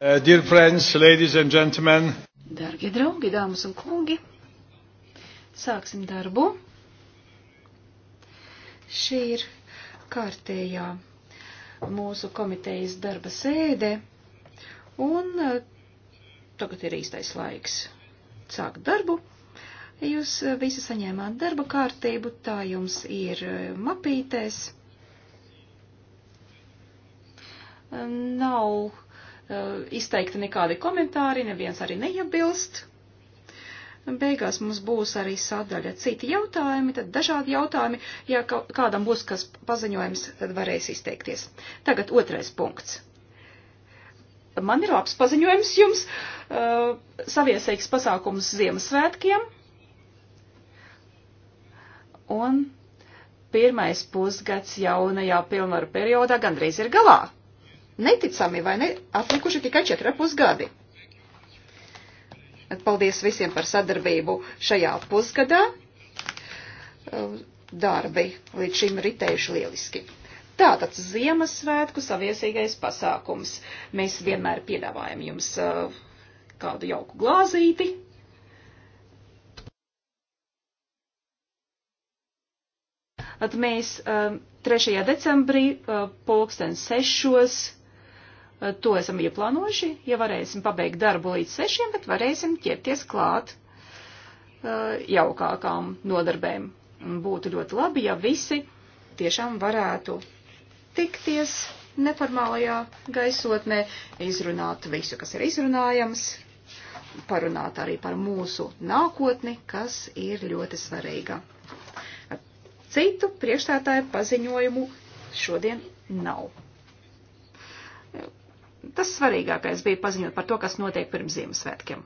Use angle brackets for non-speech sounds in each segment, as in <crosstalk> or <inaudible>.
Uh, dear friends, ladies and gentlemen. Dargie draugi, dāmas un kungi, sāksim darbu. Šī ir kārtējā mūsu komitejas darba sēde, un uh, tagad ir īstais laiks sākt darbu. Jūs uh, visi saņēmāt darba kārtību, tā jums ir uh, mapītēs. Nav Eh, izteikti nekādi komentāri, neviens arī neiebilst. Beigās mums būs arī sadaļa citi jautājumi, tad dažādi jautājumi. Ja kādam būs kas paziņojums, tad varēs izteikties. Tagad otrais punkts. Man ir labs paziņojums jums. Uh, saviesīgs pasākums Ziemassvētkiem. Un pirmais pusgads jaunajā pilnvaru periodā gandrīz ir galā. Neticami, vai ne? Atlikuši tikai 4,5 gadi. Paldies visiem par sadarbību šajā pusgadā. Ehm, darbi līdz šim ritējuši lieliski. Tātad Ziemassvētku saviesīgais pasākums. Mēs vienmēr piedāvājam jums ehm, kādu jauku glāzīti, At mēs um, ehm, 3. decembrī uh, pulksten sešos Eh, to esam ieplānojuši, ja varēsim pabeigt darbu līdz sešiem, bet varēsim ķerties klāt eh, jaukākām nodarbēm. Būtu ļoti labi, ja visi tiešām varētu tikties neformālajā gaisotnē, izrunāt visu, kas ir izrunājams, parunāt arī par mūsu nākotni, kas ir ļoti svarīga. Citu priekšstādāju paziņojumu šodien nav. Tas svarīgākais bija paziņot par to, kas notiek pirms Ziemassvētkiem.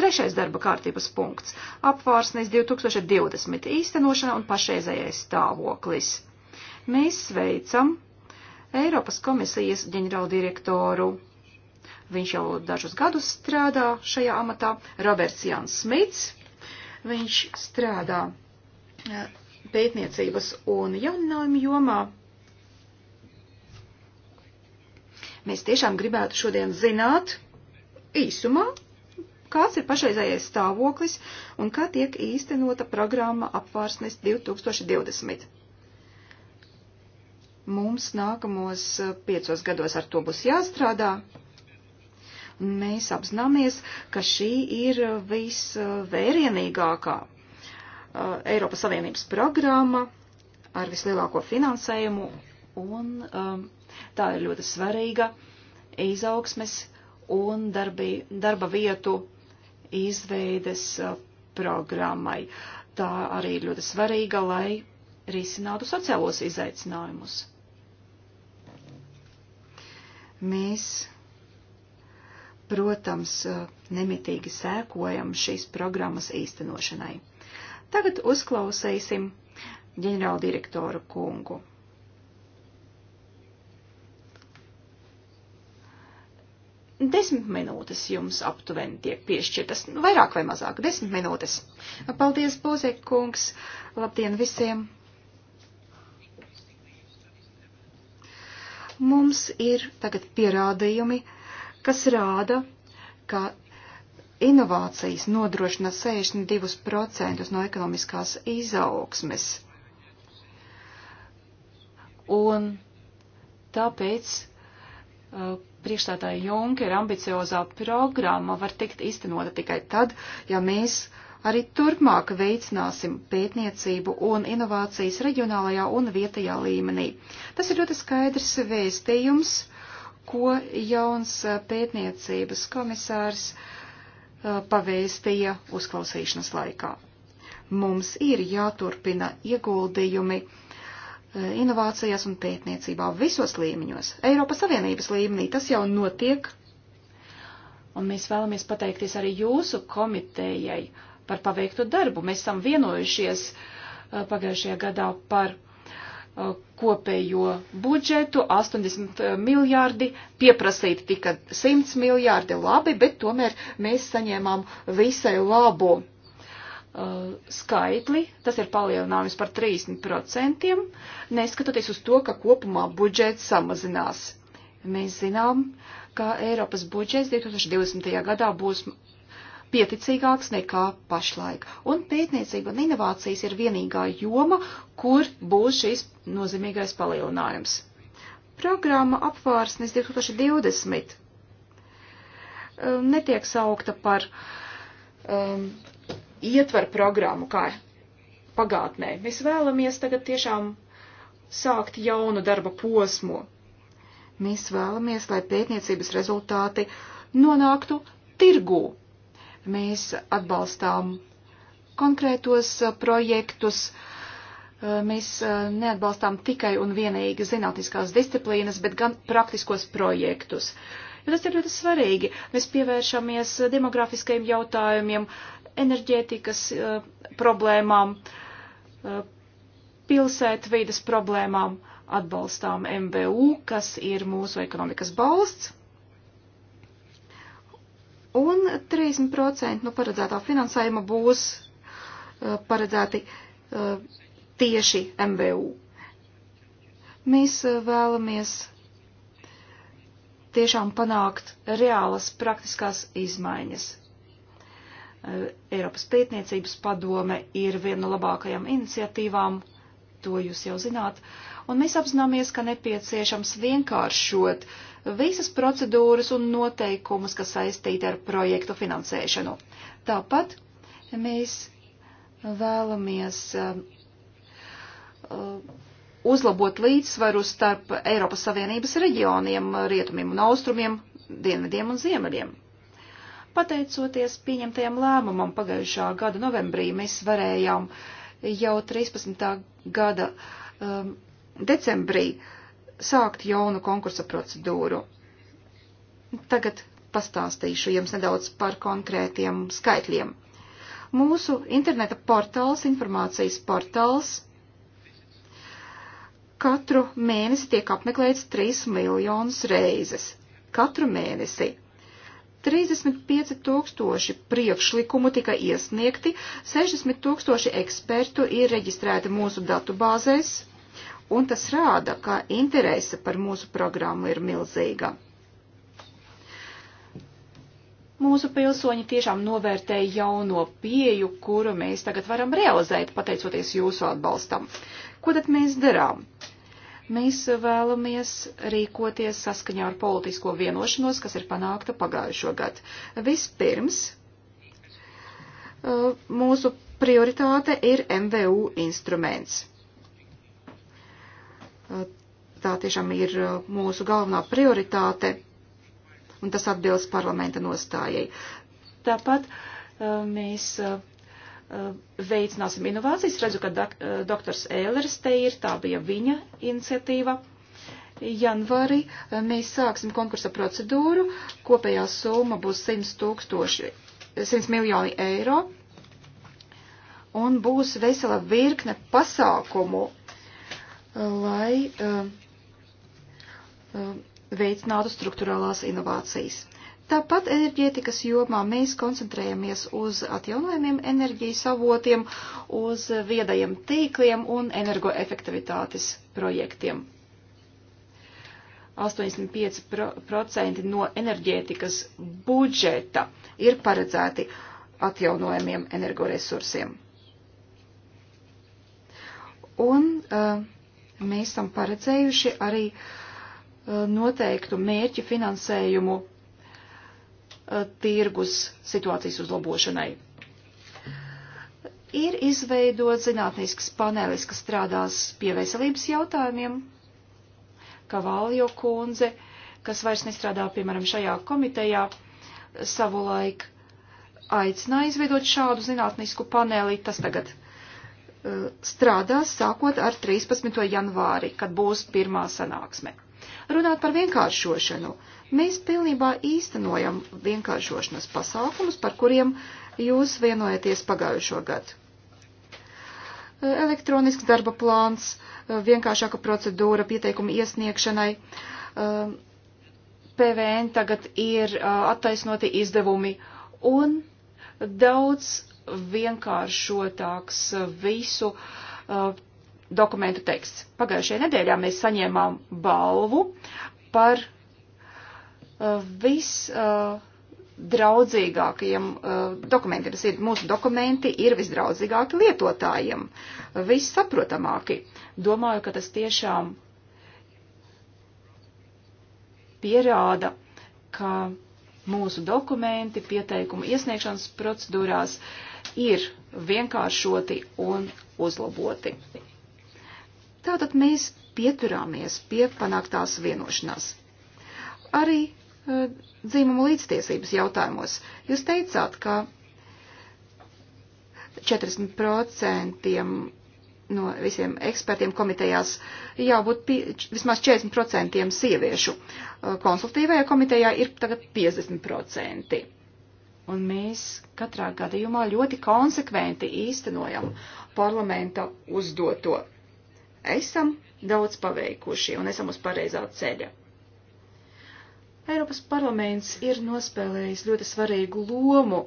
Trešais darba kārtības punkts - apvārsnes 2020 īstenošana un pašreizējais stāvoklis. Mēs sveicam Eiropas komisijas ģenerāldirektoru. Viņš jau dažus gadus strādā šajā amatā, Roberts Jans Smits. Viņš strādā eh, pētniecības un jauninājumu jomā Mēs tiešām gribētu šodien zināt īsumā, kāds ir pašreizējais stāvoklis un kā tiek īstenota programma apvārsnes 2020. Mums nākamos eh, piecos gados ar to būs jāstrādā. Mēs apzināmies, ka šī ir visvērienīgākā eh, Eiropas Savienības programma ar vislielāko finansējumu un um, Tā ir ļoti svarīga izaugsmes un darbi, darba vietu izveides uh, programmai. Tā arī ir ļoti svarīga, lai risinātu sociālos izaicinājumus. Mēs, protams, uh, nemitīgi sēkojam šīs programmas īstenošanai. Tagad uzklausīsim ģenerāldirektoru kungu. Desmit minūtes jums aptuveni tiek piešķirtas, vairāk vai mazāk, desmit minūtes. Paldies, Bozek kungs, labdien visiem! Mums ir tagad pierādījumi, kas rāda, ka inovācijas nodrošina 62% no ekonomiskās izaugsmes. Un tāpēc uh, priekšstādā Junkera ambiciozā programma var tikt iztenota tikai tad, ja mēs arī turpmāk veicināsim pētniecību un inovācijas reģionālajā un vietējā līmenī. Tas ir ļoti skaidrs vēstījums, ko jauns pētniecības komisārs pavēstīja uzklausīšanas laikā. Mums ir jāturpina ieguldījumi Eh, inovācijās un pētniecībā visos līmeņos. Eiropas Savienības līmenī tas jau notiek. Un mēs vēlamies pateikties arī jūsu komitejai par paveikto darbu. Mēs esam vienojušies eh, pagājušajā gadā par eh, kopējo budžetu 80 miljārdi, pieprasīti tika 100 miljārdi labi, bet tomēr mēs saņēmām visai labu uh, skaitli, tas ir palielinājums par 30%, neskatoties uz to, ka kopumā budžets samazinās. Mēs zinām, ka Eiropas budžets 2020. gadā būs pieticīgāks nekā pašlaik. Un pētniecība un inovācijas ir vienīgā joma, kur būs šīs nozīmīgais palielinājums. Programma apvārsnes 2020 um, netiek saukta par um, ietver programmu kā pagātnē. Mēs vēlamies tagad tiešām sākt jaunu darba posmu. Mēs vēlamies, lai pētniecības rezultāti nonāktu tirgū. Mēs atbalstām konkrētos uh, projektus, uh, mēs uh, neatbalstām tikai un vienīgi zinātniskās disciplīnas, bet gan praktiskos projektus. Jo tas ir ļoti svarīgi. Mēs pievēršamies demografiskajiem jautājumiem, uh, enerģētikas problēmām, pilsētvidas problēmām, atbalstām MBU, kas ir mūsu ekonomikas balsts. Un 30% no paredzētā finansējuma būs paredzēti tieši MBU. Mēs vēlamies tiešām panākt reālas praktiskās izmaiņas Eiropas pētniecības padome ir viena no labākajām iniciatīvām, to jūs jau zināt, un mēs apzināmies, ka nepieciešams vienkāršot visas procedūras un noteikumus, kas saistīti ar projektu finansēšanu. Tāpat mēs vēlamies uh, uzlabot līdzsvaru starp Eiropas Savienības reģioniem, rietumiem un austrumiem, dienvidiem un ziemeļiem. Pateicoties pieņemtajam lēmumam pagājušā gada novembrī, mēs varējām jau 13. gada um, decembrī sākt jaunu konkursa procedūru. Tagad pastāstīšu jums nedaudz par konkrētiem skaitļiem. Mūsu interneta portāls, informācijas portāls, katru mēnesi tiek apmeklēts 3 miljonus reizes. Katru mēnesi 35 tūkstoši priekšlikumu tika iesniegti, 60 tūkstoši ekspertu ir reģistrēti mūsu datubāzēs, un tas rāda, ka interese par mūsu programmu ir milzīga. Mūsu pilsoņi tiešām novērtēja jauno pieju, kuru mēs tagad varam realizēt, pateicoties jūsu atbalstam. Ko tad mēs darām? Uh, Mēs vēlamies rīkoties saskaņā ar politisko vienošanos, kas ir panākta pagājušo gadu. Vispirms eh, mūsu prioritāte ir MVU instruments. Eh, tā tiešām ir eh, mūsu galvenā prioritāte, un tas atbilst parlamenta nostājai. Tāpat mēs Eh, veicināsim inovācijas. Redzu, ka dok eh, doktors Ēlers te ir, tā bija viņa iniciatīva. Janvārī eh, mēs sāksim konkursa procedūru, kopējā summa būs 100 tūkstoši, 100 miljoni eiro, un būs vesela virkne pasākumu, lai uh, uh, veicinātu struktūrālās inovācijas. Tāpat enerģētikas jomā mēs koncentrējamies uz atjaunojumiem enerģijas avotiem, uz viedajiem tīkliem un energoefektivitātes projektiem. 85% no enerģētikas budžeta ir paredzēti atjaunojumiem energoresursiem. Un uh, mēs tam paredzējuši arī uh, noteiktu mērķu finansējumu Eh, tirgus situācijas uzlabošanai. Ir izveidots zinātnisks panelis, kas strādās pie veselības jautājumiem. Kavaljo kundze, kas vairs nestrādā, piemēram, šajā komitejā, savulaik aicināja izveidot šādu zinātnisku paneli. Tas tagad uh, eh, strādās sākot ar 13. janvāri, kad būs pirmā sanāksme. Runāt par vienkāršošanu. Uh, Mēs pilnībā īstenojam vienkāršošanas pasākumus, par kuriem jūs vienojaties pagājušo gadu. Elektronisks darba plāns, vienkāršāka procedūra pieteikumu iesniegšanai, ehm, PVN tagad ir attaisnoti izdevumi un daudz vienkāršotāks visu uh, dokumentu teksts. Pagājušajā nedēļā mēs saņēmām balvu par Uh, vis draudzīgākajiem uh, dokumentiem. Tas ir mūsu dokumenti ir visdraudzīgāki lietotājiem, vissaprotamāki. Domāju, ka tas tiešām pierāda, ka mūsu dokumenti pieteikumu iesniegšanas procedūrās ir vienkāršoti un uzlaboti. Tātad mēs pieturāmies pie panāktās vienošanās. Arī Eh, dzīmumu līdztiesības jautājumos. Jūs teicāt, ka 40% no visiem ekspertiem komitejās jābūt pie, vismaz 40% sieviešu. Eh, konsultīvajā komitejā ir tagad 50%. Un mēs katrā gadījumā ļoti konsekventi īstenojam parlamenta uzdoto. Esam daudz paveikuši un esam uz pareizā ceļa. Eiropas parlaments ir nospēlējis ļoti svarīgu lomu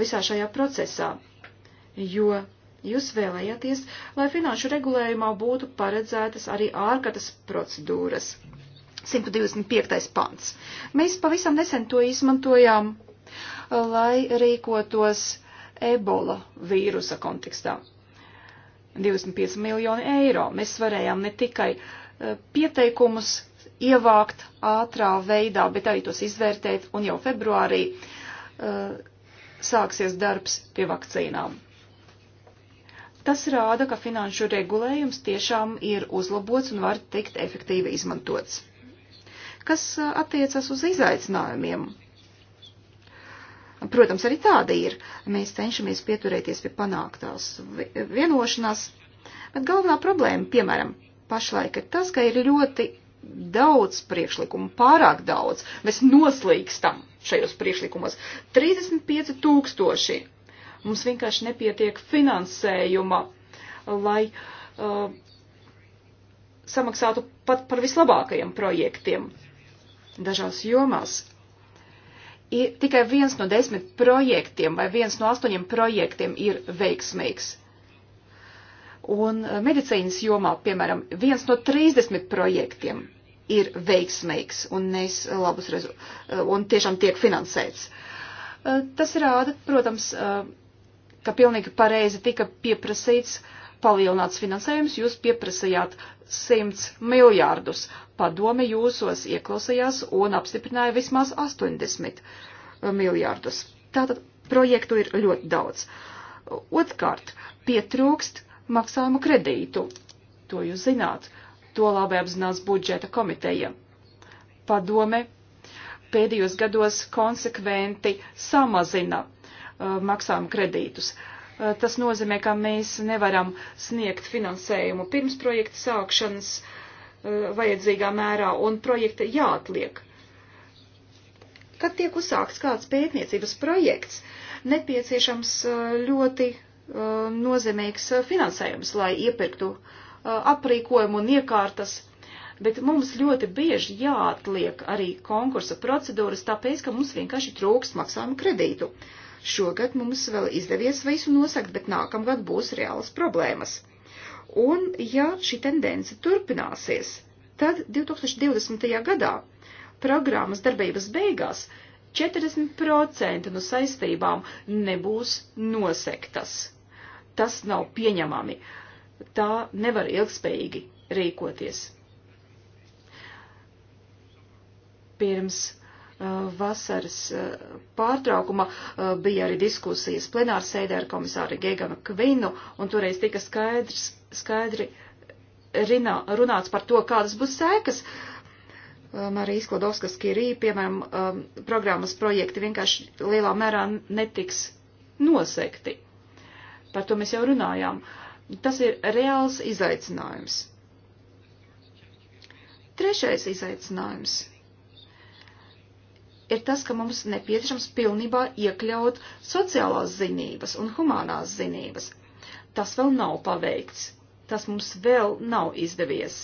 visā šajā procesā, jo jūs vēlējāties, lai finanšu regulējumā būtu paredzētas arī ārkārtas procedūras. 125. pants. Mēs pavisam nesen to izmantojām, lai rīkotos ebola vīrusa kontekstā. 25 miljoni eiro. Mēs varējām ne tikai eh, pieteikumus ievākt ātrā veidā, bet arī tos izvērtēt, un jau februārī uh, sāksies darbs pie vakcīnām. Tas rāda, ka finanšu regulējums tiešām ir uzlabots un var tikt efektīvi izmantots. Kas uh, attiecas uz izaicinājumiem? Protams, arī tāda ir. Mēs cenšamies pieturēties pie panāktās vienošanās, bet galvenā problēma, piemēram, pašlaik ir tas, ka ir ļoti daudz priekšlikumu, pārāk daudz. Mēs noslīkstam šajos priekšlikumos. 35 tūkstoši. Mums vienkārši nepietiek finansējuma, lai uh, samaksātu pat par vislabākajiem projektiem dažās jomās. Ir tikai viens no desmit projektiem vai viens no astoņiem projektiem ir veiksmīgs. Un eh, medicīnas jomā, piemēram, viens no 30 projektiem ir veiksmīgs un, nes labus rezu, eh, un tiešām tiek finansēts. Eh, tas rāda, protams, ka pilnīgi pareizi tika pieprasīts palielināts finansējums, jūs pieprasījāt 100 miljārdus. Padome jūsos ieklausījās un apstiprināja vismaz 80 miljārdus. Tātad projektu ir ļoti daudz. Otkārt, pietrūkst maksājumu kredītu. To jūs zināt. To labi apzinās budžeta komiteja. Padome pēdējos gados konsekventi samazina uh, maksājumu kredītus. Uh, tas nozīmē, ka mēs nevaram sniegt finansējumu pirms projekta sākšanas uh, vajadzīgā mērā un projekta jāatliek. Kad tiek uzsākts kāds pētniecības projekts, nepieciešams uh, ļoti Um, nozīmīgs uh, finansējums, lai iepirktu uh, aprīkojumu un iekārtas, bet mums ļoti bieži jāatliek arī konkursa procedūras, tāpēc, ka mums vienkārši trūkst maksājumu kredītu. Šogad mums vēl izdevies visu nosakt, bet nākamgad būs reālas problēmas. Un ja šī tendence turpināsies, tad 2020. gadā programmas darbības beigās 40% no saistībām nebūs nosektas. Tas nav pieņemami. Tā nevar ilgspējīgi rīkoties. Pirms uh, vasaras uh, pārtraukuma uh, bija arī diskusijas plenārsēdē ar komisāru Geganu Kvinu, un toreiz tika skaidrs, skaidri rinā, runāts par to, kādas būs sēkas uh, Marijas um, Klodovskas Kirī, piemēram, um, programmas projekti vienkārši lielā mērā netiks nosekti. Par to mēs jau runājām. Tas ir reāls izaicinājums. Trešais izaicinājums ir tas, ka mums nepieciešams pilnībā iekļaut sociālās zinības un humanās zinības. Tas vēl nav paveikts. Tas mums vēl nav izdevies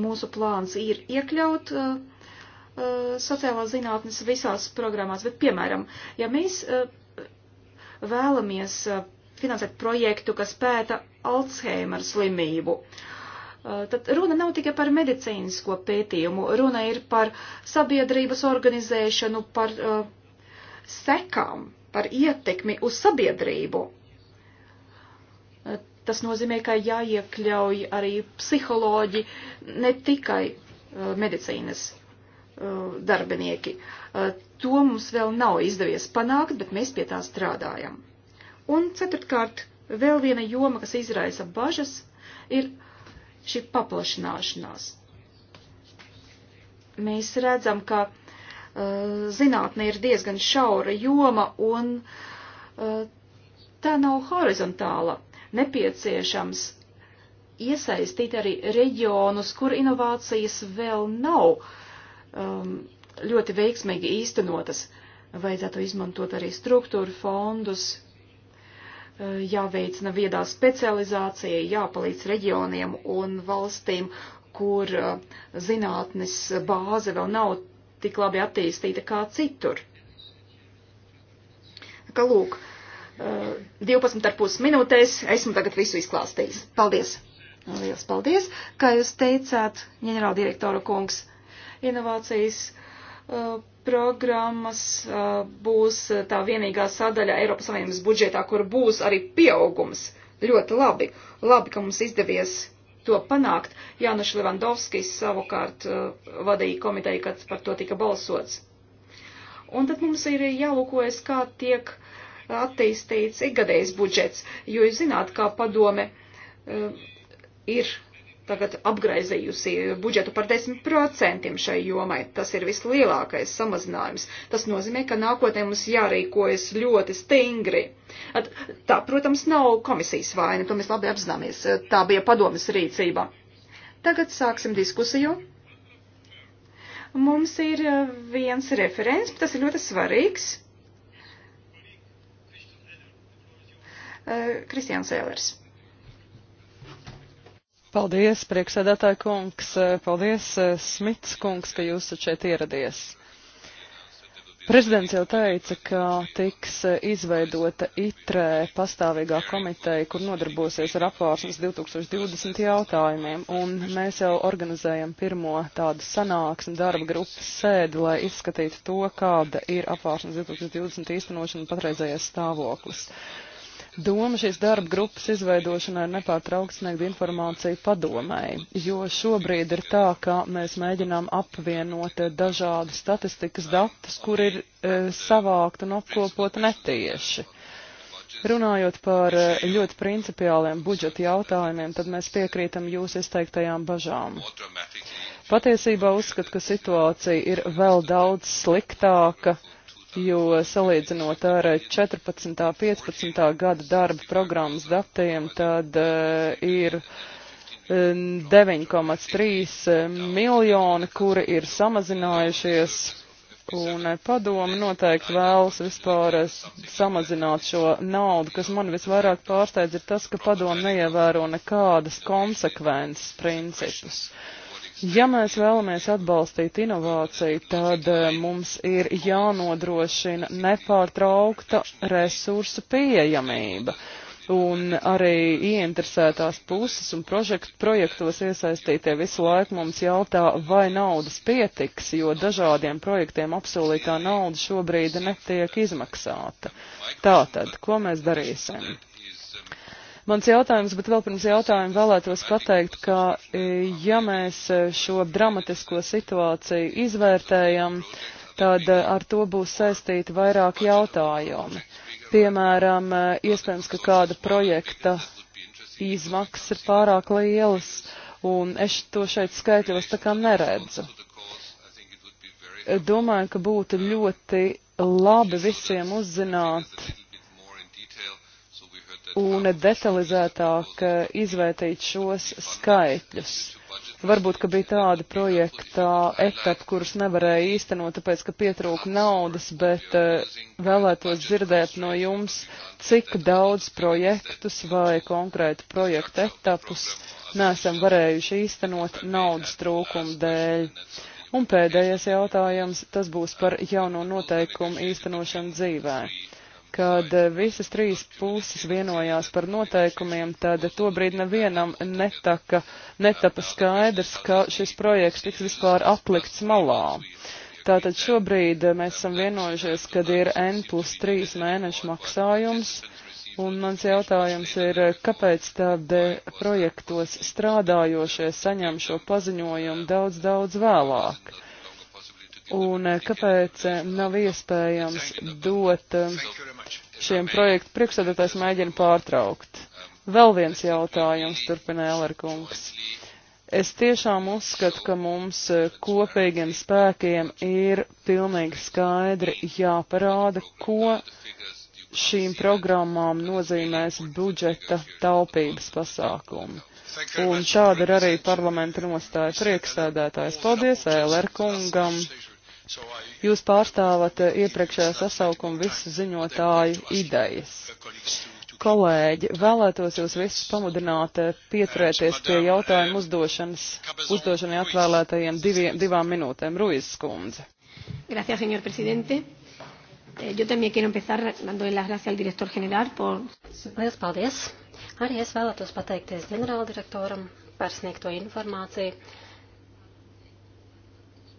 Mūsu plāns ir iekļaut uh, uh, sociālās zinātnes visās programmās, bet, piemēram, ja mēs uh, vēlamies finansēt projektu, kas pēta Alzheimer slimību, tad runa nav tikai par medicīnisko pētījumu, runa ir par sabiedrības organizēšanu, par sekām, par ietekmi uz sabiedrību. Tas nozīmē, ka jāiekļauj arī psiholoģi, ne tikai uh, medicīnas uh, darbinieki. Uh, to mums vēl nav izdevies panākt, bet mēs pie tā strādājam. Un ceturtkārt, vēl viena joma, kas izraisa bažas, ir šī paplašināšanās. Mēs redzam, ka uh, zinātne ir diezgan šaura joma un uh, tā nav horizontāla nepieciešams iesaistīt arī reģionus, kur inovācijas vēl nav um, ļoti veiksmīgi īstenotas. Vajadzētu izmantot arī struktūru fondus, uh, jāveicina viedā specializācija, jāpalīdz reģioniem un valstīm, kur uh, zinātnes bāze vēl nav tik labi attīstīta kā citur. Ka lūk, uh, 12,5 minūtēs esmu tagad visu izklāstījis. Paldies! Lielas paldies! Kā jūs teicāt, ģenerāldirektora kungs, inovācijas uh, programmas uh, būs uh, tā vienīgā sadaļa Eiropas Savienības budžetā, kur būs arī pieaugums. Ļoti labi. Labi, ka mums izdevies to panākt. Jānis Levandovskis savukārt uh, vadīja komiteju, kad par to tika balsots. Un tad mums ir jālūkojas, kā tiek uh, attīstīts ikgadējs budžets, jo jūs zināt, kā padome eh, ir tagad apgraizējusi budžetu par 10% šai jomai. Tas ir vislielākais samazinājums. Tas nozīmē, ka nākotnē mums jārīkojas ļoti stingri. At, tā, protams, nav komisijas vaina, to mēs labi apzināmies. Tā bija padomas rīcība. Tagad sāksim diskusiju. Mums ir eh, viens referents, tas ir ļoti svarīgs. Eh, Kristians Ēlers. Paldies, priekšsēdētāja kungs, eh, paldies, eh, Smits kungs, ka jūs šeit ieradies. Prezidents jau teica, ka tiks izveidota ITRE pastāvīgā komiteja, kur nodarbosies ar apvārsnes 2020 jautājumiem, un mēs jau organizējam pirmo tādu sanāksmi darba grupas sēdi, lai izskatītu to, kāda ir apvārsnes 2020 īstenošana patreizējais stāvoklis. Doma šīs darba grupas izveidošanai ir nepārtraukt sniegt informāciju padomēji, jo šobrīd ir tā, ka mēs mēģinām apvienot eh, dažādu statistikas datus, kur ir e, savākt un apkopot netieši. Runājot par eh, ļoti principiāliem budžeta jautājumiem, tad mēs piekrītam jūs izteiktajām bažām. Patiesībā uzskatu, ka situācija ir vēl daudz sliktāka jo salīdzinot ar 14. 15. gada darba programmas datiem, tad uh, ir 9,3 eh, eh, miljoni, kuri ir samazinājušies, un padomi noteikti vēlas vispār samazināt šo naudu, kas man visvairāk pārsteidz ir tas, ka padomi neievēro nekādas konsekvences principus. Uh, Ja mēs vēlamies atbalstīt inovāciju, tad eh, mums ir jānodrošina nepārtraukta resursu pieejamība. Un arī ieinteresētās puses un projektu, projektos iesaistītie visu laiku mums jautā, vai naudas pietiks, jo dažādiem projektiem apsolītā nauda šobrīd netiek izmaksāta. Tātad, ko mēs darīsim? Mans jautājums, bet vēl pirms jautājuma vēlētos pateikt, ka e, ja mēs e, šo dramatisko situāciju izvērtējam, tad e, ar to būs saistīti vairāk jautājumi. Piemēram, iespējams, ka kāda projekta izmaksas ir pārāk lielas, un es to šeit skaitļos tā kā neredzu. Domāju, ka būtu ļoti labi visiem uzzināt, un detalizētāk eh, izvērtīt šos skaitļus. Varbūt, ka bija tāda projekta etapa, kurus nevarēja īstenot, tāpēc, ka pietrūka naudas, bet eh, vēlētos dzirdēt no jums, cik daudz projektus vai konkrētu projektu etapus nesam varējuši īstenot naudas trūkuma dēļ. Un pēdējais jautājums, tas būs par jauno noteikumu īstenošanu dzīvē kad eh, visas trīs puses vienojās par noteikumiem, tad tobrīd nevienam netaka, netapa skaidrs, ka šis projekts tiks vispār atlikts malā. Tātad šobrīd eh, mēs esam vienojušies, kad ir N plus 3 mēnešu maksājums, un mans jautājums ir, eh, kāpēc tad projektos strādājošie saņem šo paziņojumu daudz, daudz vēlāk? un eh, kāpēc eh, nav iespējams dot eh, šiem projektu priekšsēdētājs mēģina pārtraukt. Vēl viens jautājums, turpina Elerkungs. Es tiešām uzskatu, ka mums kopīgiem spēkiem ir pilnīgi skaidri jāparāda, ko šīm programmām nozīmēs budžeta taupības pasākumi. Un šāda ir arī parlamenta nostāja priekšsēdētājs. Paldies Ēler kungam! Jūs pārstāvat eh, iepriekšējā sasaukuma visu ziņotāju idejas. Kolēģi, vēlētos jūs visus pamudināt eh, pieturēties pie jautājumu eh, uzdošanas, uzdošanai atvēlētajiem diviem, divām minūtēm. Ruiz skundze. Gracias, señor presidente. Yo también quiero empezar dándole las gracias al director general por. Lielas paldies! Arī es vēlētos pateikties ģenerāldirektoram par sniegto informāciju.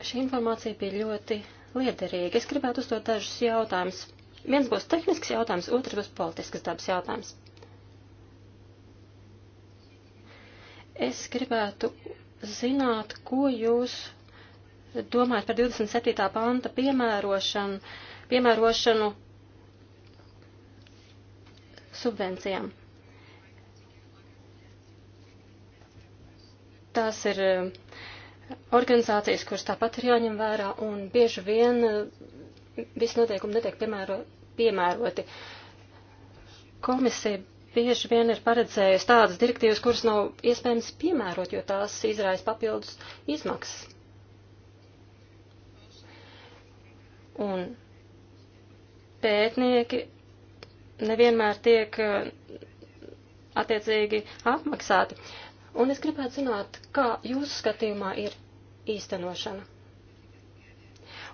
Šī informācija bija ļoti liederīga. Es gribētu uzdot dažus jautājumus. Viens būs tehnisks jautājums, otrs būs politisks dabas jautājums. Es gribētu zināt, ko jūs domājat par 27. panta piemērošanu, piemērošanu subvencijām. Tās ir uh, organizācijas, kuras tāpat ir jāņem vērā, un bieži vien eh, visi noteikumi netiek piemēro, piemēroti. Komisija bieži vien ir paredzējusi tādas direktīvas, kuras nav iespējams piemērot, jo tās izraisa papildus izmaksas. Un pētnieki nevienmēr tiek eh, attiecīgi apmaksāti. Un es gribētu zināt, kā jūsu skatījumā ir īstenošana.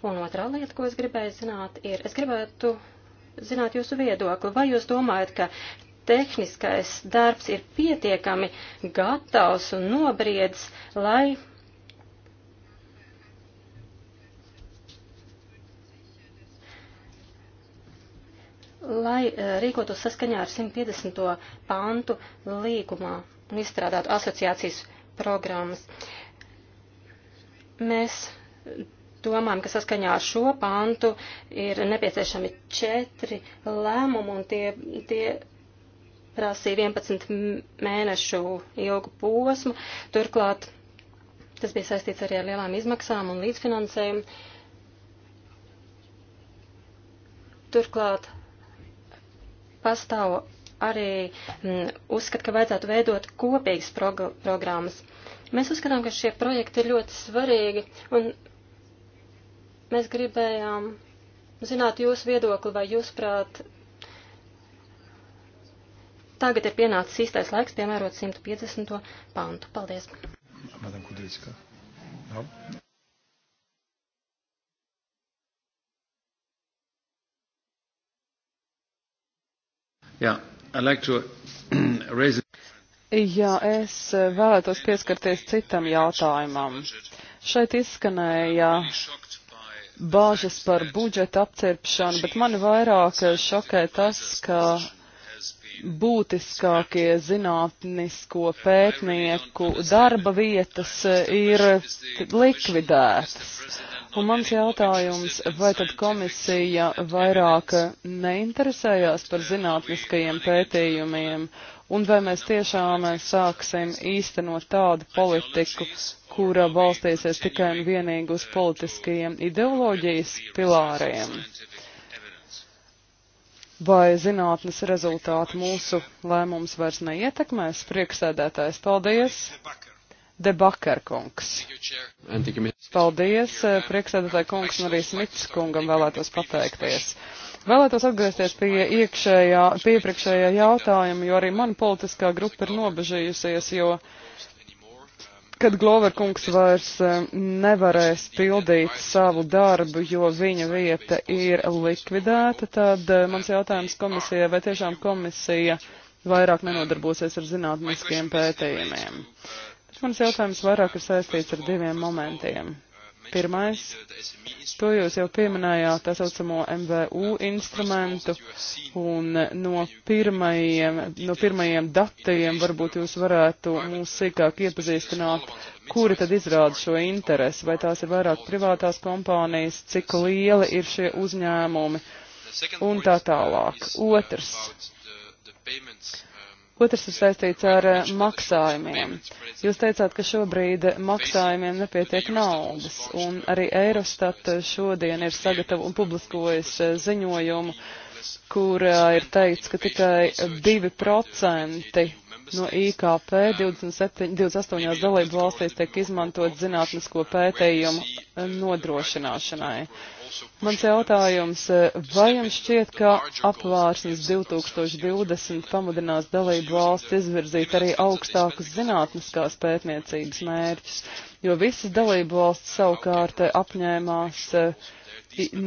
Un otrā lieta, ko es gribēju zināt, ir, es gribētu zināt jūsu viedokli. Vai jūs domājat, ka tehniskais darbs ir pietiekami gatavs un nobriedz, lai lai eh, rīkotos saskaņā ar 150. pantu līgumā un izstrādātu asociācijas programmas. Uh, Mēs domājam, ka saskaņā ar šo pantu ir nepieciešami četri lēmumi, un tie, tie prasīja 11 mēnešu ilgu posmu. Turklāt tas bija saistīts arī ar lielām izmaksām un līdzfinansējumu. Turklāt pastāv arī mm, uzskat, ka vajadzētu veidot kopīgas prog programmas. Uh, Mēs uzskatām, ka šie projekti ir ļoti svarīgi, un mēs gribējām zināt jūsu viedokli, vai jūsuprāt, tagad ir pienācis īstais laiks piemērot 150. pantu. Paldies. Madam Kudrīska. No. Yeah, I'd like to <clears throat> raise Jā, es vēlētos pieskarties citam jautājumam. Šeit izskanēja bāžas par budžeta apcirpšanu, bet mani vairāk šokē tas, ka būtiskākie zinātnisko pētnieku darba vietas ir likvidētas. Un mans jautājums, vai tad komisija vairāk neinteresējās par zinātniskajiem pētījumiem un vai mēs tiešām eh, sāksim īstenot tādu politiku, kura balstīsies tikai un vienīgi uz politiskajiem ideoloģijas pilāriem. Vai zinātnes rezultāti mūsu lēmums vairs neietekmēs? Prieksēdētājs, paldies! Debakar kungs. Paldies, eh, prieksēdētāji kungs, un arī Smits kungam vēlētos pateikties. Vēlētos atgriezties pie iekšējā, piepriekšējā jautājuma, jo arī mana politiskā grupa ir nobežījusies, jo kad Gloverkungs vairs eh, nevarēs pildīt savu darbu, jo viņa vieta ir likvidēta, tad eh, mans jautājums komisijai, vai tiešām komisija vairāk nenodarbosies ar zinātniskiem pētījumiem. Taču mans jautājums vairāk ir saistīts ar diviem momentiem. Pirmais, to jūs jau pieminējāt, tā saucamo MVU instrumentu, un no pirmajiem, no pirmajiem datiem varbūt jūs varētu mūs sīkāk iepazīstināt, kuri tad izrāda šo interesi, vai tās ir vairāk privātās kompānijas, cik lieli ir šie uzņēmumi, un tā tālāk. Otrs Otrs ir saistīts ar eh, maksājumiem. Jūs teicāt, ka šobrīd maksājumiem nepietiek naudas, un arī Eirostat šodien ir sagatavo un publiskojas eh, ziņojumu, kurā ir teikts, ka tikai 2% no IKP 27, 28 dalību valstīs tiek izmantot zinātnisko pētījumu eh, nodrošināšanai. Mans jautājums, eh, vai jums šķiet, ka apvārsnes 2020 pamudinās dalību valsts izvirzīt arī augstākus zinātniskās pētniecības mērķus, jo visas dalību valsts savukārt eh, apņēmās eh,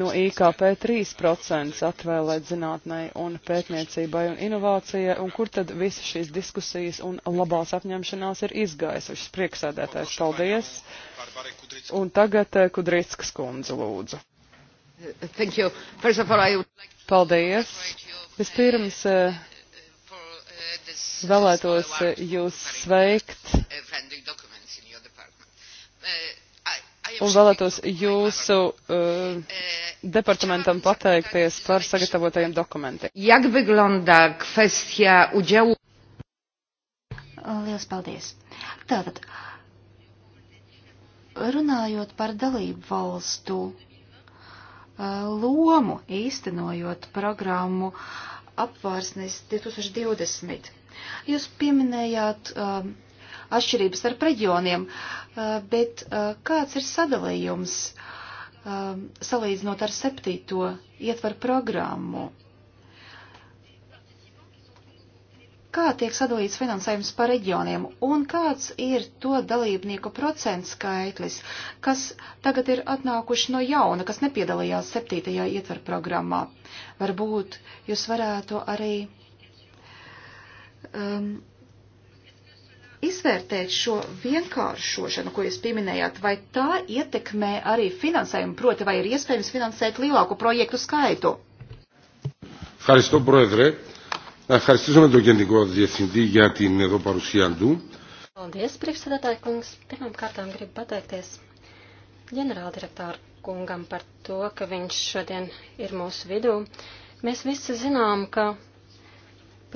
no IKP 3% atvēlēt zinātnei un pētniecībai un inovācijai, un kur tad visas šīs diskusijas un labās apņemšanās ir izgaisušas? Prieksēdētājs, paldies! Un tagad Kudrītskas kundze lūdzu. Paldies! Vispirms uh, uh, uh, vēlētos jūs sveikt un vēlētos jūsu uh, departamentam pateikties par sagatavotajiem dokumentiem. Jak vyglonda kvestija udzielu? Lielas paldies. Tātad, runājot par dalību valstu Uh, lomu īstenojot programmu apvārsnes 2020. Jūs pieminējāt um, atšķirības starp reģioniem, uh, bet uh, kāds ir sadalījums um, salīdzinot ar septīto ietvaru programmu? kā tiek sadalīts finansējums pa reģioniem un kāds ir to dalībnieku procents skaitlis, kas tagad ir atnākuši no jauna, kas nepiedalījās septītajā ietver programmā. Varbūt jūs varētu arī um, izvērtēt šo vienkāršošanu, ko jūs pieminējāt, vai tā ietekmē arī finansējumu, proti vai ir iespējams finansēt lielāku projektu skaitu? Ευχαριστώ, Πρόεδρε. Να ευχαριστήσουμε τον Γενικό Διευθυντή για την εδώ παρουσία του. Paldies, priekšsēdētāji kungs. Pirmām kārtām gribu pateikties ģenerāldirektāru kungam par to, ka viņš šodien ir mūsu vidū. Mēs visi zinām, ka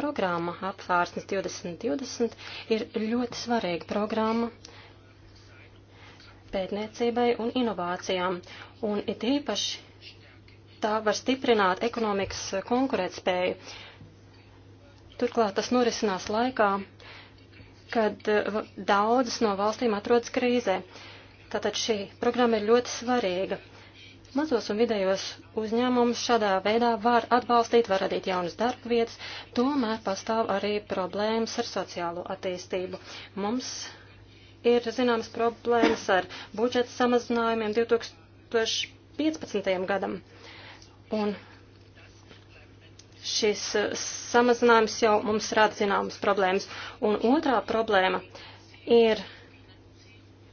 programma apvārsnes 2020 ir ļoti svarīga programma pētniecībai un inovācijām, un it īpaši tā var stiprināt ekonomikas konkurētspēju Turklāt tas norisinās laikā, kad daudzas no valstīm atrodas krīzē. Tātad šī programma ir ļoti svarīga. Mazos un vidējos uzņēmumus šādā veidā var atbalstīt, var radīt jaunas darba vietas, tomēr pastāv arī problēmas ar sociālo attīstību. Mums ir zināmas problēmas ar budžeta samazinājumiem 2015. gadam. Un šis uh, samazinājums jau mums rada zināmas problēmas. Un otrā problēma ir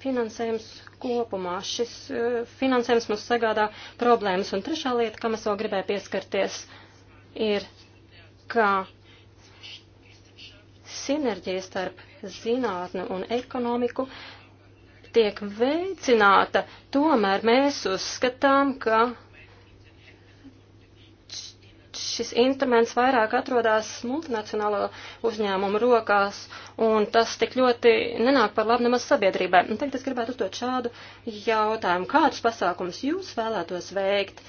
finansējums kopumā. Šis uh, finansējums mums sagādā problēmas. Un trešā lieta, kam es vēl gribēju pieskarties, ir, ka sinerģija starp zinātnu un ekonomiku tiek veicināta, tomēr mēs uzskatām, ka šis instruments vairāk atrodas multinacionālo uzņēmumu rokās, un tas tik ļoti nenāk par labu nemaz sabiedrībai. Un tagad es gribētu uzdot šādu jautājumu. Kādus pasākumus jūs vēlētos veikt,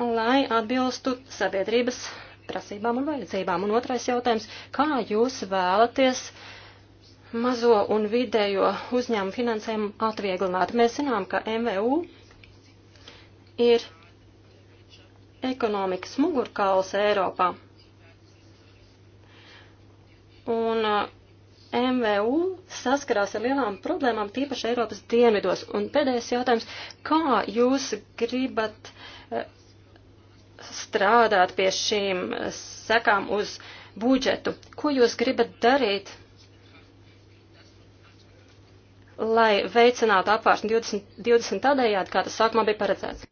lai atbilstu sabiedrības prasībām un vajadzībām? Un otrais jautājums, kā jūs vēlaties mazo un vidējo uzņēmumu finansējumu atvieglināt. Mēs zinām, ka MVU ir ekonomikas mugurkauls Eiropā. Un eh, MVU saskarās ar lielām problēmām, tīpaši Eiropas dienvidos. Un pēdējais jautājums, kā jūs gribat eh, strādāt pie šīm eh, sekām uz budžetu? Ko jūs gribat darīt, lai veicinātu apvārsni 20, 20 tādējādi, kā tas sākumā bija paredzēts?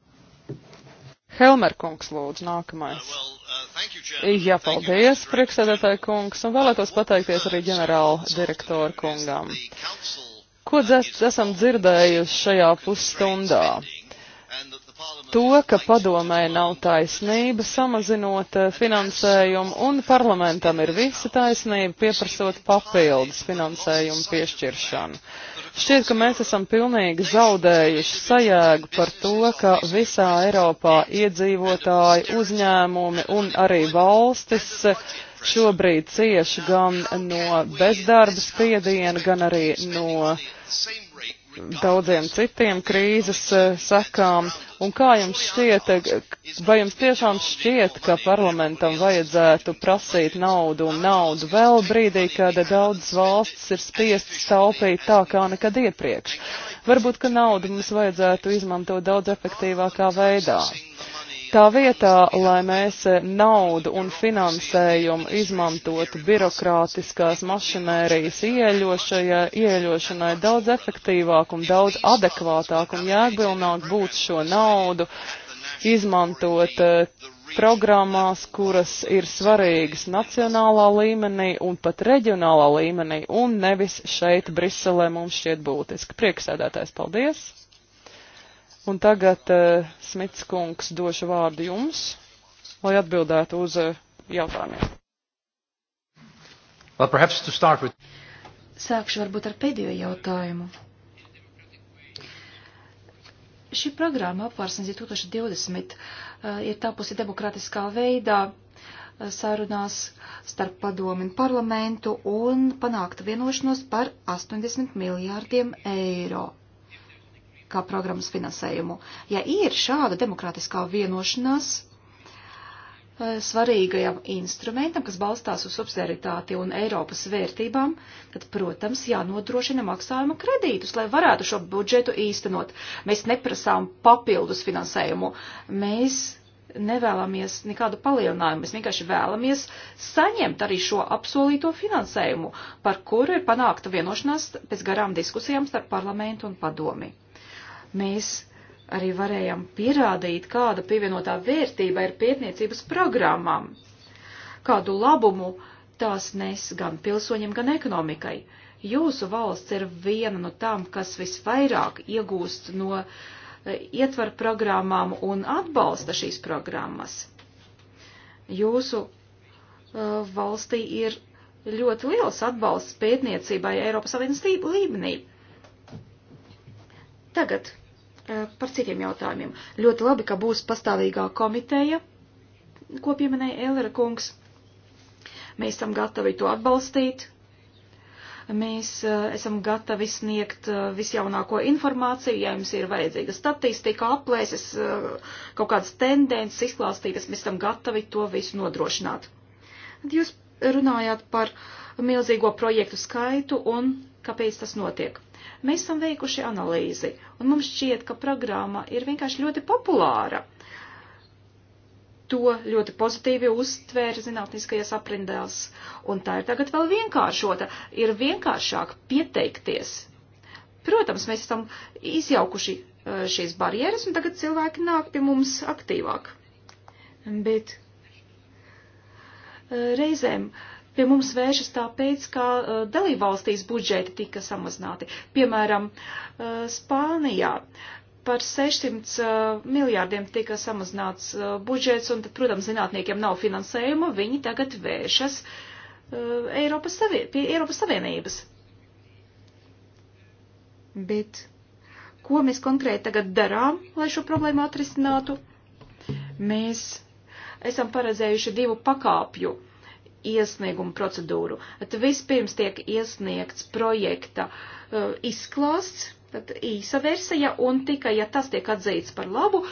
Helmer kungs lūdzu nākamais. Uh, uh, Jā, paldies, priekšsēdētāja kungs, un vēlētos uh, pateikties arī ģenerāla direktora kungam. Ko dzest, esam dzirdējuši šajā pusstundā? To, ka padomē nav taisnība samazinot finansējumu un parlamentam ir visa taisnība pieprasot papildus finansējumu piešķiršanu. Šķiet, ka mēs esam pilnīgi zaudējuši sajēgu par to, ka visā Eiropā iedzīvotāji, uzņēmumi un arī valstis šobrīd cieši gan no bezdarba spiediena, gan arī no daudziem citiem krīzes e, sekām. Un kā jums šķiet, e, vai jums tiešām šķiet, ka parlamentam vajadzētu prasīt naudu un naudu vēl brīdī, kad daudzas valstis ir spiestas taupīt tā kā nekad iepriekš? Varbūt, ka naudu mums vajadzētu izmantot daudz efektīvākā veidā. Tā vietā, lai mēs naudu un finansējumu izmantotu birokrātiskās mašinērijas ieļošanai, daudz efektīvāk un daudz adekvātāk un jēgpilnāk būtu šo naudu izmantot eh, programmās, kuras ir svarīgas nacionālā līmenī un pat reģionālā līmenī un nevis šeit Briselē mums šķiet būtiski. Prieksēdētājs, paldies! Un tagad uh, Smits kungs došu vārdu jums, lai atbildētu uz uh, jautājumiem. Well, with... Sākšu varbūt ar pēdējo jautājumu. Šī programma apvārsnes 2020 uh, ir tapusi demokrātiskā veidā uh, sarunās starp padomu un parlamentu un panākta vienošanos par 80 miljārdiem eiro kā programmas finansējumu. Ja ir šāda demokrātiskā vienošanās eh, svarīgajam instrumentam, kas balstās uz subsidiaritāti un Eiropas vērtībām, tad, protams, jānodrošina maksājuma kredītus, lai varētu šo budžetu īstenot. Mēs neprasām papildus finansējumu. Mēs nevēlamies nekādu palielinājumu, mēs vienkārši vēlamies saņemt arī šo apsolīto finansējumu, par kuru ir panākta vienošanās pēc garām diskusijām starp parlamentu un padomi. Mēs arī varējām pierādīt, kāda pievienotā vērtība ir pētniecības programmām, kādu labumu tās nes gan pilsoņiem, gan ekonomikai. Jūsu valsts ir viena no tām, kas visvairāk iegūst no uh, ietver programmām un atbalsta šīs programmas. Jūsu uh, valstī ir ļoti liels atbalsts pētniecībai Eiropas Savienības līmenī. Tagad par citiem jautājumiem. Ļoti labi, ka būs pastāvīgā komiteja, ko pieminēja Ēlera kungs. Mēs esam gatavi to atbalstīt. Mēs esam gatavi sniegt visjaunāko informāciju, ja jums ir vajadzīga statistika, aplēses, kaut kādas tendences izklāstītas, mēs esam gatavi to visu nodrošināt. Jūs runājāt par milzīgo projektu skaitu un kāpēc tas notiek. Mēs esam veikuši analīzi, un mums šķiet, ka programma ir vienkārši ļoti populāra. To ļoti pozitīvi uztvēra zinātniskajās aprindās, un tā ir tagad vēl vienkāršota. Ir vienkāršāk pieteikties. Protams, mēs esam izjaukuši eh, šīs barjeras, un tagad cilvēki nāk pie mums aktīvāk. Bet eh, reizēm uh, pie mums vēršas tāpēc, ka uh, dalībvalstīs budžeti tika samazināti. Piemēram, uh, Spānijā par 600 uh, miljārdiem tika samazināts uh, budžets, un, tad, protams, zinātniekiem nav finansējuma, viņi tagad vēršas uh, Eiropas savie, pie Eiropas Savienības. Bet ko mēs konkrēti tagad darām, lai šo problēmu atrisinātu? Mēs esam paredzējuši divu pakāpju uh, iesniegumu procedūru. Tad vispirms tiek iesniegts projekta uh, izklāsts, tad īsa versija, un tikai, ja tas tiek atzīts par labu,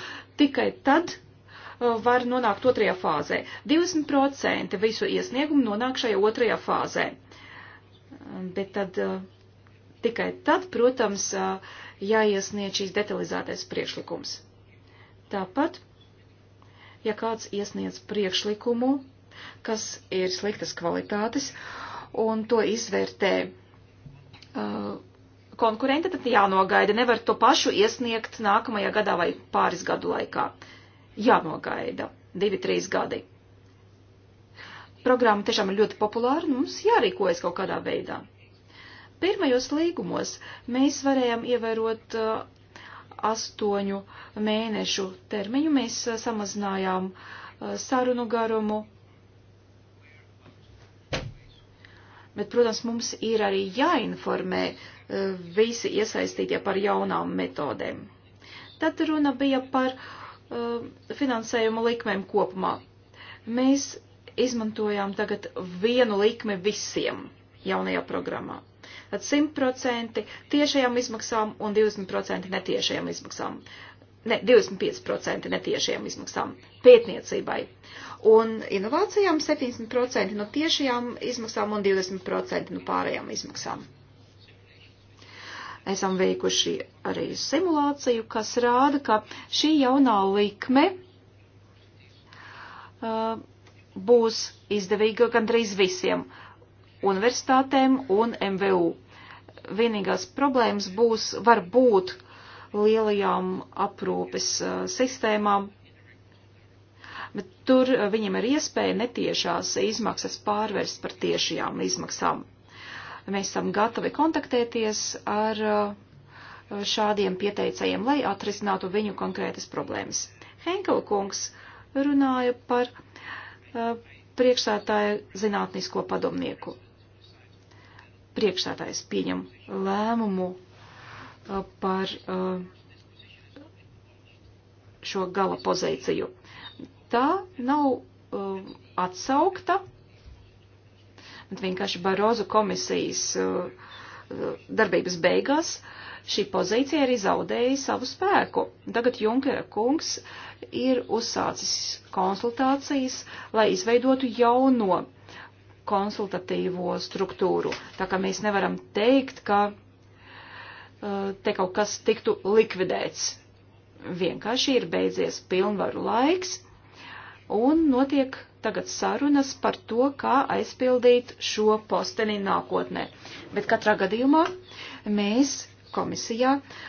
tikai tad uh, var nonākt otrajā fāzē. 20% visu iesniegumu nonāk šajā otrajā fāzē. Um, bet tad, uh, tikai tad, protams, uh, jāiesniedz šīs detalizētais priekšlikums. Tāpat, ja kāds iesniedz priekšlikumu kas ir sliktas kvalitātes, un to izvērtē uh, konkurenti, tad jānogaida. Nevar to pašu iesniegt nākamajā gadā vai pāris gadu laikā. Jānogaida divi, trīs gadi. Programma tiešām ir ļoti populāra, un mums jārīkojas kaut kādā veidā. Pirmajos līgumos mēs varējām ievērot uh, astoņu mēnešu termiņu. Mēs uh, samazinājām uh, sarunu garumu, Bet, protams, mums ir arī jāinformē eh, visi iesaistītie par jaunām metodēm. Tad runa bija par uh, finansējumu likmēm kopumā. Mēs izmantojām tagad vienu likmi visiem jaunajā programmā. Tad 100% tiešajām izmaksām un 20% netiešajām izmaksām. Uh, ne, 25% netiešajām izmaksām pētniecībai. Un inovācijām 70% no tiešajām izmaksām un 20% no pārējām izmaksām. Esam veikuši arī simulāciju, kas rāda, ka šī jaunā likme uh, būs izdevīga gandrīz visiem universitātēm un MVU. Vienīgās problēmas būs varbūt uh, lielajām aprūpes sistēmām. Bet tur viņam ir iespēja netiešās izmaksas pārvērst par tiešajām izmaksām. Mēs esam gatavi kontaktēties ar šādiem pieteicējiem, lai atrisinātu viņu konkrētas problēmas. Henkel kungs runāja par uh, priekšsētāju zinātnisko padomnieku. Priekšsētājs pieņem lēmumu Uh, par uh, šo gala pozīciju. Tā nav uh, atsaukta, bet vienkārši Barozu komisijas darbības beigās šī pozīcija arī zaudēja savu spēku. Tagad Junkera kungs ir uzsācis konsultācijas, lai izveidotu jauno konsultatīvo struktūru. Tā kā mēs nevaram teikt, ka Eh, te kaut kas tiktu likvidēts. Vienkārši ir beidzies pilnvaru laiks un notiek tagad sarunas par to, kā aizpildīt šo posteni nākotnē. Bet katrā gadījumā mēs komisijā eh,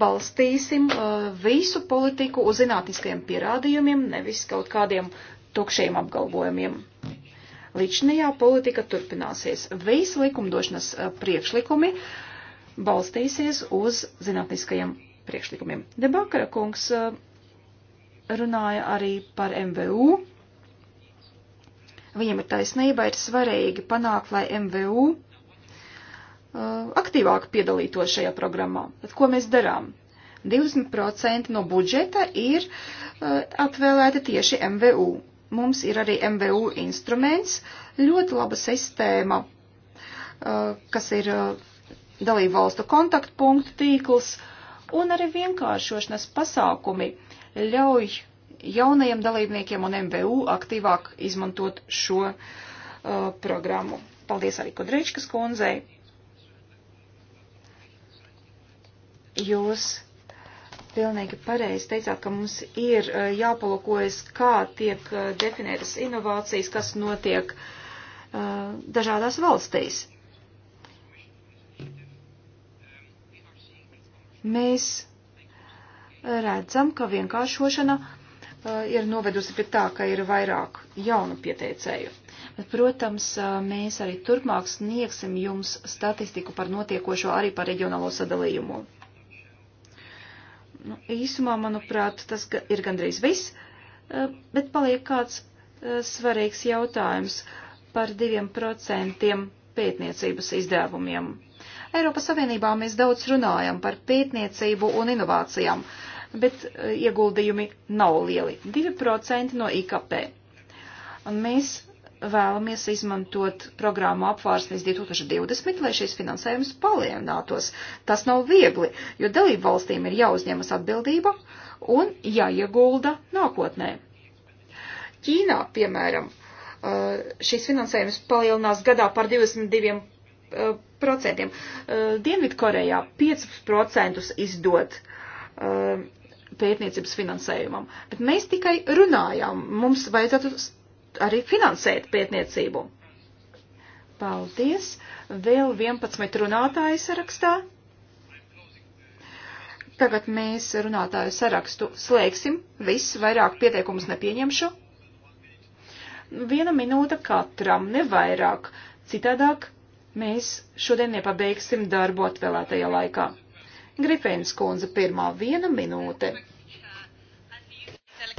balstīsim eh, visu politiku uz zinātniskiem pierādījumiem, nevis kaut kādiem tukšiem apgalvojumiem. Līdzinājā politika turpināsies. Visi likumdošanas priekšlikumi uh, balstīsies uz zinātniskajiem priekšlikumiem. Debakara kungs eh, runāja arī par MVU. Viņam ir taisnība, ir svarīgi panākt, lai MVU eh, aktīvāk piedalītos šajā programmā. Tad ko mēs darām? 20% no budžeta ir eh, atvēlēta tieši MVU. Mums ir arī MVU instruments, ļoti laba sistēma, kas ir dalību valstu kontaktpunktu tīkls un arī vienkāršošanas pasākumi ļauj jaunajiem dalībniekiem un MVU aktīvāk izmantot šo uh, programmu. Paldies arī Kodreičkas kundzei. Jūs pilnīgi pareizi teicāt, ka mums ir uh, jāpalūkojas, kā tiek uh, definētas inovācijas, kas notiek uh, dažādās valstīs mēs eh, redzam, ka vienkāršošana eh, ir novedusi pie tā, ka ir vairāk jaunu pieteicēju. Bet, protams, eh, mēs arī turpmāk sniegsim jums statistiku par notiekošo arī par reģionālo sadalījumu. Nu, īsumā, manuprāt, tas ir gandrīz viss, bet paliek kāds svarīgs jautājums par diviem procentiem pētniecības izdevumiem. Eiropas Savienībā mēs daudz runājam par pētniecību un inovācijām, bet eh, ieguldījumi nav lieli - 2% no IKP. Un mēs vēlamies izmantot programmu apvārsnes 2020, lai šis finansējums palielinātos. Tas nav viegli, jo dalību valstīm ir jāuzņemas atbildība un jāiegulda nākotnē. Ķīnā, piemēram, eh, šis finansējums palielinās gadā par 22 procentiem. Eh, Dienvidkorejā 5% izdod eh, pētniecības finansējumam, bet mēs tikai runājām, mums vajadzētu arī finansēt pētniecību. Paldies. Vēl 11 runātāju sarakstā. Tagad mēs runātāju sarakstu slēgsim. Viss vairāk pieteikumus nepieņemšu. Viena minūte katram, nevairāk. Citādāk Mēs šodien nepabeigsim darbu atvēlētajā laikā. Grifēns kundze pirmā viena minūte.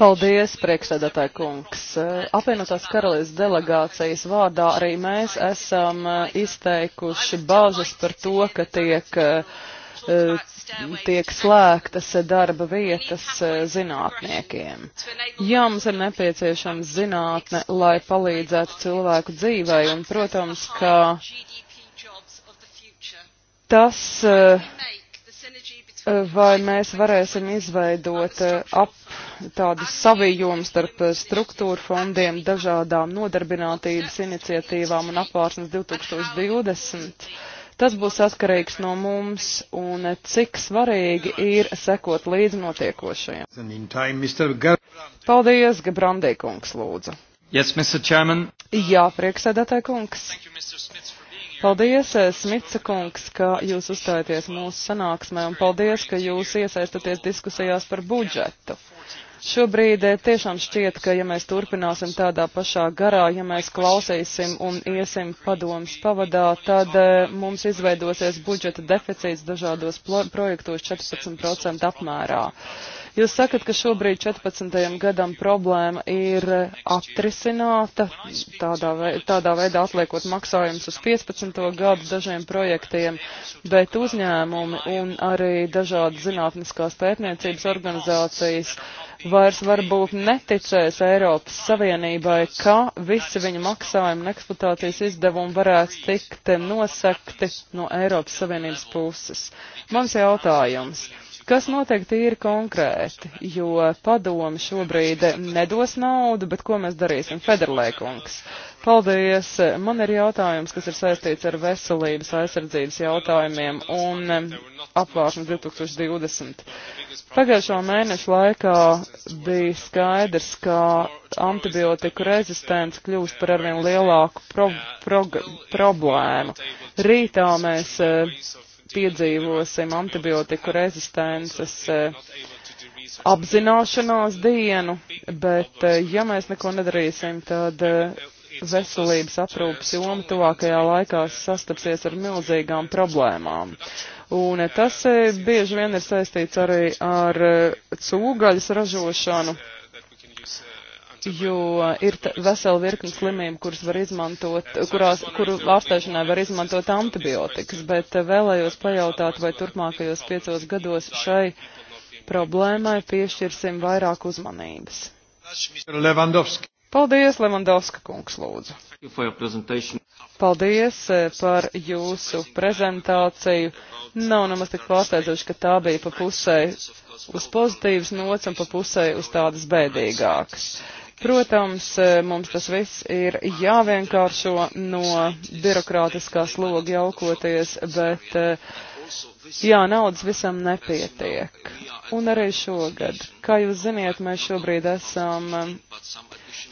Paldies, priekšsēdētāji kungs. Apvienotās karalīs delegācijas vārdā arī mēs esam izteikuši bāžas par to, ka tiek eh, tiek slēgtas darba vietas eh, zinātniekiem. Jā, mums ir nepieciešams zinātne, lai palīdzētu cilvēku dzīvai, un, protams, ka tas, eh, eh, vai mēs varēsim izveidot eh, ap tādu savijumu starp struktūra fondiem, dažādām nodarbinātības iniciatīvām un apvārsnes 2020. Tas būs atkarīgs no mums un cik svarīgi ir sekot līdz notiekošajam. Paldies, Gabrandī kungs, lūdzu. Yes, Mr. Chairman. Jā, prieksēdētāji kungs. You, Paldies, eh, Smica kungs, ka jūs uzstājaties mūsu sanāksmē un paldies, ka jūs iesaistaties diskusijās par budžetu. Šobrīd eh, tiešām šķiet, ka ja mēs turpināsim tādā pašā garā, ja mēs klausīsim un iesim padomus pavadā, tad eh, mums izveidosies budžeta deficīts dažādos projektos 14% apmērā. Uh, Jūs sakat, ka šobrīd 14. gadam problēma ir atrisināta, tādā, vei, tādā veidā atliekot maksājumus uz 15. gadu dažiem projektiem, bet uzņēmumi un arī dažādi zinātniskās pētniecības organizācijas vairs varbūt neticēs Eiropas Savienībai, ka visi viņu maksājumi un eksploatācijas izdevumi varētu tikt nosekti no Eiropas Savienības puses. Mans jautājums. Kas noteikti ir konkrēti, jo padomi šobrīd nedos naudu, bet ko mēs darīsim? Federlēkungs. Paldies. Man ir jautājums, kas ir saistīts ar veselības aizsardzības jautājumiem un apvāršanas 2020. Pagājušā mēneša laikā bija skaidrs, ka antibiotiku rezistents kļūst par arvien lielāku pro pro problēmu. Rītā mēs eh, piedzīvosim antibiotiku rezistences eh, apzināšanās dienu, bet eh, ja mēs neko nedarīsim, tad eh, veselības aprūpas joma tuvākajā laikā sastapsies ar milzīgām problēmām. Un tas bieži vien ir saistīts arī ar cūgaļas ražošanu jo ir vesela virkni slimību, kuras var izmantot, kurās, kuru ārstēšanai var izmantot antibiotikas, bet eh, vēlējos pajautāt, vai turpmākajos piecos gados šai problēmai piešķirsim vairāk uzmanības. Paldies, Levandovska kungs, lūdzu. Paldies eh, par jūsu prezentāciju. Nav nemaz tik pārsteidzoši, ka tā bija pa pusē uz pozitīvas nots un pa pusē uz tādas bēdīgākas. Protams, e, mums tas viss ir jāvienkāršo no birokrātiskā sloga jaukoties, bet e, jā, naudas visam nepietiek. Un arī šogad, kā jūs ziniet, mēs šobrīd esam e,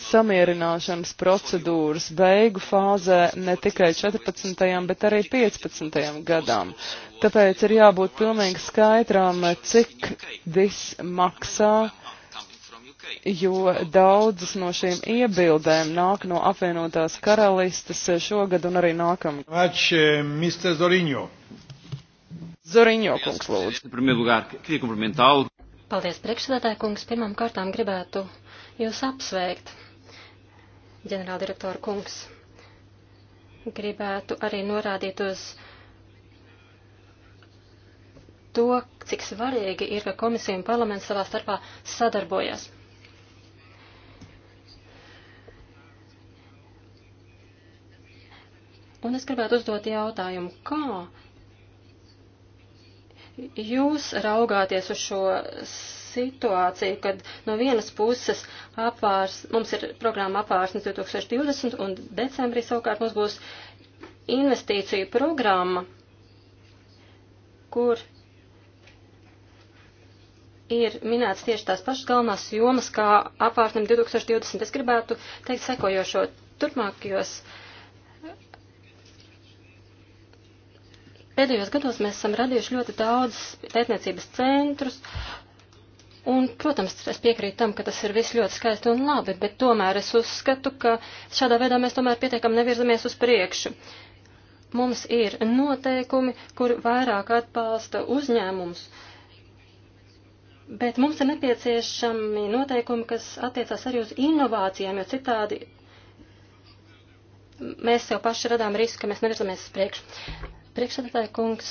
samierināšanas procedūras beigu fāzē ne tikai 14. bet arī 15. gadam. Tāpēc ir jābūt pilnīgi skaidrām, cik viss maksā jo daudzas no šīm iebildēm nāk no apvienotās karalistes šogad un arī nākamgad. Vāč, eh, Mr. Zoriņo. Zoriņo, kungs, lūdzu. Paldies, priekšsēdētāji, kungs. Pirmām kārtām gribētu jūs apsveikt, ģenerāldirektora kungs. Gribētu arī norādīt uz to, cik svarīgi ir, ka komisija un parlaments savā starpā sadarbojas. Un es gribētu uzdot jautājumu, kā jūs raugāties uz šo situāciju, kad no vienas puses apārs, mums ir programma apārsnes 2020 un decembrī savukārt mums būs investīciju programma, kur ir minēts tieši tās pašas galvenās jomas, kā apārsnim 2020. Es gribētu teikt sekojošo turpmākajos. Uh, Pēdējos gados mēs esam radījuši ļoti daudz pētniecības centrus, Un, protams, es piekrītu tam, ka tas ir viss ļoti skaisti un labi, bet tomēr es uzskatu, ka šādā veidā mēs tomēr pietiekami nevirzamies uz priekšu. Mums ir noteikumi, kur vairāk atbalsta uzņēmums, bet mums ir nepieciešami noteikumi, kas attiecās arī uz inovācijām, jo citādi mēs sev paši radām risku, ka mēs nevirzamies uz priekšu. Priekšsēdētāja kungs,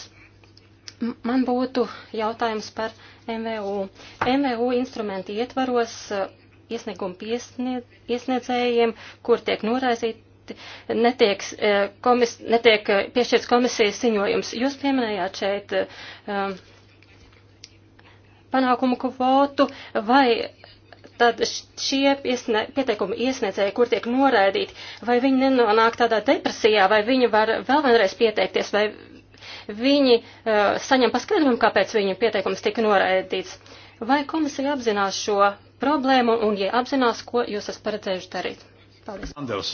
man būtu jautājums par MVU. MVU instrumenti ietvaros eh, iesniegumu iesniedzējiem, kur tiek noraizīt, netiek, eh, komis, netiek eh, piešķirts komisijas ziņojums. Jūs pieminējāt šeit panākumu kvotu vai tad šie iesne, pieteikumi iesniedzēji, kur tiek noraidīti, vai viņi nenonāk tādā depresijā, vai viņi var vēl vienreiz pieteikties, vai viņi uh, saņem paskaidrojumu, kāpēc viņu pieteikums tika noraidīts. Vai komisija apzinās šo problēmu un, ja apzinās, ko jūs esat paredzējuši darīt? Paldies. Sandels.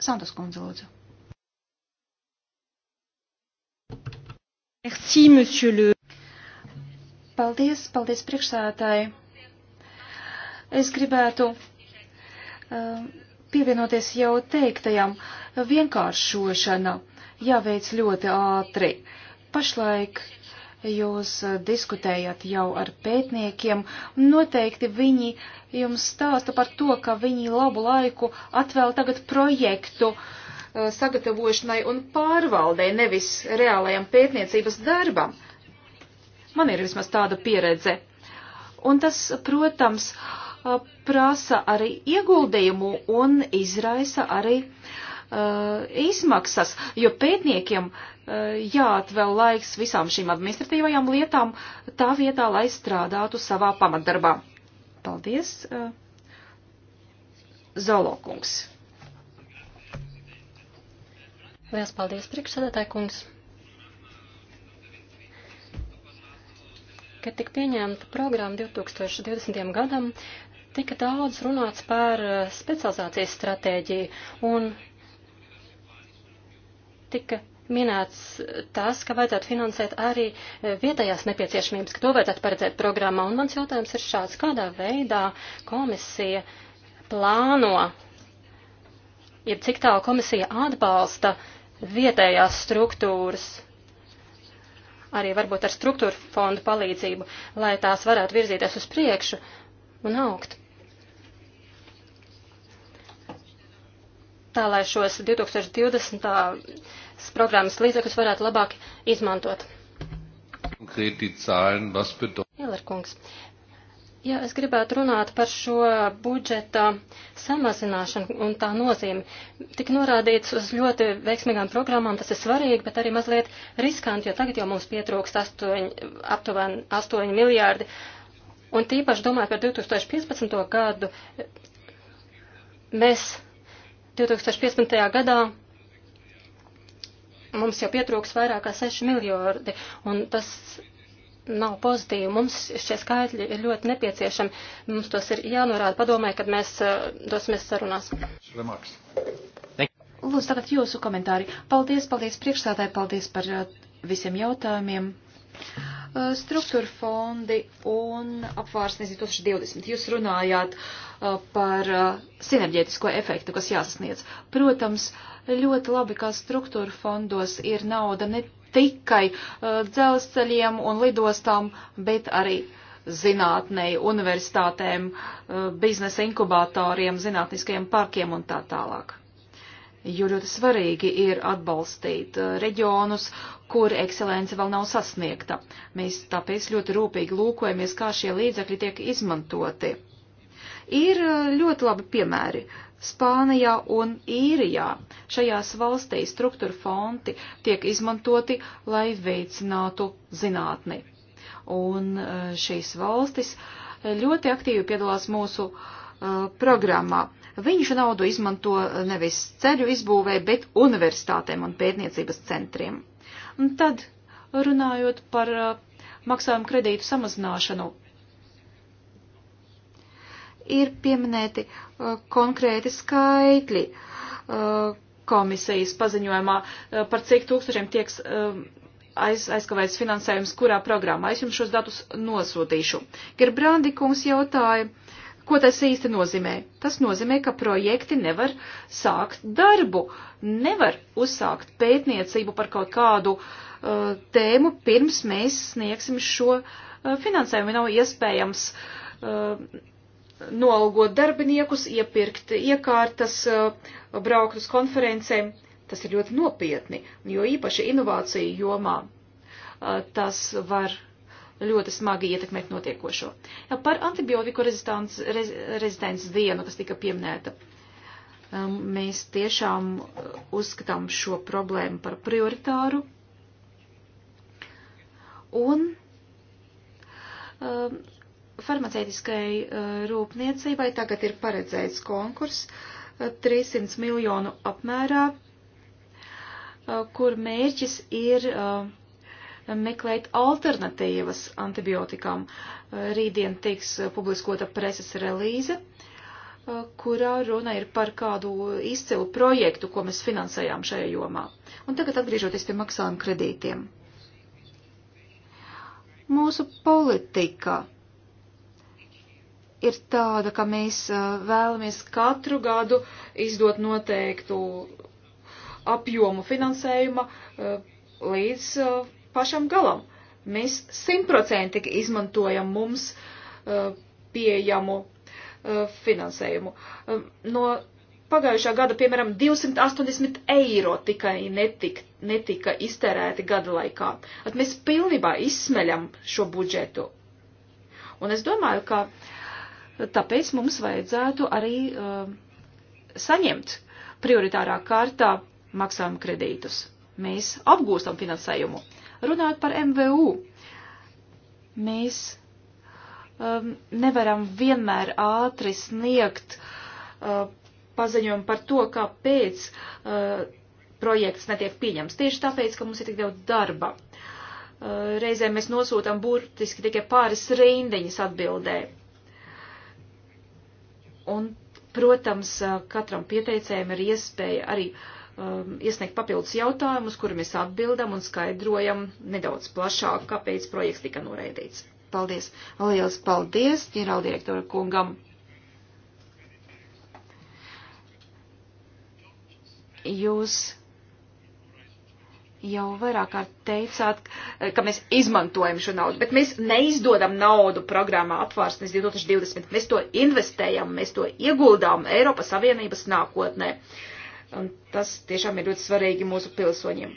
Sandels kundze, lūdzu. Merci, monsieur Le. Paldies, paldies priekšsēdētāji. Es gribētu um, pievienoties jau teiktajam vienkāršošana jāveic ļoti ātri. Pašlaik jūs diskutējat jau ar pētniekiem, un noteikti viņi jums stāsta par to, ka viņi labu laiku atvēl tagad projektu uh, sagatavošanai un pārvaldē, nevis reālajam pētniecības darbam. Man ir vismaz tāda pieredze. Un tas, protams, uh, prasa arī ieguldījumu un izraisa arī uh, izmaksas, jo pētniekiem uh, jāatvēl laiks visām šīm administratīvajām lietām tā vietā, lai strādātu savā pamatdarbā. Paldies, uh, Zolokungs. Liels paldies, priekšsēdētāji kungs. Kad tik pieņemta programma 2020. gadam, tika daudz runāts par eh, specializācijas stratēģiju un tika minēts tas, ka vajadzētu finansēt arī eh, vietējās nepieciešamības, ka to vajadzētu paredzēt programmā. Un mans jautājums ir šāds, kādā veidā komisija plāno, ja cik tālu komisija atbalsta vietējās struktūras, arī varbūt ar struktūra fondu palīdzību, lai tās varētu virzīties uz priekšu un augt. tā lai šos 2020. programmas līdzekļus varētu labāk izmantot. Ielerkungs. Jā, es gribētu runāt par šo budžeta samazināšanu un tā nozīmi. Tik norādīts uz ļoti veiksmīgām programmām, tas ir svarīgi, bet arī mazliet riskanti, jo tagad jau mums pietrūkst 8, aptuveni 8 miljārdi. Un tīpaši domāju par 2015. gadu, mēs 2015. gadā mums jau pietrūks vairāk kā 6 miljardi, un tas nav pozitīvi. Mums šie skaitļi ir ļoti nepieciešami. Mums tos ir jānorāda padomē, kad mēs eh, dosimies sarunās. Lūdzu, tagad jūsu komentāri. Paldies, paldies priekšsādāji, paldies par eh, visiem jautājumiem. Eh, struktūra fondi un apvārsnes 2020. Jūs runājāt eh, par eh, sinerģētisko efektu, kas jāsasniedz. Protams, ļoti labi, ka struktūra fondos ir nauda ne tikai dzelzceļiem un lidostām, bet arī zinātnei, universitātēm, biznesa inkubatoriem, zinātniskajiem parkiem un tā tālāk jo ļoti svarīgi ir atbalstīt uh, reģionus, kur ekscelence vēl nav sasniegta. Mēs tāpēc ļoti rūpīgi lūkojamies, kā šie līdzekļi tiek izmantoti. Ir uh, ļoti labi piemēri. Spānijā un Īrijā šajās valstīs struktūra fonti tiek izmantoti, lai veicinātu zinātni. Un uh, šīs valstis ļoti aktīvi piedalās mūsu uh, programmā. Viņš naudu izmanto nevis ceļu izbūvē, bet universitātēm un pētniecības centriem. Un tad, runājot par uh, maksājumu kredītu samazināšanu, ir pieminēti uh, konkrēti skaitļi uh, komisijas paziņojumā, par cik tūkstošiem tiek um, aiz, aizkavēts finansējums, kurā programmā. Es jums šos datus nosūtīšu. Gerbrandi kungs jautāja, Ko tas īsti nozīmē? Tas nozīmē, ka projekti nevar sākt darbu, nevar uzsākt pētniecību par kaut kādu uh, tēmu, pirms mēs sniegsim šo uh, finansējumu. Nav iespējams uh, nolgot darbiniekus, iepirkt iekārtas, uh, braukt uz konferencēm. Tas ir ļoti nopietni, jo īpaši inovāciju jomā uh, tas var ļoti smagi ietekmēt notiekošo. Jā, par antibiotiku rezistants, rez, rezistents dienu, kas tika pieminēta. Um, mēs tiešām uh, uzskatām šo problēmu par prioritāru. Un um, farmaceitiskai uh, rūpniecībai tagad ir paredzēts konkurss uh, 300 miljonu apmērā, kur mērķis ir uh, meklēt alternatīvas antibiotikām. Eh, rītdien tiks publiskota preses relīze, eh, kurā runa ir par kādu izcilu projektu, ko mēs finansējām šajā jomā. Un tagad atgriežoties pie maksājuma kredītiem. Mūsu politika ir tāda, ka mēs eh, vēlamies katru gadu izdot noteiktu apjomu finansējuma līdz pašam galam. Mēs simtprocentīgi izmantojam mums uh, pieejamu uh, finansējumu. Um, no pagājušā gada, piemēram, 280 eiro tikai netika, netika iztērēti gada laikā. At mēs pilnībā izsmeļam šo budžetu. Un es domāju, ka tāpēc mums vajadzētu arī uh, saņemt prioritārā kārtā maksājumu kredītus. Mēs apgūstam finansējumu. Runājot par MVU, mēs um, nevaram vienmēr ātri sniegt uh, paziņojumu par to, kāpēc uh, projekts netiek pieņems. Tieši tāpēc, ka mums ir tik daudz darba. Uh, reizēm mēs nosūtām burtiski tikai pāris rindiņas atbildē. Un, protams, uh, katram pieteicējiem ir iespēja arī uh, um, iesniegt papildus jautājumus, kuri mēs atbildam un skaidrojam nedaudz plašāk, kāpēc projekts tika noraidīts. Paldies! Lielas paldies ģenerāldirektora kungam! Jūs jau vairāk kārt teicāt, ka mēs izmantojam šo naudu, bet mēs neizdodam naudu programmā apvārsnes 2020. Mēs to investējam, mēs to ieguldām Eiropas Savienības nākotnē. Uh, Un tas tiešām ir ļoti svarīgi mūsu pilsoņiem.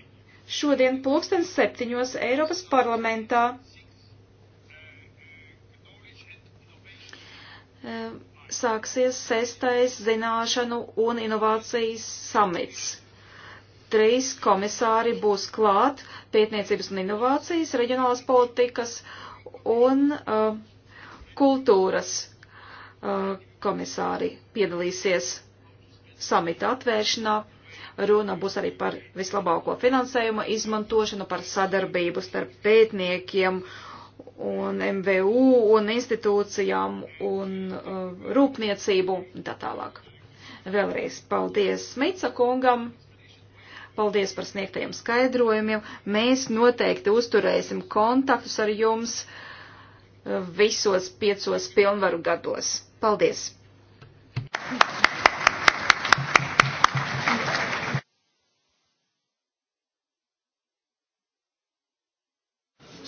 Šodien pulksten septiņos Eiropas parlamentā e, sāksies sestais zināšanu un inovācijas samits. Trīs komisāri būs klāt - pētniecības un inovācijas, reģionālās politikas un uh, kultūras uh, komisāri piedalīsies samita atvēršanā. Runa būs arī par vislabāko finansējumu izmantošanu, par sadarbību starp pētniekiem un MVU un institūcijām un uh, rūpniecību un tā tālāk. Vēlreiz paldies Smica kungam, paldies par sniegtajiem skaidrojumiem. Mēs noteikti uzturēsim kontaktus ar jums uh, visos piecos pilnvaru gados. Paldies! Thank you.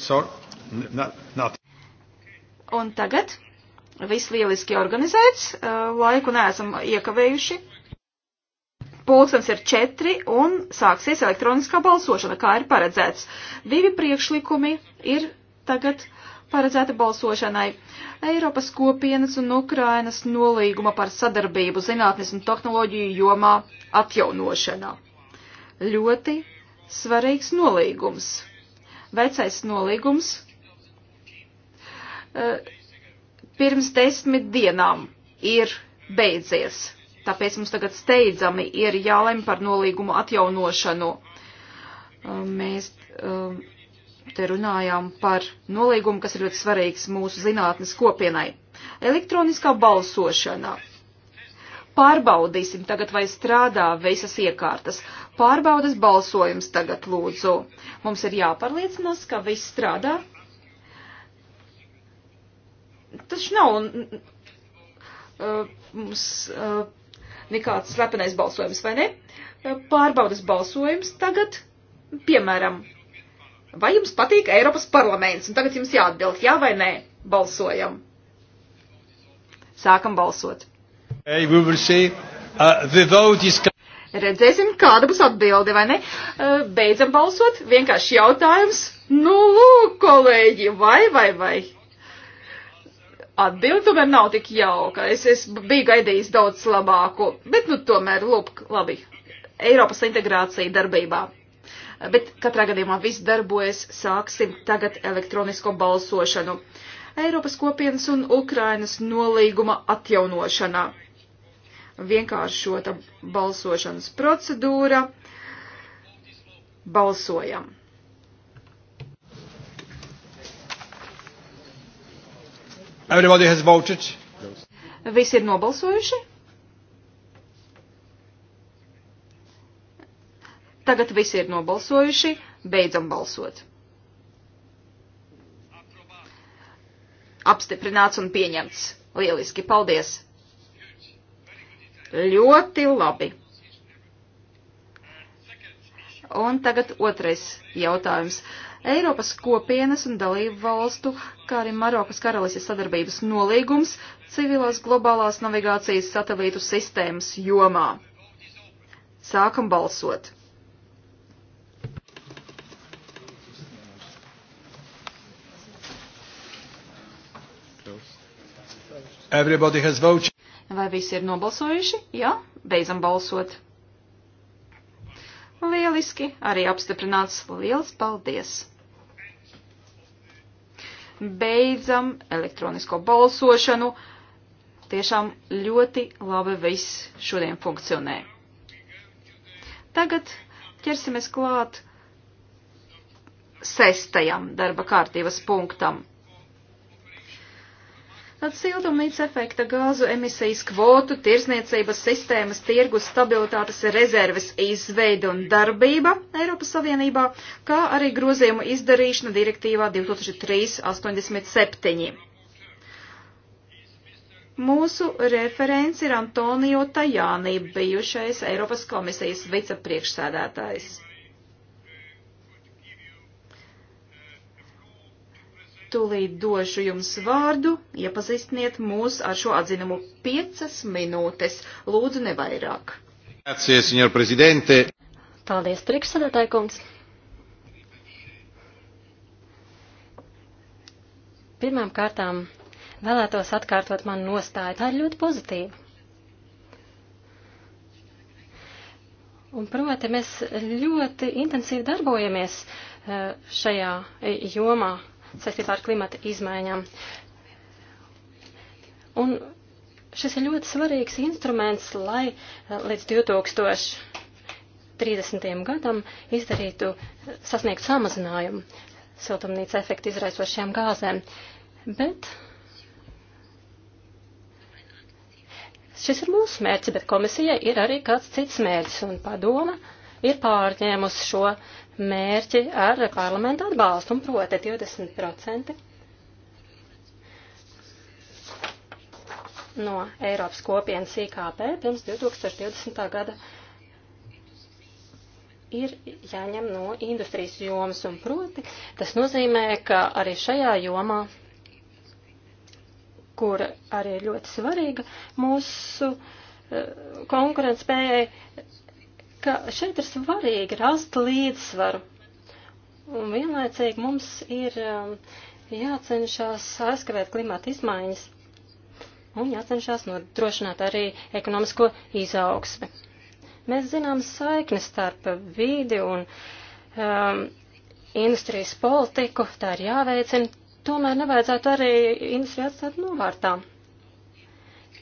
Sorry. Not, not. Un tagad viss lieliski organizēts, uh, laiku neesam iekavējuši. Pulkstens ir četri un sāksies elektroniskā balsošana, kā ir paredzēts. Divi priekšlikumi ir tagad paredzēti balsošanai. Eiropas kopienas un Ukrainas nolīguma par sadarbību zinātnes un tehnoloģiju jomā atjaunošanā. Ļoti svarīgs nolīgums vecais nolīgums eh, pirms desmit dienām ir beidzies. Tāpēc mums tagad steidzami ir jālem par nolīgumu atjaunošanu. Eh, mēs eh, te runājām par nolīgumu, kas ir ļoti svarīgs mūsu zinātnes kopienai. Elektroniskā balsošana Pārbaudīsim tagad, vai strādā visas iekārtas. Pārbaudas balsojums tagad lūdzu. Mums ir jāpārliecinās, ka viss strādā. Tas nav uh, mums uh, nekāds slepenais balsojums, vai ne? Uh, pārbaudas balsojums tagad, piemēram, vai jums patīk Eiropas parlaments? Un tagad jums jāatbild jā vai nē. Balsojam. Sākam balsot. Hey, see, uh, is... Redzēsim, kāda būs atbilde, vai ne? Uh, beidzam balsot, vienkārši jautājums. Nu, lūk, kolēģi, vai, vai, vai. Atbilde tomēr nav tik jauka. Es, es biju gaidījis daudz labāku, bet nu tomēr, lūk, labi. Eiropas integrācija darbībā bet katrā gadījumā viss darbojas. Sāksim tagad elektronisko balsošanu. Eiropas kopienas un Ukrainas nolīguma atjaunošanā vienkāršota balsošanas procedūra. Balsojam! Everybody has voted. Visi ir nobalsojuši. Tagad visi ir nobalsojuši. Beidzam balsot. Apstiprināts un pieņemts. Lieliski, paldies! Ļoti labi. Un tagad otrais jautājums. Eiropas kopienas un dalību valstu, kā arī Marokas karalises sadarbības nolīgums civilās globālās navigācijas satelītu sistēmas jomā. Sākam balsot! Everybody has voted. Vai visi ir nobalsojuši? Jā, beidzam balsot. Lieliski, arī apstiprināts. Liels paldies! Beidzam elektronisko balsošanu. Tiešām ļoti labi viss šodien funkcionē. Tagad ķersimies klāt sestajam darba kārtības punktam. Tad siltumnīca efekta gāzu emisijas kvotu, tirsniecības sistēmas, tirgus stabilitātes rezerves izveida un darbība Eiropas Savienībā, kā arī grozījumu izdarīšana direktīvā 2003-87. Mūsu referents ir Antonio Tajāni, bijušais Eiropas komisijas vicepriekšsēdētājs. Tūlīt došu jums vārdu, iepazīstiniet mūs ar šo atzinumu piecas minūtes, lūdzu nevairāk. Grazie, signor prezidente. Paldies, priekšsēdētāji kungs. Pirmām kārtām vēlētos atkārtot manu nostāju. Tā ir ļoti pozitīva. Un, proti, mēs ļoti intensīvi darbojamies eh, šajā eh, jomā saistībā ar klimata izmaiņām. Un šis ir ļoti svarīgs instruments, lai eh, līdz 2030. gadam izdarītu, sasniegtu samazinājumu siltumnīca efektu izraisošajām gāzēm. Bet šis ir mūsu mērķis, bet komisija ir arī kāds cits mērķis un padoma ir pārņēmusi šo uh, mērķi ar parlamentu atbalstu, un proti 20% no Eiropas kopienas IKP pirms 2020. gada ir jāņem no industrijas jomas, un proti tas nozīmē, ka arī šajā jomā, kur arī ir ļoti svarīga mūsu eh, konkurence spējai, ka šeit ir svarīgi rast līdzsvaru. Un vienlaicīgi mums ir um, jācenšas aizskavēt klimata izmaiņas un jācenšas nodrošināt arī ekonomisko izaugsmi. Mēs zinām saikni starp vīdi un um, industrijas politiku, tā ir jāveicina, tomēr nevajadzētu arī industriju atstāt novārtām.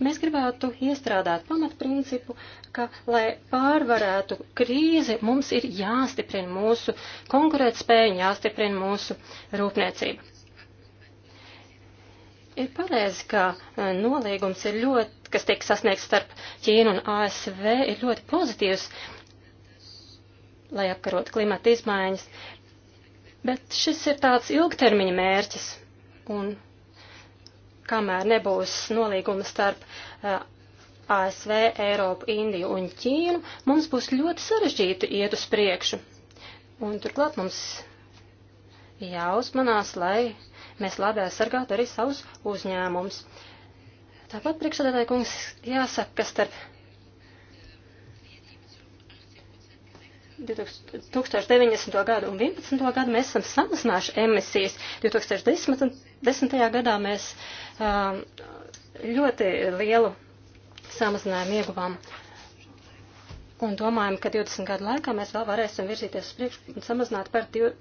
Mēs gribētu iestrādāt pamatprincipu, ka, lai pārvarētu krīzi, mums ir jāstiprina mūsu konkurētspēja, jāstiprina mūsu rūpniecība. Ir pareizi, ka e, nolīgums ir ļoti, kas tiek sasniegts starp Ķīnu un ASV, ir ļoti pozitīvs, lai apkarot klimata izmaiņas, bet šis ir tāds ilgtermiņa mērķis, un kamēr nebūs nolīguma starp eh, ASV, Eiropu, Indiju un Ķīnu, mums būs ļoti sarežģīti iet uz priekšu. Un turklāt mums jāuzmanās, lai mēs labi aizsargātu arī savus uzņēmumus. Tāpat priekšsēdētāji kungs jāsaka, ka starp 2090. gadu un 2011. gadu mēs esam samazinājuši emisijas. 2010. 10. gadā mēs um, ļoti lielu samazinājumu ieguvām un domājam, ka 20 gadu laikā mēs vēl varēsim virzīties uz priekšu un samazināt par div,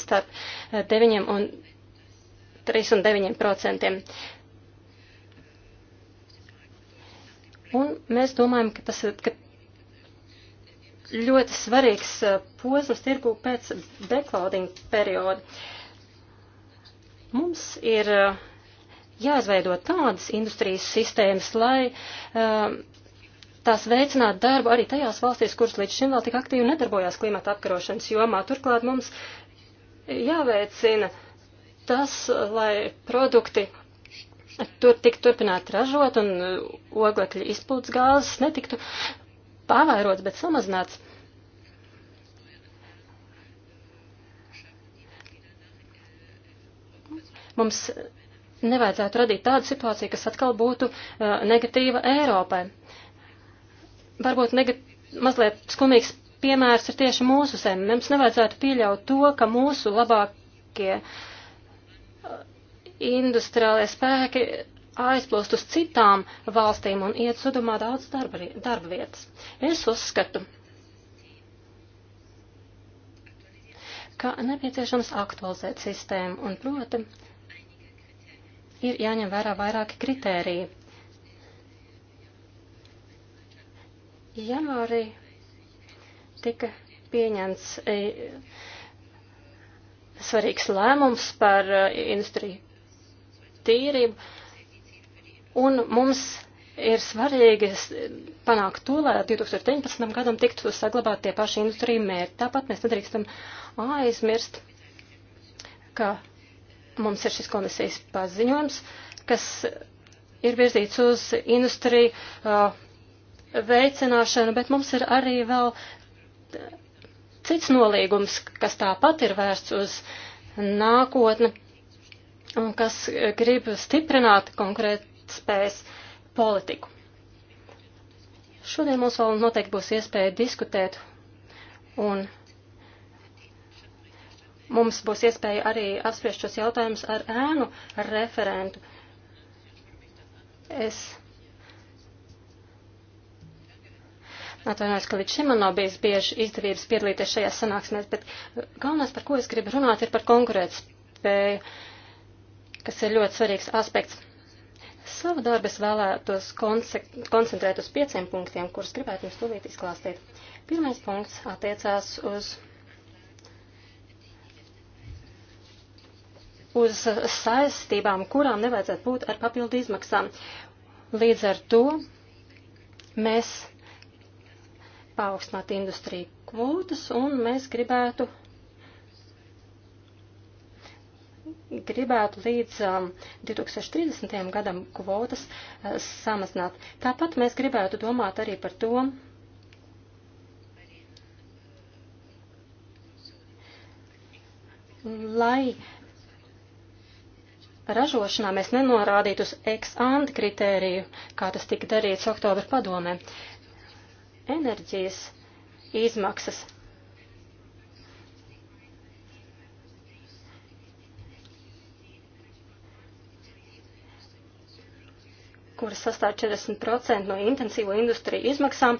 starp 9 eh, un 3 un 9 procentiem. Un mēs domājam, ka, tas, ka ļoti svarīgs uh, posms tirgu pēc backloading perioda. Mums ir uh, jāizveido tādas industrijas sistēmas, lai um, tās veicinātu darbu arī tajās valstīs, kuras līdz šim vēl tik aktīvi nedarbojās klimata apkarošanas jomā. Turklāt mums jāveicina tas, lai produkti tur tik turpināt ražot un oglekļa izpūtas gāzes netiktu pavairots, bet samazināts. Mums nevajadzētu radīt tādu situāciju, kas atkal būtu uh, negatīva Eiropai. Varbūt negat, mazliet skumīgs piemērs ir tieši mūsu zeme. Mums nevajadzētu pieļaut to, ka mūsu labākie uh, industriālie spēki aizplūst uz citām valstīm un iet sudumā daudz darba, darba vietas. Es uzskatu, ka nepieciešams aktualizēt sistēmu un, proti, ir jāņem vērā vairāki kritēriji. Janvārī tika pieņemts e, svarīgs lēmums par e, industriju tīrību Un mums ir svarīgi panākt to, lai 2019. gadam tiktu saglabāt tie paši industrija mērķi. Tāpat mēs nedrīkstam aizmirst, ka mums ir šis komisijas paziņojums, kas ir virzīts uz industriju uh, veicināšanu, bet mums ir arī vēl cits nolīgums, kas tāpat ir vērsts uz nākotni un kas grib stiprināt konkrētu konkurētspējas politiku. Šodien mums vēl noteikti būs iespēja diskutēt un mums būs iespēja arī apspriest šos jautājumus ar ēnu ar referentu. Es atvainojos, ka līdz šim man nav bijis bieži izdevības piedalīties šajā sanāksmēs, bet galvenais, par ko es gribu runāt, ir par konkurētspēju, kas ir ļoti svarīgs aspekts. Savu darbu es vēlētos koncentrēt uz pieciem punktiem, kurus gribētu jums tūlīt izklāstīt. Pirmais punkts attiecās uz, uz saistībām, kurām nevajadzētu būt ar papildu izmaksām. Līdz ar to mēs paaugstināt industriju kvotas un mēs gribētu gribētu līdz 2030. Um, gadam kvotas uh, samazināt. Tāpat mēs gribētu domāt arī par to, lai ražošanā mēs nenorādītu uz ex-ante kritēriju, kā tas tika darīts oktobra padomē. Enerģijas izmaksas kuras sastāv 40% no intensīvo industriju izmaksām,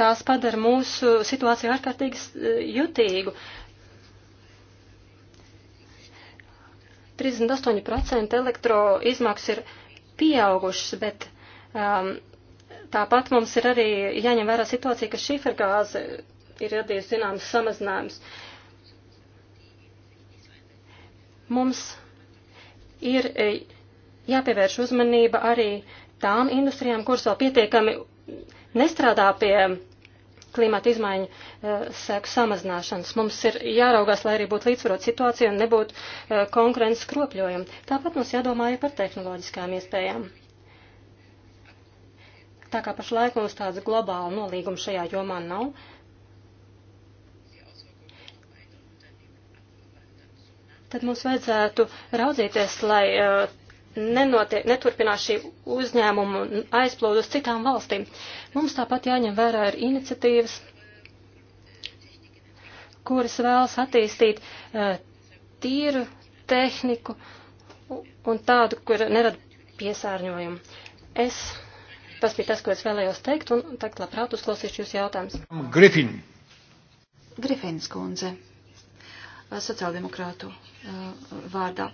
tās padara mūsu situāciju ārkārtīgi eh, jutīgu. 38% elektroizmaksas ir pieaugušas, bet um, tāpat mums ir arī jāņem vērā situācija, ka šifergāze ir radījusi zināmas samazinājums. Mums ir e, jāpievērš uzmanība arī tām industrijām, kuras vēl pietiekami nestrādā pie klimata izmaiņu uh, e, seku samazināšanas. Mums ir jāraugās, lai arī būtu līdzsvarot situācija un nebūtu uh, konkurences kropļojumi. Tāpat mums jādomā arī par tehnoloģiskām iespējām. Tā kā pašlaik mums tāds globāla nolīguma šajā jomā nav, tad mums vajadzētu raudzīties, lai uh, nenotiek, neturpinās šī uzņēmumu aizplūdu uz citām valstīm. Mums tāpat jāņem vērā ir iniciatīvas, kuras vēlas attīstīt uh, tīru tehniku un tādu, kur nerada piesārņojumu. Es, tas bija tas, ko es vēlējos teikt, un tagad labprāt uzklausīšu jūs jautājumus. Grifin. Grifins kundze. Eh, sociāldemokrātu eh, vārdā.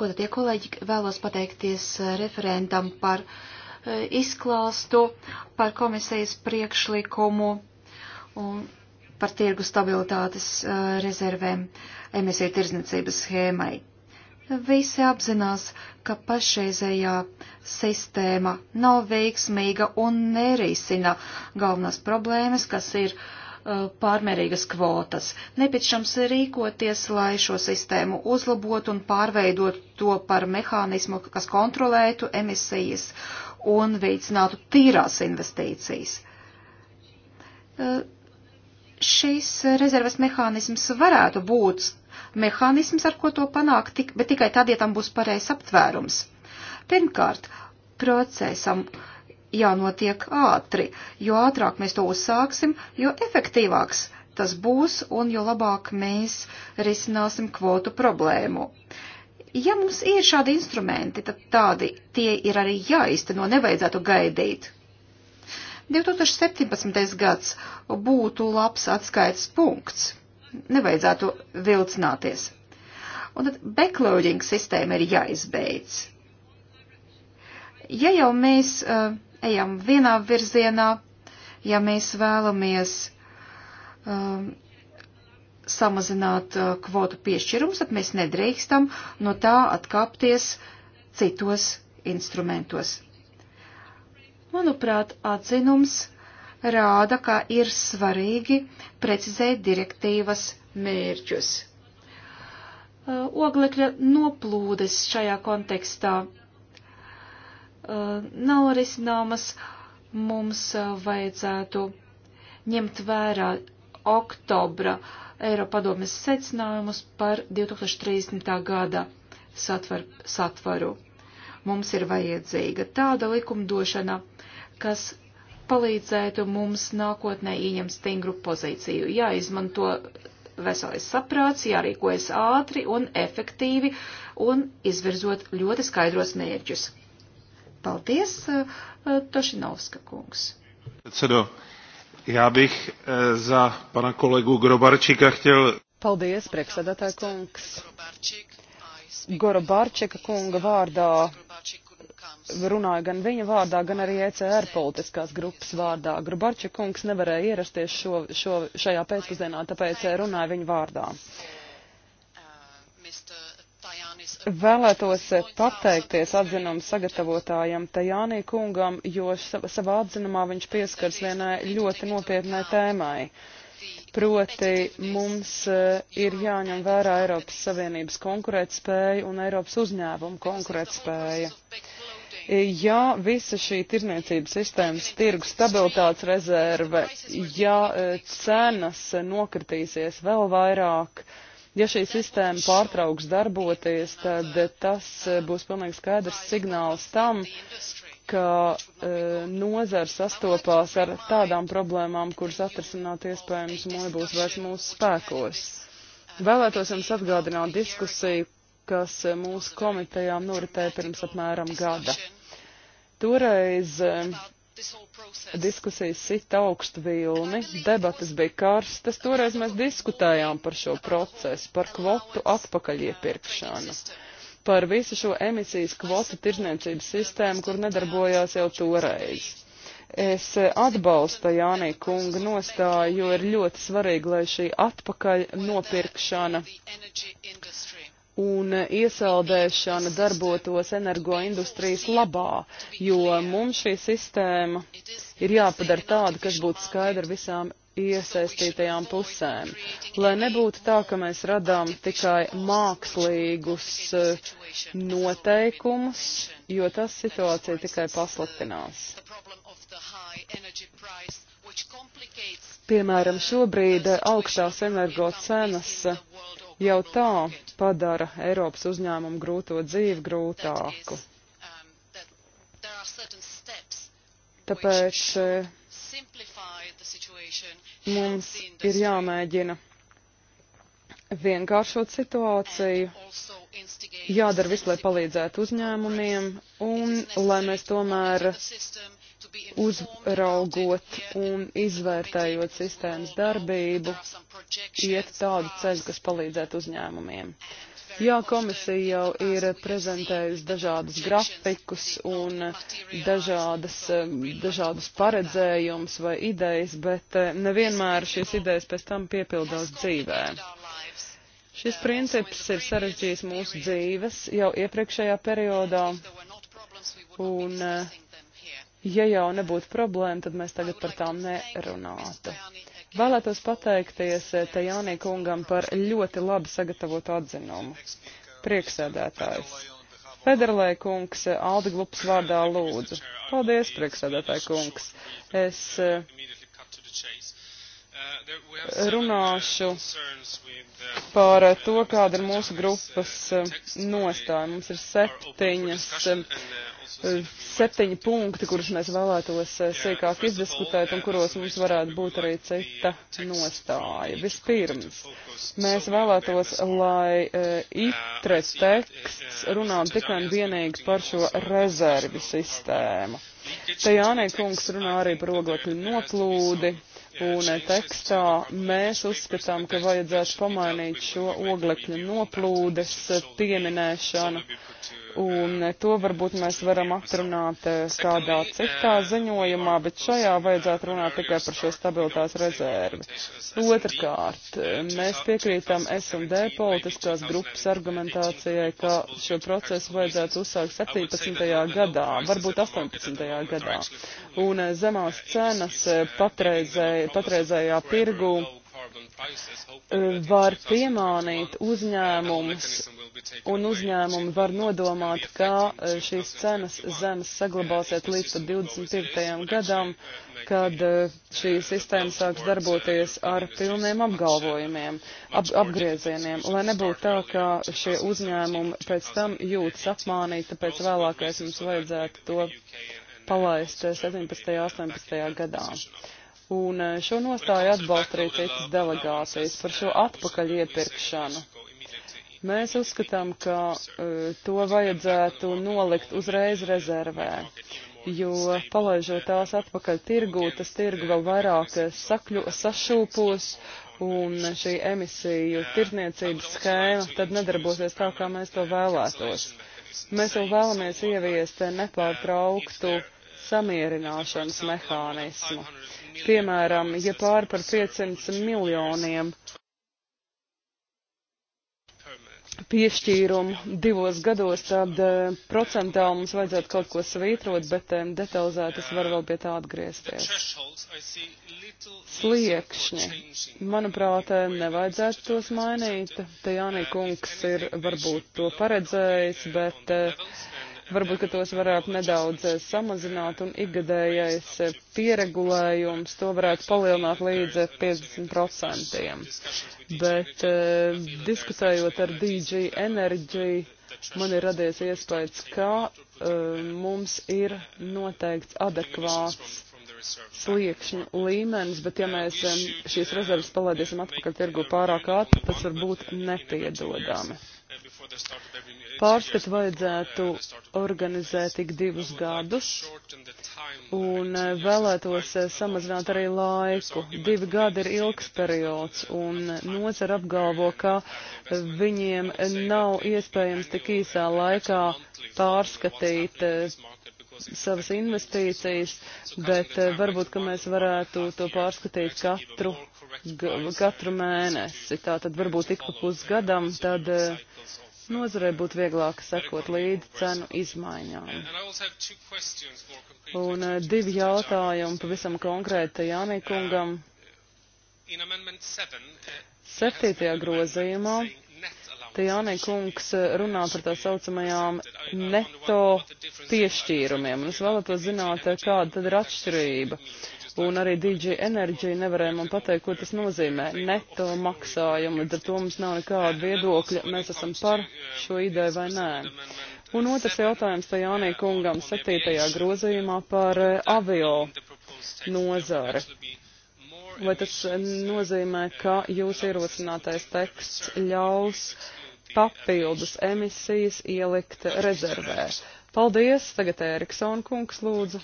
Godatie kolēģi, vēlos pateikties eh, referentam par izklāstu, par komisijas priekšlikumu un par tirgu stabilitātes rezervēm emisiju tirdzniecības schēmai. Visi apzinās, ka pašreizējā sistēma nav veiksmīga un nerisina galvenās problēmas, kas ir uh, Uh, pārmērīgas kvotas. Nepieciešams rīkoties, lai šo sistēmu uzlabotu un pārveidot to par mehānismu, kas kontrolētu emisijas un veicinātu tīrās investīcijas. Uh, šis rezerves mehānisms varētu būt mehānisms, ar ko to panākt, bet tikai tad, ja tam būs pareizs aptvērums. Pirmkārt, procesam uh, jānotiek ātri, jo ātrāk mēs to uzsāksim, jo efektīvāks tas būs un jo labāk mēs risināsim kvotu problēmu. Ja mums ir šādi instrumenti, tad tādi tie ir arī jāizteno, nevajadzētu gaidīt. 2017. gads būtu labs atskaites punkts. Nevajadzētu vilcināties. Un tad backloading sistēma ir jāizbeidz. Ja jau mēs uh, ejam vienā virzienā, ja mēs vēlamies um, samazināt uh, kvotu piešķirumus, tad mēs nedrīkstam no tā atkāpties citos instrumentos. Manuprāt, atzinums rāda, ka ir svarīgi precizēt direktīvas mērķus. Uh, oglekļa noplūdes šajā kontekstā Eh, nav risināmas, mums eh, vajadzētu ņemt vērā oktobra Eiropadomes secinājumus par 2030. gada satver, satvaru. Mums ir vajadzīga tāda likumdošana, kas palīdzētu mums nākotnē ieņemt stingru pozīciju. Jāizmanto veselais saprāts, jārīkojas ātri un efektīvi un izvirzot ļoti skaidros mērķus. Paldies, eh, eh, Tošinovska kungs. Cedo. Já bych eh, za pana kolegu Grobarčika chtěl. Paldies, priekšsēdētāj kungs. Gorobarčika kunga vārdā runāju gan viņa vārdā, gan arī ECR politiskās grupas vārdā. Grobarčika kungs nevarēja ierasties šo, šo, šajā pēcpusdienā, tāpēc runāju viņa vārdā. Uh, Vēlētos pateikties atzinumu sagatavotājam Tajānī kungam, jo savā atzinumā viņš pieskars vienai ļoti nopietnai tēmai. Proti mums eh, ir jāņem vērā Eiropas Savienības konkurētspēja un Eiropas uzņēmumu konkurētspēja. Ja visa šī tirniecības sistēmas tirgu stabilitātes rezerve, ja eh, cenas nokritīsies vēl vairāk, uh, Ja šī sistēma pārtrauks darboties, tad tas e, būs pilnīgi skaidrs signāls tam, ka e, nozara sastopās ar tādām problēmām, kuras atrisināt iespējams nebūs vairs mūsu spēkos. Vēlētos jums atgādināt diskusiju, kas e, mūsu komitejām noritēja pirms apmēram gada. Toreiz e, Diskusijas sita augstu vilni, debatas bija karstas, toreiz mēs diskutējām par šo procesu, par kvotu atpakaļ iepirkšanu, par visu šo emisijas kvotu tirzniecības sistēmu, kur nedarbojās jau toreiz. Es atbalstu Jānī kunga nostāju, jo ir ļoti svarīgi, lai šī atpakaļ nopirkšana un iesaldēšana darbotos energoindustrijas labā, jo mums šī sistēma ir jāpadara tāda, kas būtu skaidra visām iesaistītajām pusēm, lai nebūtu tā, ka mēs radām tikai mākslīgus eh, noteikumus, jo tas situācija tikai pasliktinās. Piemēram, šobrīd augstās energo cenas jau tā padara Eiropas uzņēmumu grūto dzīvi grūtāku. Tāpēc eh, mums ir jāmēģina vienkāršot situāciju, jādara viss, lai palīdzētu uzņēmumiem un lai mēs tomēr uzraugot un izvērtējot sistēmas darbību, iet tādu ceļu, kas palīdzētu uzņēmumiem. Jā, komisija jau ir prezentējusi dažādus grafikus un dažādas, um, dažādus paredzējumus vai idejas, bet uh, nevienmēr šīs idejas pēc tam piepildās dzīvē. Šis princips ir sarežģījis mūsu dzīves jau iepriekšējā periodā, un uh, Ja jau nebūtu problēma, tad mēs tagad par tām nerunātu. Vēlētos pateikties eh, te Jānī kungam par ļoti labi sagatavotu atzinumu. Prieksēdētājs. Federlē kungs, eh, Aldi Glups vārdā lūdzu. Paldies, prieksēdētāji kungs. Es eh, runāšu par to, kāda ir mūsu grupas nostāja. Mums ir septiņas septiņi punkti, kurus mēs vēlētos eh, sīkāk izdiskutēt un kuros mums varētu būt arī cita nostāja. Vispirms, mēs vēlētos, lai eh, itre teksts runātu tikai un vienīgi par šo rezervi sistēmu. Te Jānīkungs runā arī par oglekļu noplūdi. Un eh, tekstā mēs uzskatām, ka vajadzētu pamainīt šo oglekļu noplūdes pieminēšanu un to varbūt mēs varam atrunāt kādā eh, citā ziņojumā, bet šajā vajadzētu runāt tikai par šo stabilitātes rezervi. Otrkārt, mēs piekrītam S&D politiskās grupas argumentācijai, ka šo procesu vajadzētu uzsākt 17. gadā, varbūt 18. gadā, un eh, zemās cenas eh, patreizē, patreizējā tirgu Uh, var piemānīt uzņēmumus, un uzņēmumi var nodomāt, ka uh, šīs cenas zemes saglabāsies līdz 25. gadam, kad uh, šī sistēma sāks darboties ar pilniem apgalvojumiem, ap, apgriezieniem, lai nebūtu tā, ka šie uzņēmumi pēc tam jūtas apmānīti, tāpēc vēlākais mums vajadzētu to palaist 17. un 18. gadā. Un eh, šo nostāju atbalsta arī citas delegācijas par šo atpakaļ iepirkšanu. Mēs uzskatām, ka uh, to vajadzētu nolikt uzreiz rezervē, jo palaižot tās atpakaļ tirgū, tas tirgu vēl vairāk eh, sakļu, sašūpos un šī emisiju tirdzniecības schēma tad nedarbosies tā, kā mēs to vēlētos. Mēs jau vēlamies ieviest nepārtrauktu samierināšanas mehānismu piemēram, ja pāri par 500 miljoniem piešķīrumu divos gados, tad eh, procentāli mums vajadzētu kaut ko svītrot, bet eh, detalizēti es varu vēl pie tā atgriezties. Sliekšņi. Manuprāt, eh, nevajadzētu tos mainīt. Te Jānī kungs ir varbūt to paredzējis, bet uh, Varbūt, ka tos varētu nedaudz eh, samazināt un ikgadējais eh, pieregulējums to varētu palielināt līdz 50%. Eh, bet eh, diskusējot ar DG Energy, man ir radies iespējas, ka eh, mums ir noteikts adekvāts sliekšņu līmenis, bet ja mēs šīs rezerves palaidīsim atpakaļ tirgu pārāk ātri, tas var būt nepiedodami. Pārskatu vajadzētu organizēt tik divus gadus un eh, vēlētos eh, samazināt arī laiku. Divi gadi ir ilgs periods un nozara apgalvo, ka viņiem nav iespējams tik īsā laikā pārskatīt eh, savas investīcijas, bet varbūt, ka mēs varētu to pārskatīt katru, katru mēnesi. Tā tad varbūt ik pa pusgadam, tad pārtiks nozarei būtu vieglāk sekot līdzi cenu izmaiņām. Un eh, divi jautājumi pavisam konkrēti Jānīkungam. Septītajā grozījumā Tajānī kungs eh, runā par tā saucamajām neto piešķīrumiem, un es vēlētos zināt, eh, kāda tad ir atšķirība. Uh, un arī DG Energy nevarēja man pateikt, ko tas nozīmē. Neto maksājumu, līdz ar to mums nav nekāda viedokļa, mēs esam par šo ideju vai nē. Un otrs jautājums te Jānī kungam 7. grozījumā par eh, avio nozari. Vai tas nozīmē, ka jūs ierosinātais teksts ļaus papildus emisijas ielikt rezervē? Paldies, tagad Ēriksona kungs lūdzu.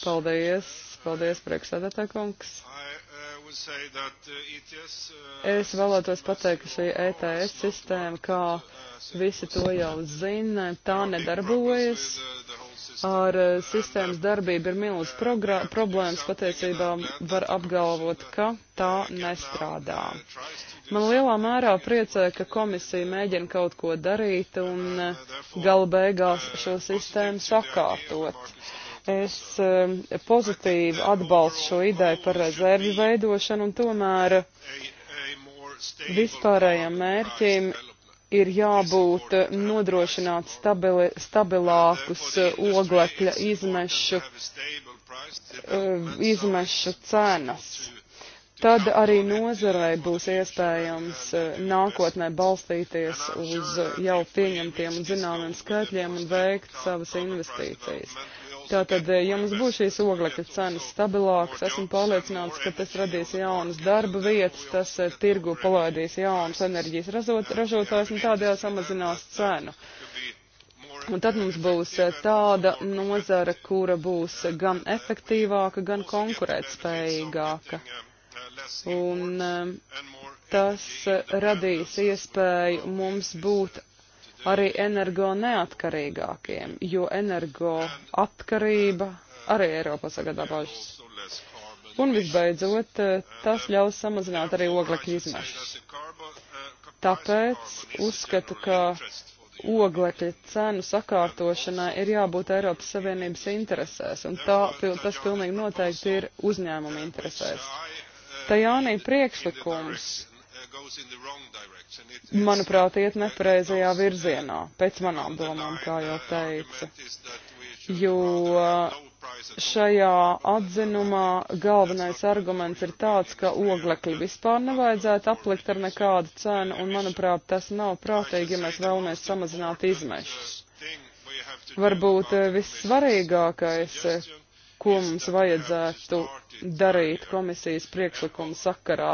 Paldies, Paldies, priekšsēdētā kungs. Uh, uh, e uh, es vēlētos pateikt, ka šī ETS e sistēma, kā visi to jau zina, tā nedarbojas. Ar sistēmas darbību ir milz <coughs> problēmas, patiesībā var apgalvot, ka tā nestrādā. Man lielā mērā priecē, ka komisija mēģina kaut ko darīt un gala beigās šo sistēmu sakārtot. Uh, Es eh, pozitīvi atbalstu šo ideju par rezervi veidošanu un tomēr vispārējiem mērķim ir jābūt nodrošināt stabili, stabilākus eh, oglekļa izmešu, eh, izmešu cenas. Tad arī nozarei būs iespējams nākotnē balstīties uz jau pieņemtiem un zināmiem skaitļiem un veikt savas investīcijas. Tātad, eh, ja mums būs šīs oglekļa cenas stabilākas, esmu pārliecināts, ka tas radīs jaunas darba vietas, tas eh, tirgu palaidīs jaunas enerģijas ražot, ražotājs un tādējā samazinās cenu. Un tad mums būs eh, tāda nozara, kura būs gan efektīvāka, gan konkurētspējīgāka. Un tas radīs iespēju mums būt arī energo neatkarīgākiem, jo energo atkarība arī Eiropā sagādā bažas. Un visbeidzot, eh, tas ļaus samazināt arī oglekļa izmešas. Tāpēc uzskatu, ka oglekļa cenu sakārtošanai ir jābūt Eiropas Savienības interesēs, un tā, tas pilnīgi noteikti ir uzņēmuma interesēs. Tajānī priekšlikums manuprāt, iet nepareizajā uh, virzienā, pēc manām domām, kā jau uh, teicu. Jo šajā atzinumā galvenais arguments ir tāds, ka oglekļi vispār nevajadzētu aplikt ar nekādu cenu, un, manuprāt, tas nav prātīgi, ja mēs vēlamies samazināt izmešus. Varbūt uh, vissvarīgākais, ko mums vajadzētu darīt komisijas priekšlikuma sakarā,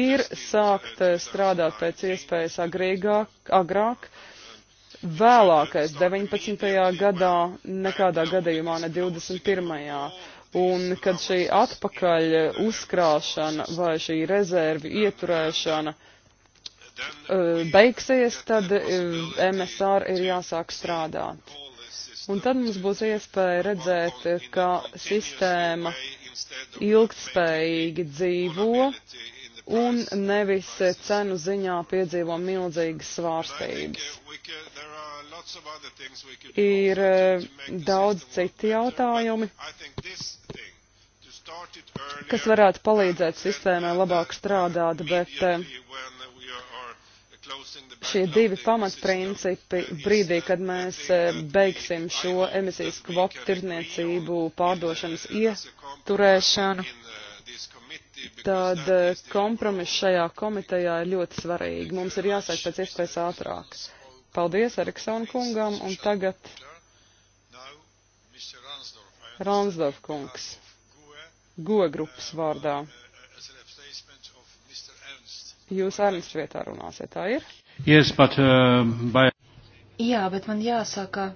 ir sākt eh, strādāt pēc iespējas agrīgāk, agrāk, vēlākais 19. gadā, nekādā gadījumā ne 21. Un kad šī atpakaļ uzkrāšana vai šī rezervi ieturēšana eh, beigsies, tad eh, MSR ir jāsāk strādāt. Un tad mums būs iespēja redzēt, ka sistēma ilgtspējīgi dzīvo un nevis cenu ziņā piedzīvo milzīgas svārstības. Ir eh, daudz citi jautājumi, kas varētu palīdzēt sistēmai labāk strādāt, bet eh, šie divi pamatprincipi brīdī, kad mēs eh, beigsim šo emisijas kvotu tirdzniecību pārdošanas ieturēšanu, tad eh, kompromiss šajā komitejā ir ļoti svarīgi. Mums ir jāsāk pēc iespējas ātrāk. Paldies Eriksona kungam un tagad Ransdorf kungs. Goe grupas vārdā jūs ārlietas vietā runāsiet, tā ir? Yes, but, uh, by... Jā, bet man jāsaka,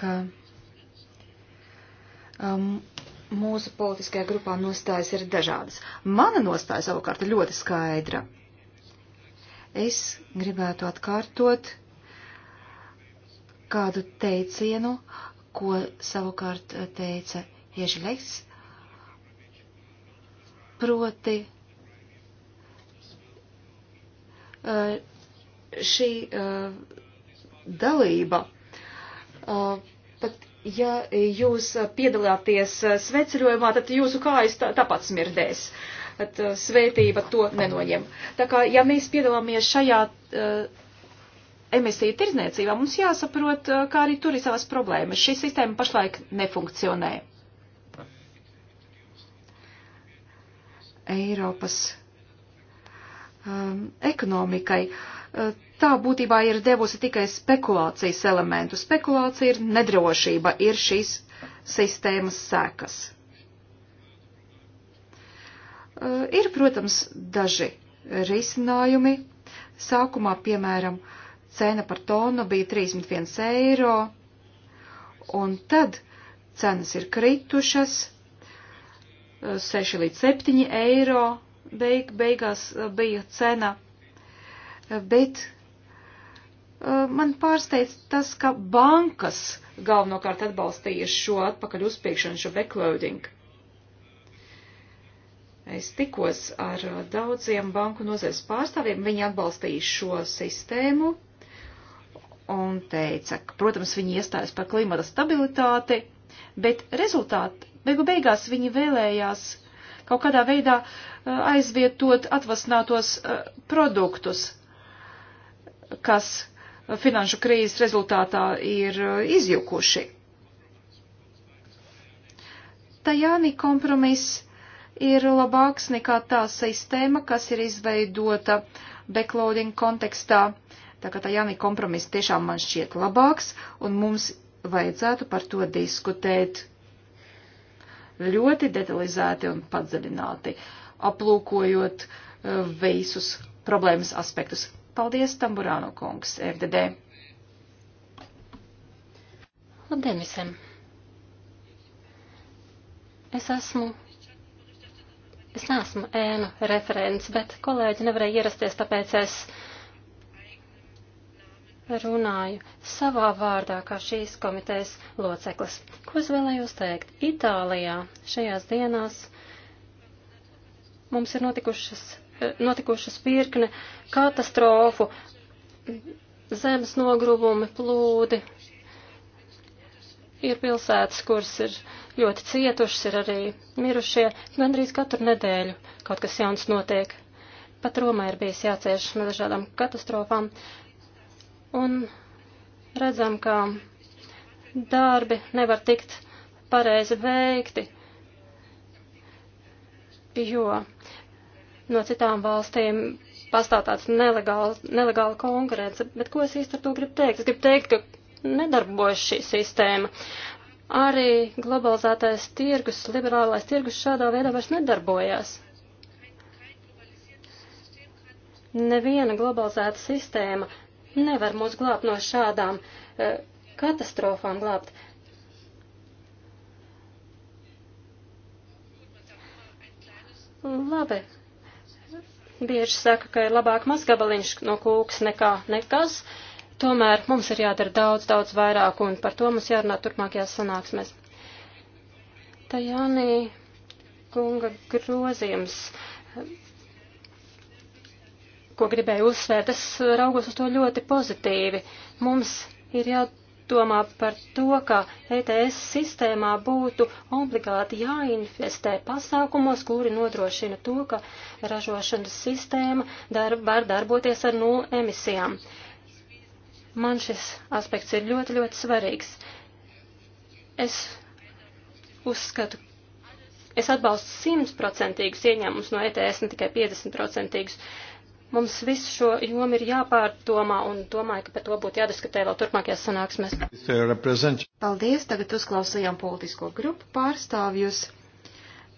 ka um, mūsu politiskajā grupā nostājas ir dažādas. Mana nostāja savukārt ir ļoti skaidra. Es gribētu atkārtot kādu teicienu, ko savukārt teica Iežileks, proti Eh, šī eh, dalība. Eh, pat ja jūs piedalāties sveceļojumā, tad jūsu kājas tāpat smirdēs. Tad svētība to nenoņem. Tā kā, ja mēs piedalāmies šajā emisiju tirzniecībā, mums jāsaprot, kā arī tur ir savas problēmas. Šī sistēma pašlaik nefunkcionē. Eiropas um, ekonomikai. Uh, tā būtībā ir devusi tikai spekulācijas elementu. Spekulācija ir nedrošība, ir šīs sistēmas sekas. Uh, ir, protams, daži risinājumi. Sākumā, piemēram, cena par tonu bija 31 eiro, un tad cenas ir kritušas 6 uh, līdz 7 eiro, beig, beigās eh, bija cena. Eh, bet eh, man pārsteidz tas, ka bankas galvenokārt atbalstīja šo atpakaļ uzspiekšanu, šo backloading. Es tikos ar daudziem banku nozares pārstāvjiem, viņi atbalstīja šo sistēmu un teica, ka, protams, viņi iestājas par klimata stabilitāti, bet rezultāti beigu beigās viņi vēlējās kaut kādā veidā eh, aizvietot atvasinātos eh, produktus, kas finanšu krīzes rezultātā ir eh, izjukuši. Tajāni kompromiss ir labāks nekā tā sistēma, kas ir izveidota backloading kontekstā. Tā kā Tajāni kompromiss tiešām man šķiet labāks, un mums vajadzētu par to diskutēt ļoti detalizēti un padziļināti, aplūkojot e, visus problēmas aspektus. Paldies, Tamburāno kungs, FDD. Labdien visiem! Es esmu Es neesmu ēnu referents, bet kolēģi nevarēja ierasties, tāpēc es runāju savā vārdā kā šīs komitejas loceklis. Ko es vēlējos teikt? Itālijā šajās dienās mums ir notikušas, notikušas pirkne katastrofu, zemes nogruvumi, plūdi. Ir pilsētas, kuras ir ļoti cietušas, ir arī mirušie. Gandrīz katru nedēļu kaut kas jauns notiek. Pat Romā ir bijis jācieš no dažādām katastrofām un redzam, ka darbi nevar tikt pareizi veikti, jo no citām valstīm pastāv tāds nelegāls, nelegāla konkurence. Bet ko es īsti ar to gribu teikt? Es gribu teikt, ka nedarbojas šī sistēma. Arī globalizētais tirgus, liberālais tirgus šādā veidā vairs nedarbojas. Neviena globalizēta sistēma nevar mūs glābt no šādām uh, katastrofām glābt. Labi. Bieži saka, ka ir labāk mazgabaliņš no kūks nekā nekas. Tomēr mums ir jādara daudz, daudz vairāk, un par to mums jārunā turpmākajās sanāksmēs. Tajānī kunga grozījums ko gribēju uzsvērt, es raugos uz to ļoti pozitīvi. Mums ir jādomā par to, ka ETS sistēmā būtu obligāti jāinvestē pasākumos, kuri nodrošina to, ka ražošanas sistēma dar var darboties ar nulli no emisijām. Man šis aspekts ir ļoti, ļoti svarīgs. Es uzskatu, es atbalstu simtprocentīgus ieņēmumus no ETS, ne tikai 50 procentīgus. Mums visu šo jomu ir jāpārdomā un domāju, ka par to būtu jādiskutē vēl turpmākajās sanāksmēs. Paldies, tagad uzklausījām politisko grupu pārstāvjus.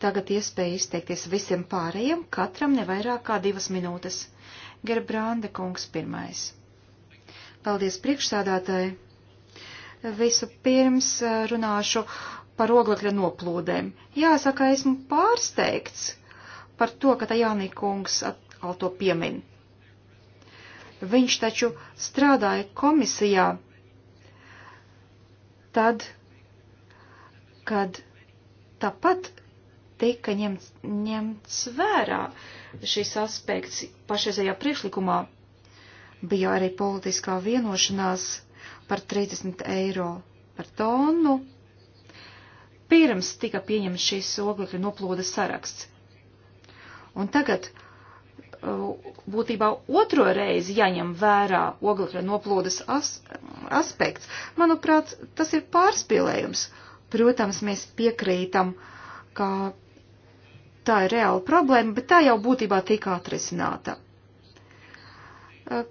Tagad iespēja izteikties visiem pārējiem, katram nevairāk kā divas minūtes. Gerbrānde kungs pirmais. Paldies priekšsādātāji. Visu pirms eh, runāšu par oglekļa noplūdēm. Jāsaka, esmu pārsteigts par to, ka Tajānī kungs atkal to piemin. Viņš taču strādāja komisijā tad, kad tāpat tika ņemts, ņemts vērā šis aspekts pašreizējā priekšlikumā. Bija arī politiskā vienošanās par 30 eiro par tonu. Pirms tika pieņemts šīs oglekļa noplūdes saraksts. Un tagad Uh, būtībā otro reizi jāņem vērā oglekļa noplūdes as aspekts. Manuprāt, tas ir pārspīlējums. Protams, mēs piekrītam, ka tā ir reāla problēma, bet tā jau būtībā tika atrisināta. Uh,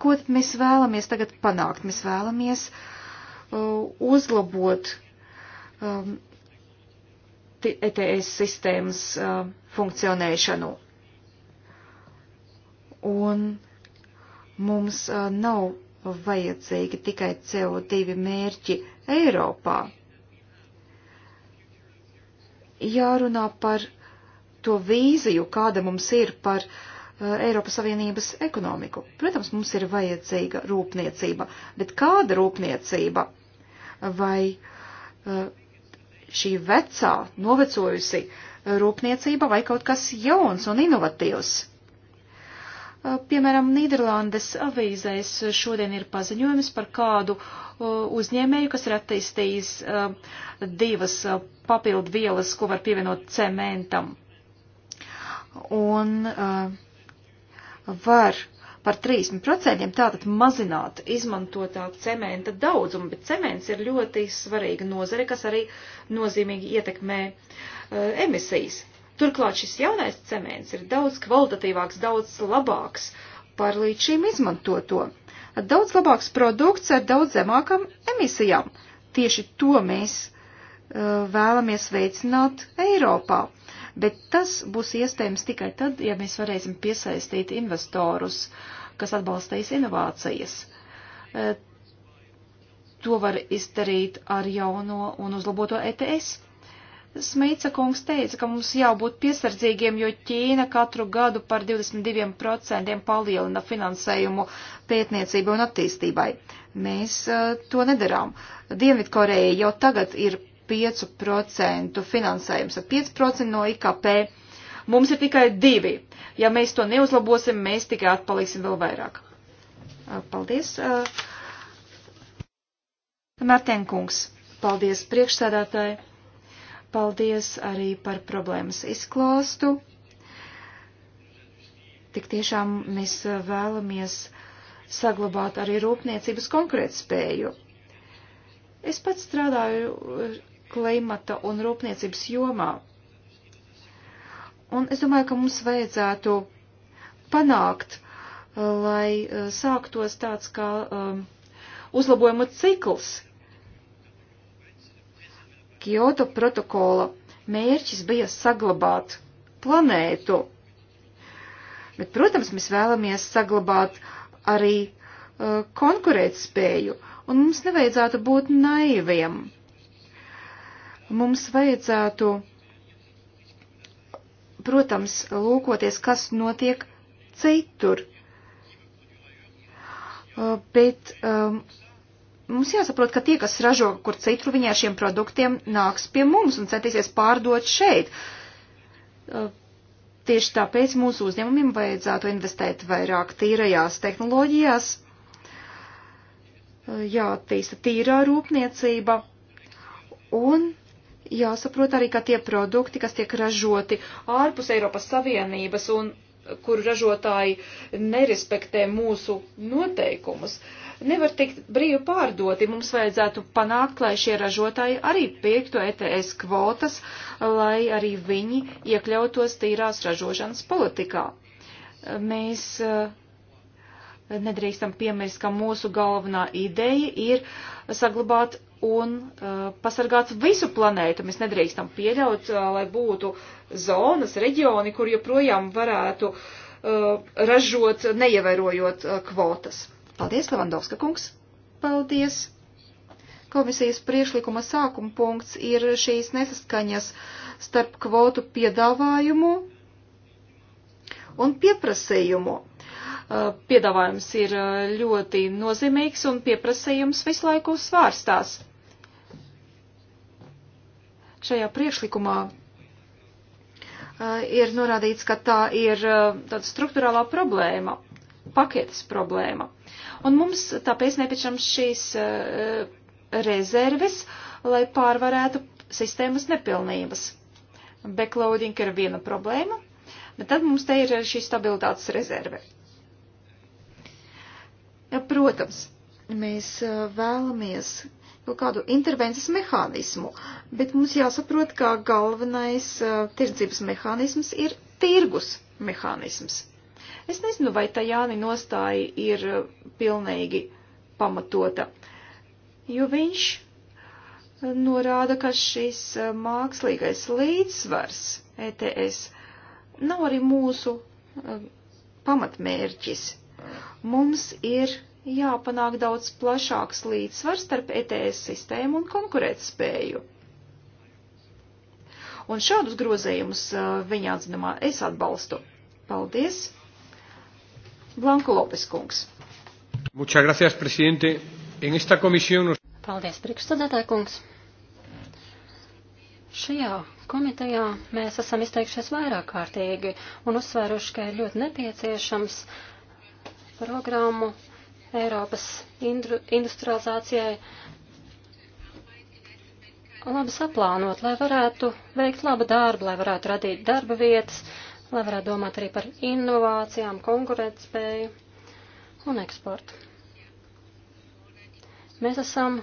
ko mēs vēlamies tagad panākt? Mēs vēlamies uh, uzlabot um, ETS e sistēmas funkcionēšanu un mums nav vajadzīgi tikai CO2 mērķi Eiropā. Jārunā par to vīziju, kāda mums ir par Eiropas Savienības ekonomiku. Protams, mums ir vajadzīga rūpniecība, bet kāda rūpniecība? Vai šī vecā, novecojusi rūpniecība vai kaut kas jauns un inovatīvs? Uh, piemēram, Nīderlandes avīzēs šodien ir paziņojums par kādu uh, uzņēmēju, kas ir attīstījis uh, divas papildu vielas, ko var pievienot cementam. Un var par 30% tātad mazināt izmantotā cementa daudzumu, bet cements ir ļoti svarīga nozare, kas arī nozīmīgi ietekmē emisijas. Turklāt šis jaunais cements ir daudz kvalitatīvāks, daudz labāks par līdz šim izmantoto. Daudz labāks produkts ar daudz zemākam emisijām. Tieši to mēs uh, vēlamies veicināt Eiropā. Bet tas būs iespējams tikai tad, ja mēs varēsim piesaistīt investorus, kas atbalstīs inovācijas. Uh, to var izdarīt ar jauno un uzlaboto ETS Smīca kungs teica, ka mums jābūt piesardzīgiem, jo Ķīna katru gadu par 22% palielina finansējumu pētniecībai un attīstībai. Mēs uh, to nedarām. Dienvidkoreja jau tagad ir 5% finansējums, 5% no IKP. Mums ir tikai divi. Ja mēs to neuzlabosim, mēs tikai atpaliksim vēl vairāk. Eh, paldies. Uh, eh. Mērtēn kungs, paldies priekšsēdētāji. Paldies arī par problēmas izklāstu. Tik tiešām mēs vēlamies saglabāt arī rūpniecības konkurētspēju. Es pats strādāju klimata un rūpniecības jomā. Un es domāju, ka mums vajadzētu panākt, lai eh, sāktos tāds kā um, eh, uzlabojumu cikls Kyoto protokola mērķis bija saglabāt planētu. Bet, protams, mēs vēlamies saglabāt arī uh, konkurētspēju, un mums nevajadzētu būt naiviem. Mums vajadzētu, protams, lūkoties, kas notiek citur. Uh, bet um, uh, mums jāsaprot, ka tie, kas ražo kur citur, viņi ar šiem produktiem nāks pie mums un centīsies pārdot šeit. Uh, tieši tāpēc mūsu uzņēmumiem vajadzētu investēt vairāk tīrajās tehnoloģijās, uh, jātīsta tīrā rūpniecība un jāsaprot arī, ka tie produkti, kas tiek ražoti ārpus Eiropas Savienības un uh, kur ražotāji nerespektē mūsu noteikumus, uh, nevar tikt brīvi pārdoti. Mums vajadzētu panākt, lai šie ražotāji arī piektu ETS kvotas, lai arī viņi iekļautos tīrās ražošanas politikā. Mēs eh, nedrīkstam piemirst, ka mūsu galvenā ideja ir saglabāt un uh, pasargāt visu planētu. Mēs nedrīkstam pieļaut, uh, lai būtu zonas, reģioni, kur joprojām varētu uh, ražot, neievērojot uh, kvotas. Paldies, Levandovska kungs! Paldies! Komisijas priešlikuma sākuma punkts ir šīs nesaskaņas starp kvotu piedāvājumu un pieprasījumu. Uh, piedāvājums ir uh, ļoti nozīmīgs un pieprasījums visu laiku svārstās. Šajā priekšlikumā uh, ir norādīts, ka tā ir tāda struktūrālā problēma, paketes problēma. Un mums tāpēc nepieciešams šīs uh, rezerves, lai pārvarētu sistēmas nepilnības. Backloading ir viena problēma, bet tad mums te ir šī stabilitātes rezerve. Protams, mēs eh, vēlamies kaut kādu intervences mehānismu, bet mums jāsaprot, ka galvenais uh, tirdzības mehānisms ir tirgus mehānisms. Es nezinu, vai Tajāni nostāja ir uh, pilnīgi pamatota, jo viņš uh, norāda, ka šis uh, mākslīgais līdzsvars ETS nav arī mūsu pamatmērķis. Mums ir jāpanāk daudz plašāks līdzsvars starp ETS sistēmu un konkurētspēju. Un šādus grozējumus viņa atzinumā es atbalstu. Paldies! Blanko Lopes kungs. Muchas gracias, presidente. En esta komisión... Paldies, priekšstādātāja kungs. Šajā komitejā mēs esam izteikšies vairāk kārtīgi un uzsvēruši, ka ir ļoti nepieciešams programmu Eiropas industrializācijai labi saplānot, lai varētu veikt labu darbu, lai varētu radīt darba vietas, lai varētu domāt arī par inovācijām, konkurētspēju un eksportu. Mēs esam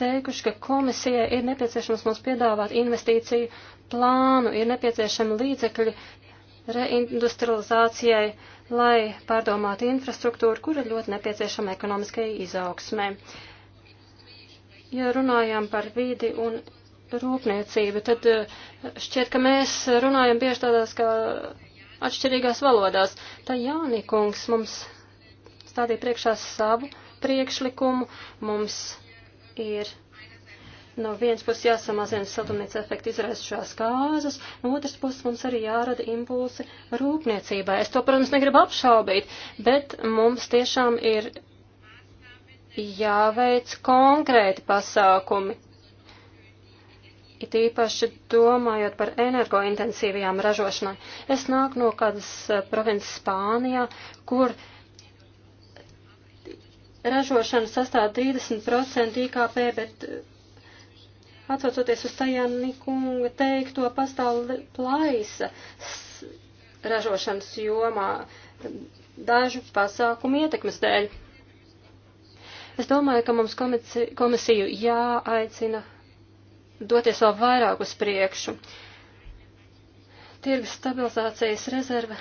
teikuši, ka komisijai ir nepieciešams mums piedāvāt investīciju plānu, ir nepieciešami līdzekļi reindustrializācijai, lai pārdomātu infrastruktūru, kura ļoti nepieciešama ekonomiskajai izaugsmē. Ja runājām par vidi un rūpniecību, tad eh, šķiet, ka mēs runājam bieži tādās kā atšķirīgās valodās. Tā Jānikungs mums stādīja priekšā savu priekšlikumu, mums ir no vienas puses jāsamazina siltumnīca efekta izraisušās gāzes, no otras puses mums arī jārada impulsi rūpniecībai. Es to, protams, negribu apšaubīt, bet mums tiešām ir jāveic konkrēti pasākumi, it īpaši domājot par energointensīvajām ražošanai. Es nāku no kādas eh, provinces Spānijā, kur ražošana sastāv 30% IKP, bet eh, atsaucoties uz Tajani kunga teikto, pastāv plaisa ražošanas jomā dažu pasākumu ietekmes dēļ. Es domāju, ka mums komisiju jāaicina doties vēl vairāk uz priekšu. Tirgus stabilizācijas rezerve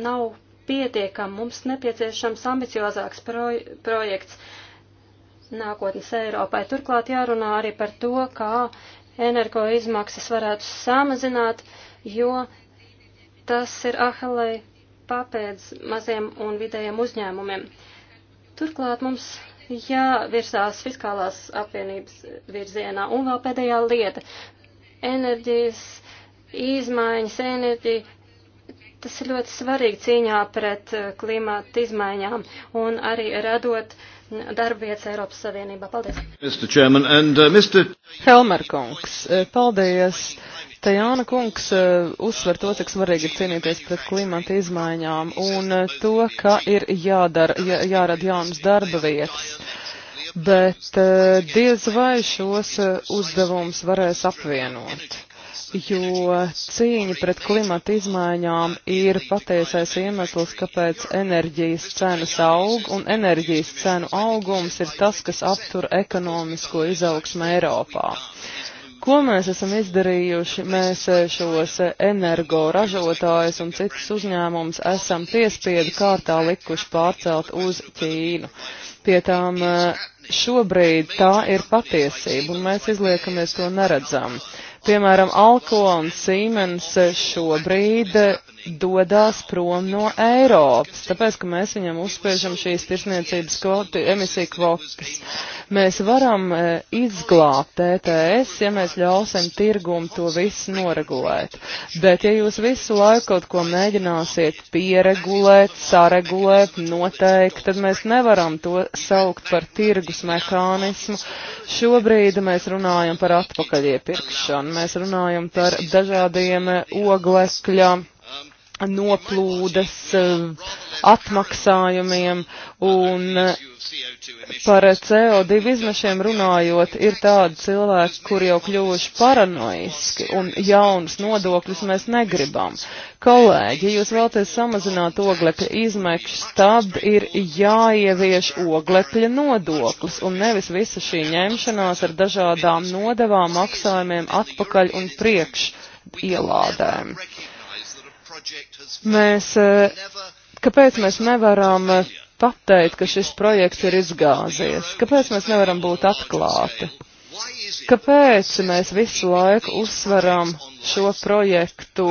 nav pietiekama, mums nepieciešams ambiciozāks proj projekts nākotnes Eiropai. Turklāt jārunā arī par to, kā energo izmaksas varētu samazināt, jo tas ir ahelei papēdz maziem un vidējiem uzņēmumiem. Turklāt mums jāvirsās fiskālās apvienības virzienā. Un vēl pēdējā lieta - enerģijas izmaiņas, enerģija. Tas ir ļoti svarīgi cīņā pret eh, klimata izmaiņām un arī radot darba vietas Eiropas Savienībā. Paldies! Mr. Chairman and, uh, Mr. Helmer kungs, eh, paldies! Tajāna kungs eh, uzsver to, cik svarīgi ir cīnīties pret klimata izmaiņām un eh, to, ka ir jādara, jā, jārada jaunas darba vietas. Bet eh, diez vai šos uzdevums varēs apvienot, jo cīņa pret klimata izmaiņām ir patiesais iemesls, kāpēc enerģijas cenas aug, un enerģijas cenu augums ir tas, kas aptur ekonomisko izaugsmu Eiropā. Ko mēs esam izdarījuši? Mēs e, šos e, energoražotājus un citus uzņēmumus esam piespiedu kārtā likuši pārcelt uz Ķīnu. Pie tām e, šobrīd tā ir patiesība, un mēs izliekamies to neredzam. Piemēram, Alko un Siemens šobrīd dodas prom no Eiropas, tāpēc, ka mēs viņam uzspiežam šīs tirsniecības kvoti, emisiju kvotas. Mēs varam e, izglābt ETS, ja mēs ļausim tirgumu to visu noregulēt. Bet, ja jūs visu laiku kaut ko mēģināsiet pieregulēt, saregulēt, noteikt, tad mēs nevaram to saukt par tirgus mehānismu. Šobrīd mēs runājam par atpakaļiepirkšanu, mēs runājam par dažādiem e, oglekļiem noplūdes eh, atmaksājumiem un eh, par CO2 izmešiem runājot, ir tādi cilvēki, kur jau kļuvuši paranoiski un jaunas nodokļus mēs negribam. Kolēģi, ja jūs vēlaties samazināt oglekļa izmešus, tad ir jāievieš oglekļa nodoklis un nevis visa šī ņemšanās ar dažādām nodevām, maksājumiem atpakaļ un priekš ielādēm. Mēs, eh, kāpēc mēs nevaram eh, pateikt, ka šis projekts ir izgāzies? Kāpēc mēs nevaram būt atklāti? Kāpēc mēs visu laiku uzsveram šo projektu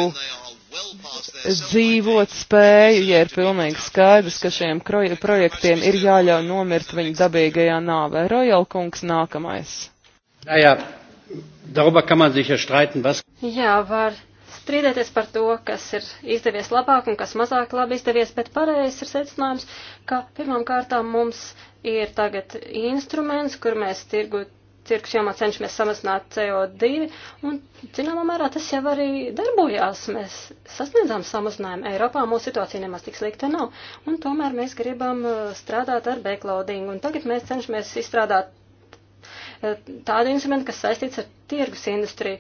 dzīvot spēju, ja ir pilnīgi skaidrs, ka šiem projektiem ir jāļauj nomirt viņu dabīgajā nāvē. Royal kungs nākamais. Jā, jā. Darüber kann man sich ja streiten, was. Jā, var strīdēties par to, kas ir izdevies labāk un kas mazāk labi izdevies, bet pareizs ir secinājums, ka pirmām kārtām mums ir tagad instruments, kur mēs tirgu, tirgus jomā cenšamies samazināt CO2, un, zināmā mērā, tas jau arī darbojās. Mēs sasniedzām samazinājumu Eiropā, mūsu situācija nemaz tik slikta nav, un tomēr mēs gribam uh, strādāt ar backloading, un tagad mēs cenšamies izstrādāt uh, tādu instrumentu, kas saistīts ar tirgus industriju.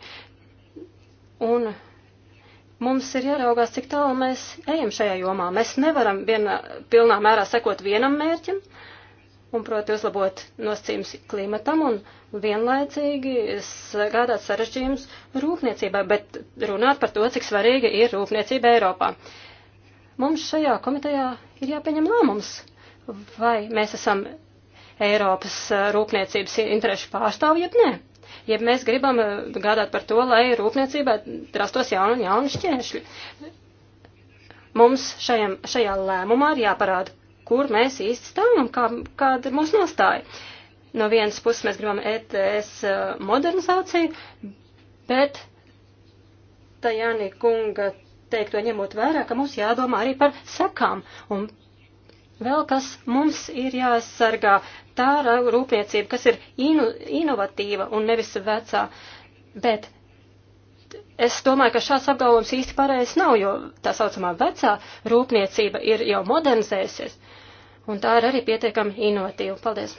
Un Mums ir jāraugās, cik tālu mēs ejam šajā jomā. Mēs nevaram vienā, pilnā mērā sekot vienam mērķim, un proti uzlabot nosacījums klimatam un vienlaicīgi sagādāt sarežģījumus rūpniecībai, bet runāt par to, cik svarīga ir rūpniecība Eiropā. Mums šajā komitejā ir jāpieņem lēmums, vai mēs esam Eiropas rūpniecības interešu pārstāvji, jeb nē ja mēs gribam eh, gādāt par to, lai rūpniecībā rastos jauni un jauni šķēršļi. Mums šajam, šajā lēmumā ir jāparāda, kur mēs īsti stāvam, kā, kāda ir mūsu nostāja. No vienas puses mēs gribam ETS eh, modernizāciju, bet Tajāni kunga teikto ņemot vērā, ka mums jādomā arī par sekām un Vēl kas mums ir jāsargā tā rūpniecība, kas ir inu, inovatīva un nevis vecā, bet es domāju, ka šāds apgalvojums īsti pareizs nav, jo tā saucamā vecā rūpniecība ir jau modernizēsies, un tā ir arī pietiekami inovatīva. Paldies!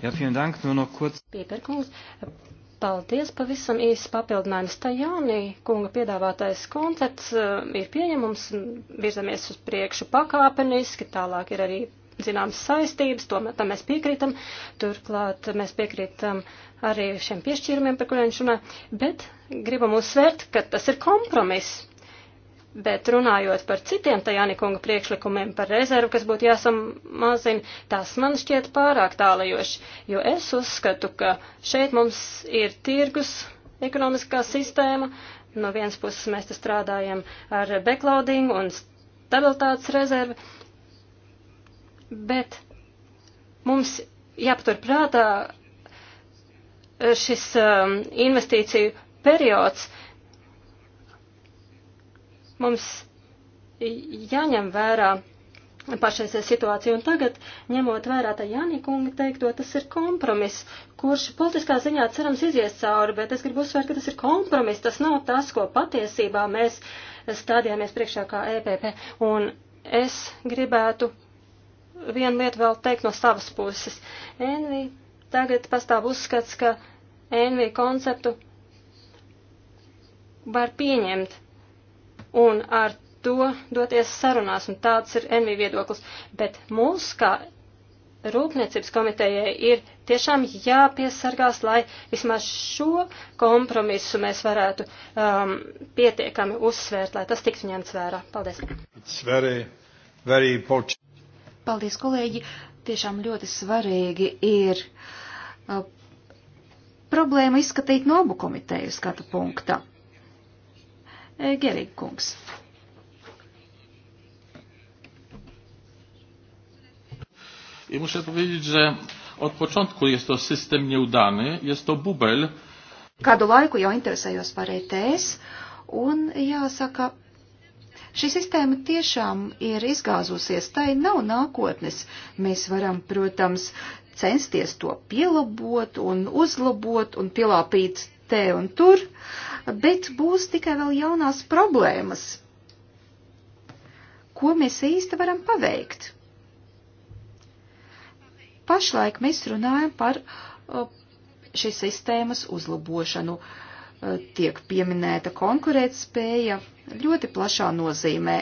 Ja, vielen Dank, nur noch kurz. Pieperkungs, Paldies, pavisam īsts papildinājums. Tā Jānī kunga piedāvātais koncepts eh, ir pieņemums, virzamies uz priekšu pakāpeniski, tālāk ir arī zināmas saistības, tomēr tam mēs piekrītam, turklāt mēs piekrītam arī šiem piešķīrumiem, par kuriem viņš runā, bet gribam uzsvērt, ka tas ir kompromiss. Bet runājot par citiem Tajāni kunga priekšlikumiem par rezervu, kas būtu jāsamazina, tas man šķiet pārāk tālajoši, jo es uzskatu, ka šeit mums ir tirgus ekonomiskā sistēma, no vienas puses mēs te strādājam ar backloadingu un stabilitātes rezervi, bet mums jāpatur prātā šis um, investīciju periods, uh, Mums jāņem vērā pašreizē situācija. Un tagad, ņemot vērā tā Jānikunga teikto, tas ir kompromis, kurš politiskā ziņā cerams izies cauri, bet es gribu uzsvērt, ka tas ir kompromis, tas nav tas, ko patiesībā mēs stādījāmies priekšā kā EPP. Un es gribētu vienu lietu vēl teikt no savas puses. Envi tagad pastāv uzskats, ka Envi konceptu var pieņemt un ar to doties sarunās, un tāds ir NV viedoklis. Bet mums, kā rūpniecības komitejai, ir tiešām jāpiesargās, lai vismaz šo kompromisu mēs varētu um, pietiekami uzsvērt, lai tas tiktu ņemts vērā. Paldies. Very, very Paldies, kolēģi. Tiešām ļoti svarīgi ir uh, problēmu izskatīt no abu komiteju skatu punkta. Eh, Gerīgi kungs. I muszę powiedzieć, że od początku jest to system nieudany, jest to bubel. Kādu laiku jau interesējos par ETS, un jāsaka, šī sistēma tiešām ir izgāzusies, tai nav nākotnes. Mēs varam, protams, censties to pielabot un uzlabot un pielāpīt te un tur, bet būs tikai vēl jaunās problēmas. Ko mēs īsti varam paveikt? Pašlaik mēs runājam par šīs sistēmas uzlabošanu. Tiek pieminēta konkurētspēja ļoti plašā nozīmē.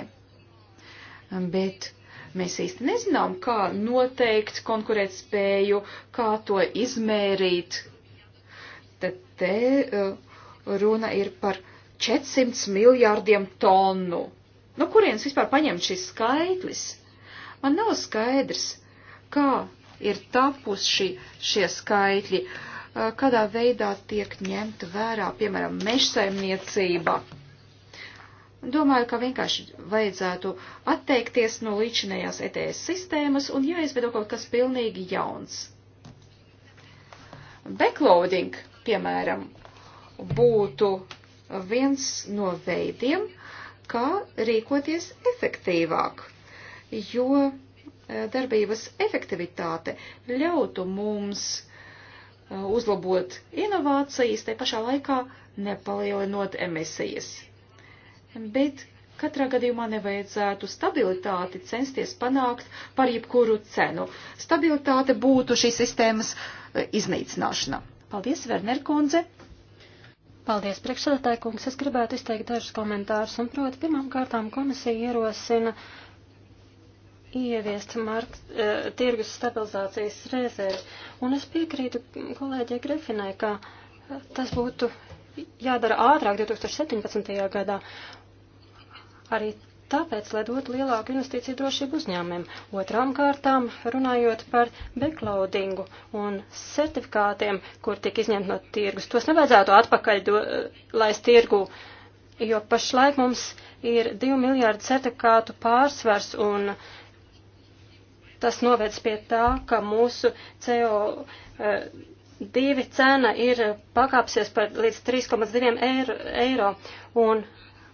Bet mēs īsti nezinām, kā noteikt konkurētspēju, kā to izmērīt, te runa ir par 400 miljārdiem tonu. No kurienes vispār paņemt šis skaitlis? Man nav skaidrs, kā ir tapus šī, šie skaitļi, e, kādā veidā tiek ņemta vērā, piemēram, mežsaimniecība. Domāju, ka vienkārši vajadzētu atteikties no līdzinējās ETS sistēmas un jāizveido kaut kas pilnīgi jauns. Backloading piemēram, būtu viens no veidiem, kā rīkoties efektīvāk, jo e, darbības efektivitāte ļautu mums e, uzlabot inovācijas, te pašā laikā nepalielinot emisijas. Bet katrā gadījumā nevajadzētu stabilitāti censties panākt par jebkuru cenu. Stabilitāte būtu šīs sistēmas e, iznīcināšana. Paldies, Werner Kundze! Paldies, priekšsēdētāji kungs. Es gribētu izteikt dažus komentārus, un proti pirmām kārtām komisija ierosina ieviest markt, e, eh, tirgus stabilizācijas rezervi. Un es piekrītu kolēģei Grefinai, ka tas būtu jādara ātrāk 2017. gadā. Arī Tāpēc, lai dotu lielāku investīciju drošību uzņēmumiem, otrām kārtām runājot par backloadingu un certifikātiem, kur tika izņemt no tirgus, tos nevajadzētu atpakaļ do, laist tirgu, jo pašlaik mums ir 2 miljārdu certifikātu pārsvars un tas novēc pie tā, ka mūsu CO. Uh, eh, divi cena ir pakāpsies par līdz 3,2 eiro, eiro, un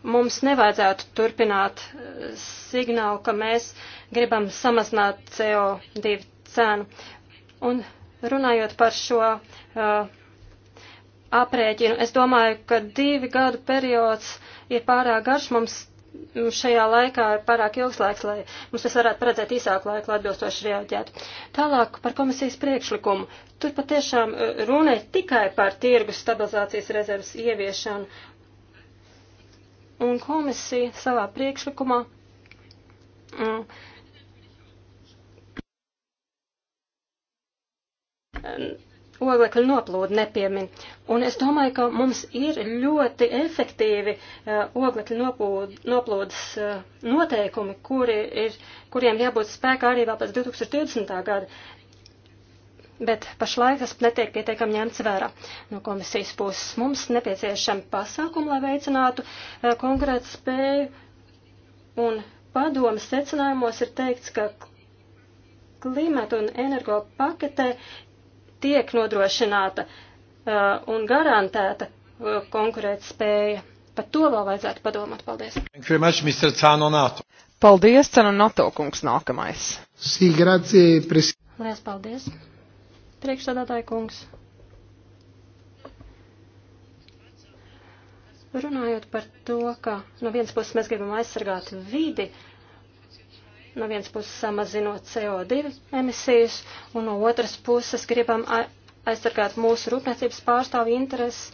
mums nevajadzētu turpināt eh, signālu, ka mēs gribam samazināt CO2 cenu. Un runājot par šo uh, aprēķinu, es domāju, ka divi gadu periods ir pārāk garš mums. Šajā laikā ir pārāk ilgs laiks, lai mums tas varētu paredzēt īsāku laiku, lai atbilstoši reaģētu. Tālāk par komisijas priekšlikumu. Tur patiešām eh, runa ir tikai par tirgus stabilizācijas rezervas ieviešanu un komisija savā priekšlikumā mm, oglekļu noplūdu nepiemin. Un es domāju, ka mums ir ļoti efektīvi uh, eh, oglekļu noplūd, noplūdas uh, eh, noteikumi, kuri ir, kuriem jābūt spēkā arī vēl pēc 2020. gada bet pašlaik tas netiek pietiekami ņemts vērā. No komisijas puses mums nepieciešami pasākumi, lai veicinātu eh, konkrētu spēju, un padomas secinājumos ir teikts, ka klimata un energo paketē tiek nodrošināta eh, un garantēta eh, konkurēt spēja. Par to vēl vajadzētu padomāt. Paldies. Paldies, Cenonato kungs, nākamais. Sī, grazie, Liels paldies priekšsādātāja kungs. Runājot par to, ka no vienas puses mēs gribam aizsargāt vidi, no vienas puses samazinot CO2 emisijas, un no otras puses gribam aizsargāt mūsu rūpniecības pārstāvu intereses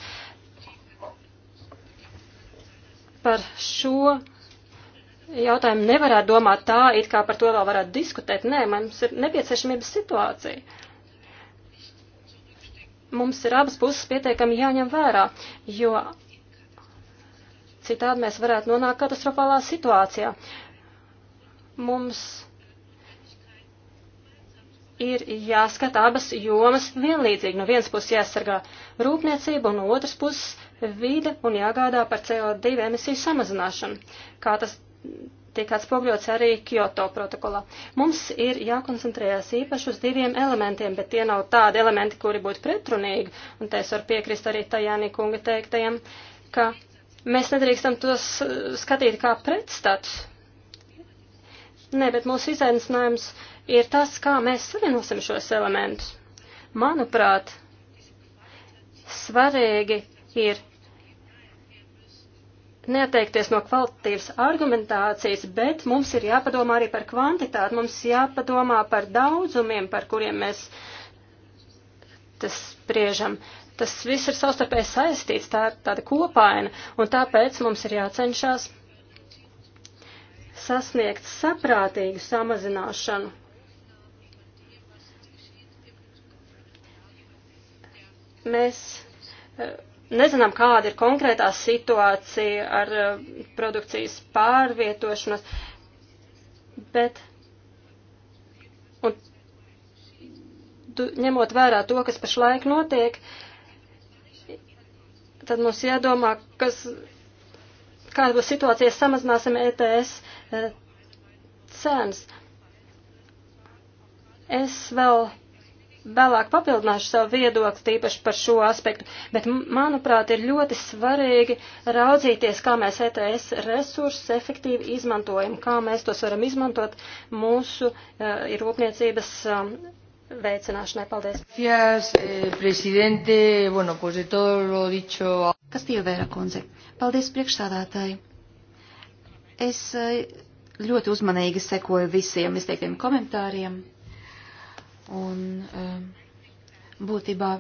par šo jautājumu nevarētu domāt tā, it kā par to vēl varētu diskutēt. Nē, mums ir nepieciešamības situācija mums ir abas puses pietiekami jāņem vērā, jo citādi mēs varētu nonākt katastrofālā situācijā. Mums ir jāskata abas jomas vienlīdzīgi. No vienas puses jāsargā rūpniecība, un no otras puses vide un jāgādā par CO2 emisiju samazināšanu. Kā tas tiek atspogļots arī Kyoto protokolā. Mums ir jākoncentrējās īpaši uz diviem elementiem, bet tie nav tādi elementi, kuri būtu pretrunīgi, un te es varu piekrist arī Tajānī kunga teiktajam, ka mēs nedrīkstam tos uh, skatīt kā pretstatus. Nē, bet mūsu izaicinājums ir tas, kā mēs savienosim šos elementus. Manuprāt, svarīgi ir neatteikties no kvalitatīvas argumentācijas, bet mums ir jāpadomā arī par kvantitāti, mums jāpadomā par daudzumiem, par kuriem mēs tas spriežam. Tas viss ir savstarpēji saistīts, tā ir tāda kopaina, un tāpēc mums ir jācenšas sasniegt saprātīgu samazināšanu. Mēs eh, nezinām, kāda ir konkrētā situācija ar eh, produkcijas pārvietošanos, bet un, tu, ņemot vērā to, kas pašlaik notiek, tad mums jādomā, kas, kāda būs situācija, ja samazināsim ETS eh, cenas. Es vēl vēlāk papildināšu savu viedokli tīpaši par šo aspektu, bet, manuprāt, ir ļoti svarīgi raudzīties, kā mēs ETS resursus efektīvi izmantojam, kā mēs tos varam izmantot mūsu uh, rūpniecības um, veicināšanai. Paldies! Yes, eh, bueno, pues de todo lo dicho... Kas bija Vēra kundze? Paldies priekšstādātāji! Es eh, ļoti uzmanīgi sekoju visiem izteiktiem komentāriem un eh, būtībā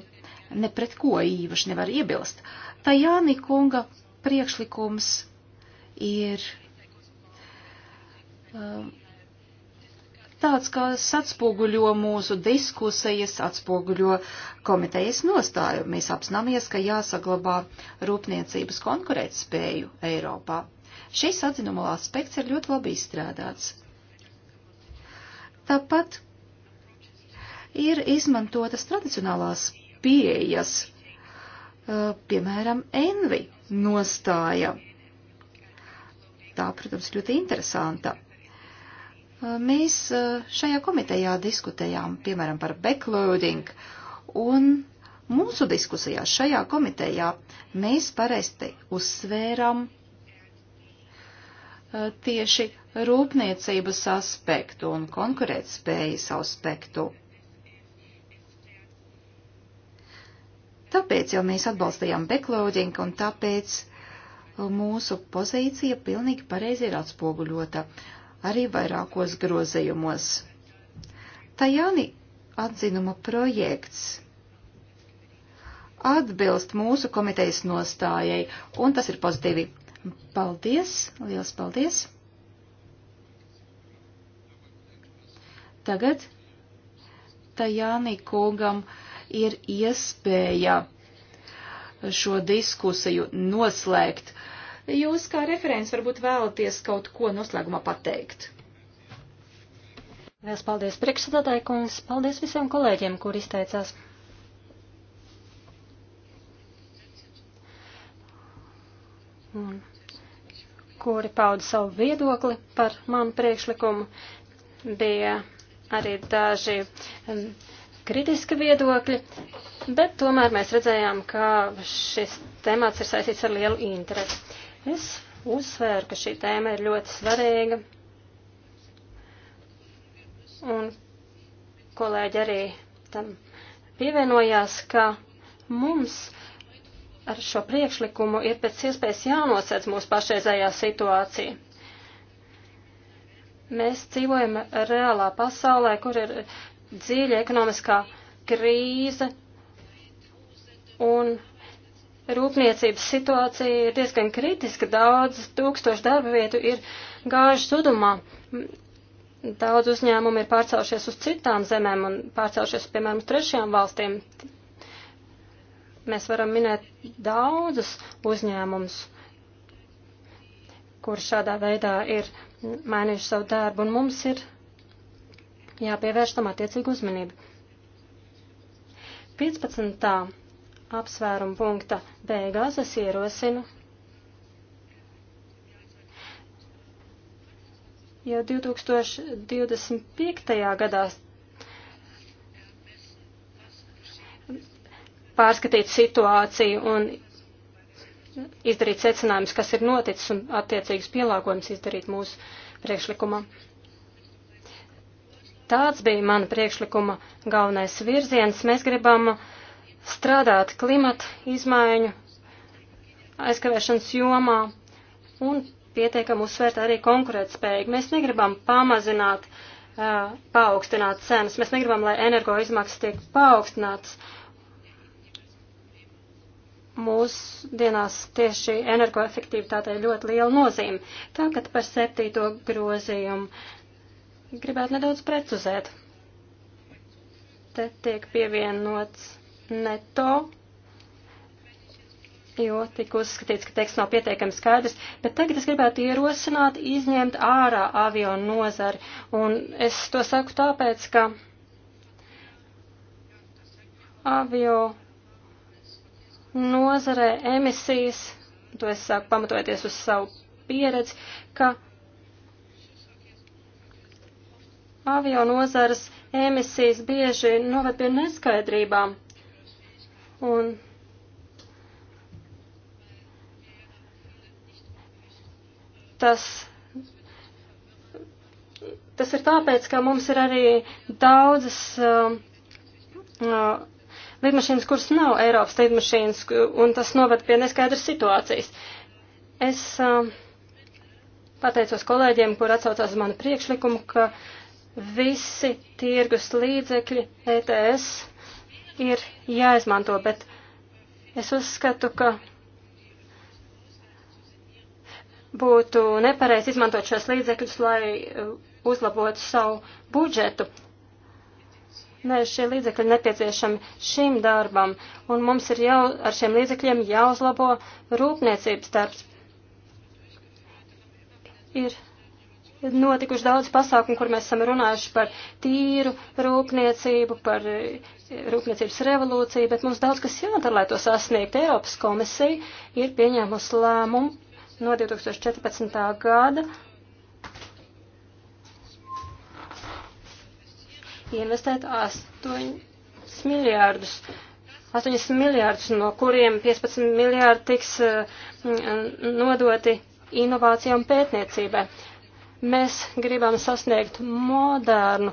ne pret ko īpaši nevar iebilst. Tajāni kunga priekšlikums ir eh, tāds, kas atspoguļo mūsu diskusijas, atspoguļo komitejas nostāju. Mēs apzināmies, ka jāsaglabā rūpniecības konkurētspēju Eiropā. Šis atzinumā aspekts ir ļoti labi izstrādāts. Tāpat ir izmantotas tradicionālās pieejas, uh, piemēram, envi nostāja. Tā, protams, ļoti interesanta. Uh, mēs uh, šajā komitejā diskutējām, piemēram, par backloading, un mūsu diskusijā šajā komitejā mēs parasti uzsvēram tieši rūpniecības aspektu un konkurētspējas aspektu. Tāpēc jau mēs atbalstījām backloading un tāpēc uh, mūsu pozīcija pilnīgi pareizi ir atspoguļota arī vairākos grozījumos. Tajāni atzinuma projekts atbilst mūsu komitejas nostājai, un tas ir pozitīvi. Paldies, liels paldies! Tagad Tajāni kungam ir iespēja šo diskusiju noslēgt. Jūs kā referents varbūt vēlaties kaut ko noslēgumā pateikt. Liels paldies priekšsēdētāji kungs, paldies visiem kolēģiem, kur izteicās. Un kuri pauda savu viedokli par manu priekšlikumu, bija arī daži kritiski viedokļi, bet tomēr mēs redzējām, ka šis temats ir saistīts ar lielu interesi. Es uzsvēru, ka šī tēma ir ļoti svarīga, un kolēģi arī tam pievienojās, ka mums ar šo priekšlikumu ir pēc iespējas jānosēc mūsu pašreizējā situācija. Mēs dzīvojam reālā pasaulē, kur ir dziļa ekonomiskā krīze un rūpniecības situācija ir diezgan kritiska. Daudz tūkstoši darba vietu ir gājuši sudumā. Daudz uzņēmumu ir pārcēlušies uz citām zemēm un pārcēlušies, piemēram, uz trešajām valstīm. Mēs varam minēt daudzus uzņēmumus, kur šādā veidā ir mainījuši savu darbu, un mums ir jāpievērš tam attiecīgu uzmanību. 15. apsvērumu punkta beigās es ierosinu jau 2025. gadā pārskatīt situāciju un izdarīt secinājumus, kas ir noticis un attiecīgus pielāgojumus izdarīt mūsu priekšlikumam. Tāds bija mana priekšlikuma galvenais virziens. Mēs gribam strādāt klimata izmaiņu aizkavēšanas jomā un pietiekam uzsvērt arī konkurētspēju. Mēs negribam pamazināt, uh, paaugstināt cenas. Mēs negribam, lai energo izmaksas tiek paaugstināts. Mūsdienās tieši energoefektivitātei ļoti liela nozīme. Tagad par septīto grozījumu gribētu nedaudz precizēt. Te tiek pievienots neto, jo tika uzskatīts, ka teksts nav pietiekami skaidrs, bet tagad es gribētu ierosināt izņemt ārā avio nozari. Un es to saku tāpēc, ka avio nozarē emisijas, to es saku pamatojoties uz savu pieredzi, ka avio nozares emisijas bieži noved pie neskaidrībām. Un tas, tas ir tāpēc, ka mums ir arī daudzas uh, uh, lidmašīnas, kuras nav Eiropas lidmašīnas, un tas noved pie neskaidras situācijas. Es uh, pateicos kolēģiem, kur atsaucās uz manu priekšlikumu, ka uh, visi tirgus līdzekļi ETS ir jāizmanto, bet es uzskatu, ka būtu nepareizi izmantot šos līdzekļus, lai uh, uzlabotu savu budžetu. Nē, šie līdzekļi nepieciešami šim darbam, un mums ir jau ar šiem līdzekļiem jāuzlabo rūpniecības darbs. Ir notikuši daudz pasākumu, kur mēs esam runājuši par tīru rūpniecību, par eh, rūpniecības revolūciju, bet mums daudz kas jādara, lai to sasniegt. Eiropas komisija ir pieņēmusi lēmumu no 2014. gada investēt 8 miljārdus. 8 miljārdus, no kuriem 15 miljārdi tiks eh, nodoti inovācijām pētniecībai. Mēs gribam sasniegt modernu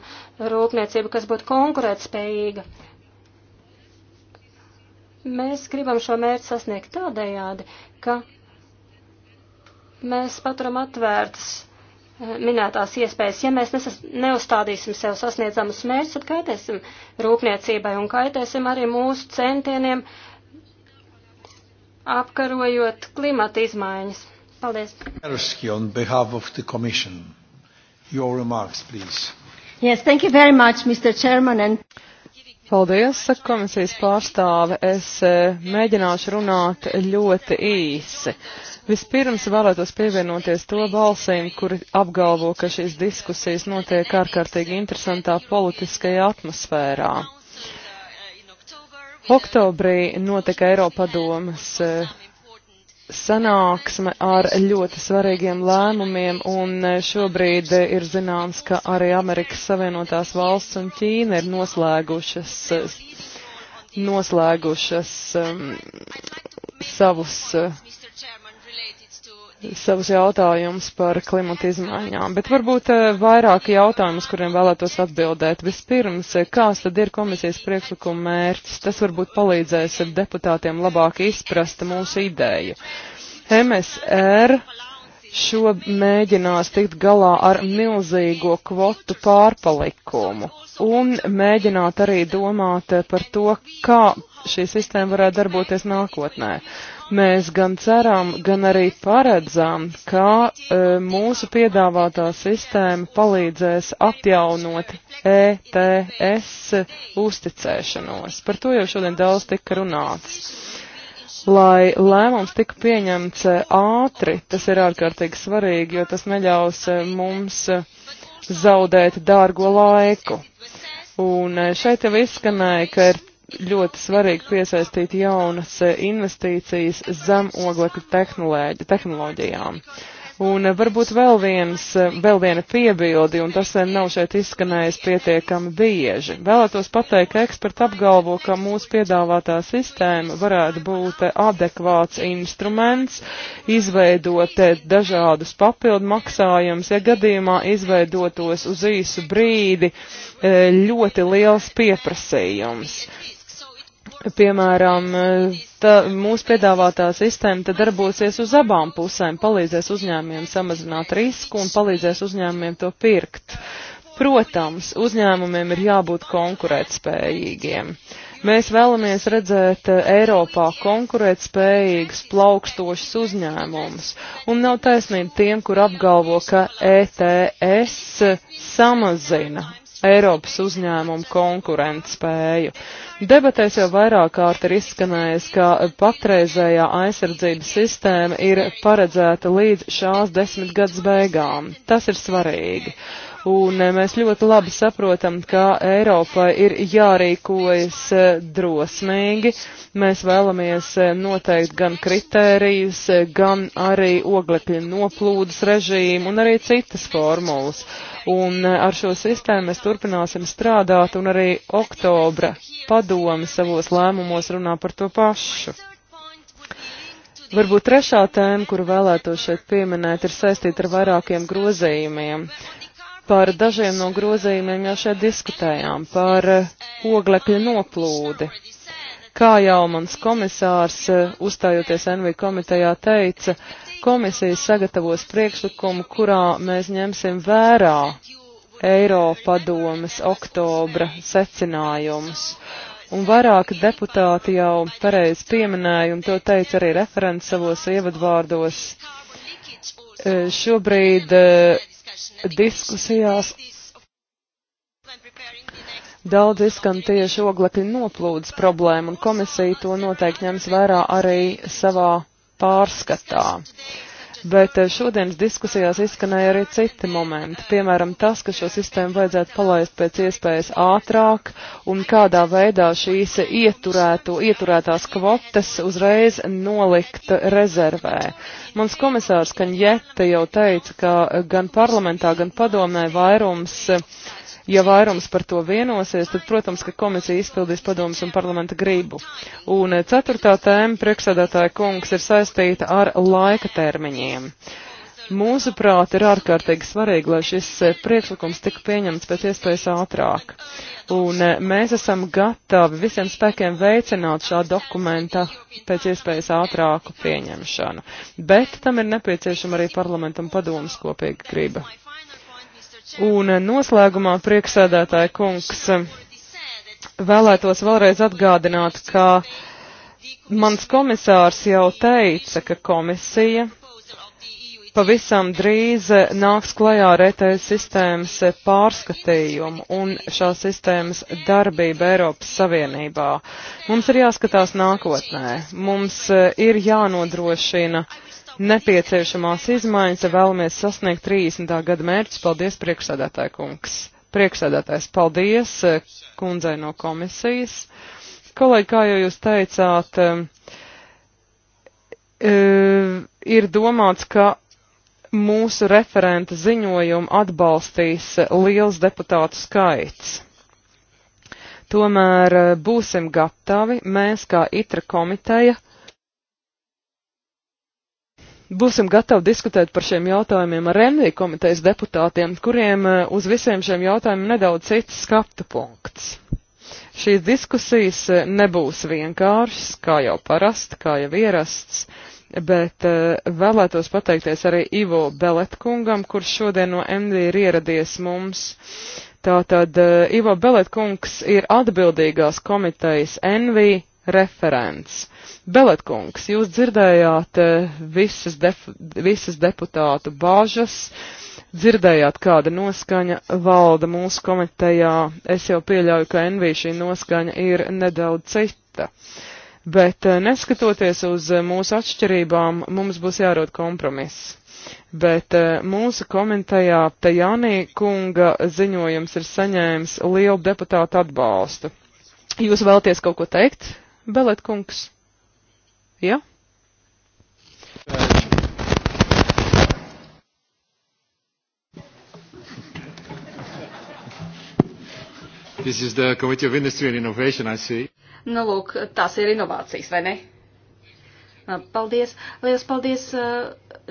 rūpniecību, kas būtu konkurētspējīga. Mēs gribam šo mērķi sasniegt tādējādi, ka mēs paturam atvērtas eh, minētās iespējas. Ja mēs nesas, neuzstādīsim sev sasniedzamus mērķus, tad kaitēsim rūpniecībai un kaitēsim arī mūsu centieniem apkarojot klimata izmaiņas. Paldies. On behalf of the Commission, your remarks, please. Yes, thank you very much, Mr. Chairman. And... Paldies, saka komisijas pārstāve. Es eh, mēģināšu runāt ļoti īsi. Vispirms vēlētos pievienoties to balsīm, kuri apgalvo, ka šīs diskusijas notiek ārkārtīgi interesantā politiskajā atmosfērā. Oktobrī notika Eiropadomas eh, sanāksme ar ļoti svarīgiem lēmumiem, un eh, šobrīd eh, ir zināms, ka arī Amerikas Savienotās valsts un Ķīna ir noslēgušas, eh, noslēgušas um, savus uh, savus jautājumus par klimata izmaiņām, bet varbūt eh, vairāki jautājumi, uz kuriem vēlētos atbildēt. Vispirms, eh, kāds tad ir komisijas priekšlikuma mērķis? Tas varbūt palīdzēs deputātiem labāk izprast mūsu ideju. MSR šo mēģinās tikt galā ar milzīgo kvotu pārpalikumu un mēģināt arī domāt par to, kā šī sistēma varētu darboties nākotnē. Mēs gan ceram, gan arī paredzam, ka e, mūsu piedāvātā sistēma palīdzēs atjaunot ETS uzticēšanos. Par to jau šodien daudz tika runāts. Lai lēmums tika pieņemts e, ātri, tas ir ārkārtīgi svarīgi, jo tas neļaus e, mums e, zaudēt dārgo laiku. Un šeit jau izskanēja, ka ir ļoti svarīgi piesaistīt jaunas eh, investīcijas zem oglekļa tehnoloģijām. Un eh, varbūt vēl, viens, eh, vēl viena piebildi, un tas nav šeit izskanējis pietiekami bieži. Vēlētos pateikt, ka eksperti apgalvo, ka mūsu piedāvātā sistēma varētu būt adekvāts instruments, izveidot dažādus papildu maksājumus, ja gadījumā izveidotos uz īsu brīdi ļoti liels pieprasījums. Piemēram, tā, mūsu piedāvātā sistēma tad darbosies uz abām pusēm, palīdzēs uzņēmiem samazināt risku un palīdzēs uzņēmiem to pirkt. Protams, uzņēmumiem ir jābūt konkurētspējīgiem. Mēs vēlamies redzēt eh, Eiropā konkurētspējīgus, plaukstošus uzņēmumus. Un nav taisnība tiem, kur apgalvo, ka ETS samazina Eiropas uzņēmumu konkurentspēju. Debatēs jau vairāk kārt ir izskanējis, ka patreizējā aizsardzības sistēma ir paredzēta līdz šās desmitgades beigām. Tas ir svarīgi un eh, mēs ļoti labi saprotam, ka Eiropai ir jārīkojas eh, drosmīgi. Mēs vēlamies eh, noteikt gan kritērijus, gan arī oglekļa noplūdes režīmu un arī citas formulas. Un ar šo sistēmu mēs turpināsim strādāt un arī oktobra padomi savos lēmumos runā par to pašu. Varbūt trešā tēma, kuru vēlētos šeit pieminēt, ir saistīta ar vairākiem grozījumiem. Par dažiem no grozījumiem jau šeit diskutējām, par eh, oglekļa noplūdi. Kā jau mans komisārs, eh, uzstājoties NV komitejā, teica, komisija sagatavos priekšlikumu, kurā mēs ņemsim vērā Eiropadomes oktobra secinājumus. Un vairāki deputāti jau pareizi pieminēja, un to teica arī referents savos ievadvārdos. Eh, šobrīd diskusijās daudz izskan tieši oglekļa noplūdes problēma, un komisija to noteikti ņems vērā arī savā pārskatā bet eh, šodienas diskusijās izskanēja arī citi momenti, piemēram tas, ka šo sistēmu vajadzētu palaist pēc iespējas ātrāk un kādā veidā šīs ieturēto, ieturētās kvotas uzreiz nolikt rezervē. Mans komisārs Kanjete jau teica, ka gan parlamentā, gan padomē vairums Ja vairums par to vienosies, tad, protams, ka komisija izpildīs padomus un parlamenta gribu. Un eh, ceturtā tēma, priekšsēdētāja kungs, ir saistīta ar laika termiņiem. Mūsuprāt, ir ārkārtīgi svarīgi, lai šis eh, priekšlikums tika pieņemts pēc iespējas ātrāk. Un eh, mēs esam gatavi visiem spēkiem veicināt šā dokumenta pēc iespējas ātrāku pieņemšanu. Bet tam ir nepieciešama arī parlamentam padomas kopīga griba. Un noslēgumā prieksēdētāja kungs vēlētos vēlreiz atgādināt, ka mans komisārs jau teica, ka komisija pavisam drīz nāks klajā ar ETS sistēmas pārskatījumu un šās sistēmas darbību Eiropas Savienībā. Mums ir jāskatās nākotnē. Mums ir jānodrošina uh, nepieciešamās izmaiņas, ja vēlamies sasniegt 30. gada mērķus. Paldies, priekšsēdētāja kungs. Priekšsēdētājs, paldies eh, kundzei no komisijas. Kolēģi, kā jau jūs teicāt, eh, eh, ir domāts, ka mūsu referenta ziņojumu atbalstīs liels deputātu skaits. Tomēr būsim gatavi, mēs kā itra komiteja, Būsim gatavi diskutēt par šiem jautājumiem ar Renvī komitejas deputātiem, kuriem eh, uz visiem šiem jautājumiem nedaudz cits skatu punkts. Šīs diskusijas eh, nebūs vienkāršas, kā jau parasti, kā jau ierasts, bet eh, vēlētos pateikties arī Ivo Beletkungam, kurš šodien no MD ir ieradies mums. Tātad Ivo Beletkungs ir atbildīgās komitejas NV referents. Beletkungs, jūs dzirdējāt eh, visas, def, visas deputātu bāžas, dzirdējāt, kāda noskaņa valda mūsu komitejā. Es jau pieļauju, ka NV šī noskaņa ir nedaudz cita. Bet eh, neskatoties uz eh, mūsu atšķirībām, mums būs jārod kompromiss. Bet mūsu komentējā te Janī kunga ziņojums ir saņēmis lielu deputātu atbalstu. Jūs vēlaties kaut ko teikt, Belet kungs? Ja? This is the Committee of Industry and Innovation, I see. Nu, lūk, tās ir inovācijas, vai ne? Paldies. Lielas paldies.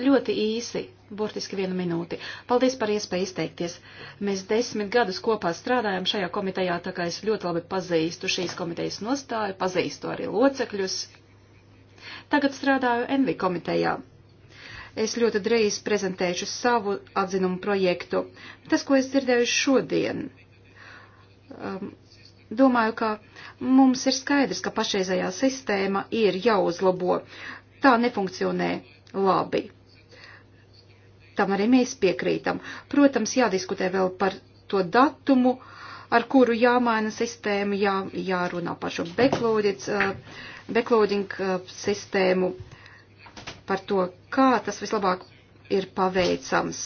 Ļoti īsi, burtiski vienu minūti. Paldies par iespēju izteikties. Mēs desmit gadus kopā strādājam šajā komitejā, tā kā es ļoti labi pazīstu šīs komitejas nostāju, pazīstu arī locekļus, Tagad strādāju Envi komitejā. Es ļoti drīz prezentēšu savu atzinumu projektu. Tas, ko es dzirdēju šodien, um, domāju, ka mums ir skaidrs, ka pašreizējā sistēma ir jāuzlabo. Tā nefunkcionē labi. Tam arī mēs piekrītam. Protams, jādiskutē vēl par to datumu, ar kuru jāmaina sistēma, jā, jārunā par šo backloaded uh, backloading uh, sistēmu, par to, kā tas vislabāk ir paveicams.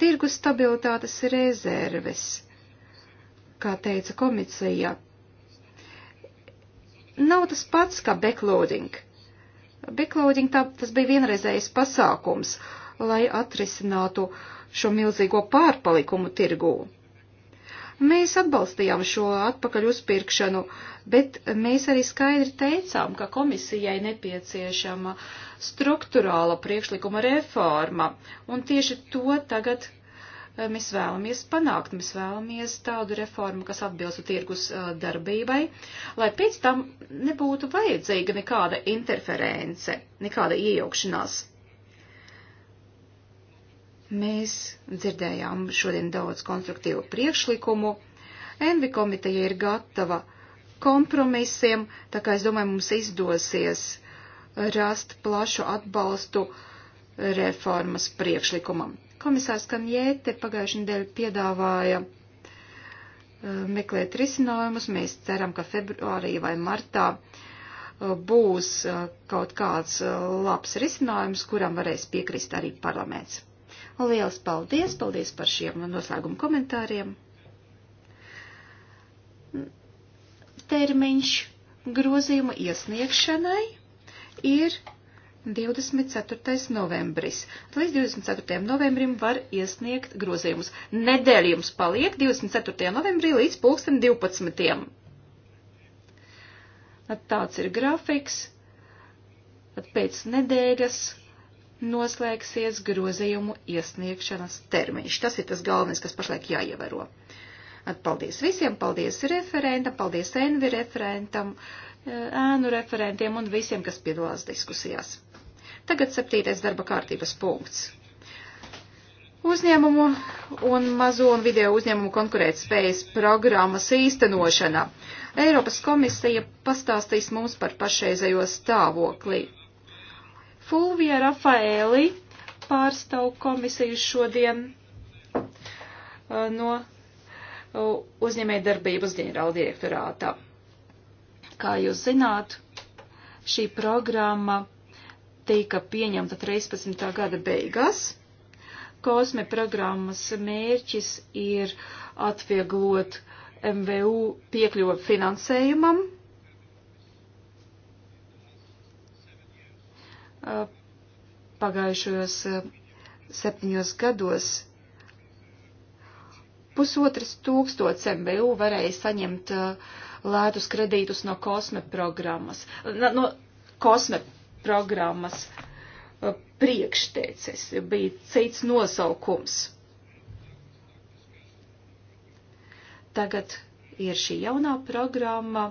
Tirgu stabilitātes rezerves, kā teica komisija, nav tas pats kā backloading. Backloading tā, tas bija vienreizējs pasākums, lai atrisinātu šo milzīgo pārpalikumu tirgū. Mēs atbalstījām šo atpakaļ uzpirkšanu, bet mēs arī skaidri teicām, ka komisijai nepieciešama struktūrāla priekšlikuma reforma, un tieši to tagad eh, mēs vēlamies panākt. Mēs vēlamies tādu reformu, kas atbilstu tirgus eh, darbībai, lai pēc tam nebūtu vajadzīga nekāda interference, nekāda iejaukšanās. Mēs dzirdējām šodien daudz konstruktīvu priekšlikumu. Envi komiteja ir gatava kompromisiem, tā kā es domāju, mums izdosies rast plašu atbalstu reformas priekšlikumam. Komisārs Kanjēte pagājušajā nedēļā piedāvāja uh, meklēt risinājumus. Mēs ceram, ka februārī vai martā uh, būs uh, kaut kāds labs risinājums, kuram varēs piekrist arī parlaments. Lielas paldies, paldies par šiem noslēguma komentāriem. Termiņš grozījuma iesniegšanai ir 24. novembris. Līdz 24. novembrim var iesniegt grozījumus. Nedēļ jums paliek 24. novembrī līdz 2012. Tāds ir grafiks. Pēc nedēļas noslēgsies grozījumu iesniegšanas termiņš. Tas ir tas galvenais, kas pašlaik jāievēro. Paldies visiem, paldies referentam, paldies Envi referentam, eh, ēnu referentiem un visiem, kas piedalās diskusijās. Tagad septītais darba kārtības punkts. Uzņēmumu un mazo un video uzņēmumu konkurētspējas programmas īstenošana. Eiropas komisija pastāstīs mums par pašreizējo stāvokli. Fulvija Rafaēli pārstāv komisiju šodien uh, no uh, uzņēmēja darbības ģenerāla direktorāta. Kā jūs zināt, šī programma tika pieņemta 13. gada beigās. Kosme programmas mērķis ir atvieglot MVU piekļuvu finansējumam pagājušajos eh, septiņos gados pusotras tūkstots MBU varēja saņemt eh, lētus kredītus no kosme programmas, no kosme programmas eh, priekšteicis, bija cits nosaukums. Tagad ir šī jaunā programma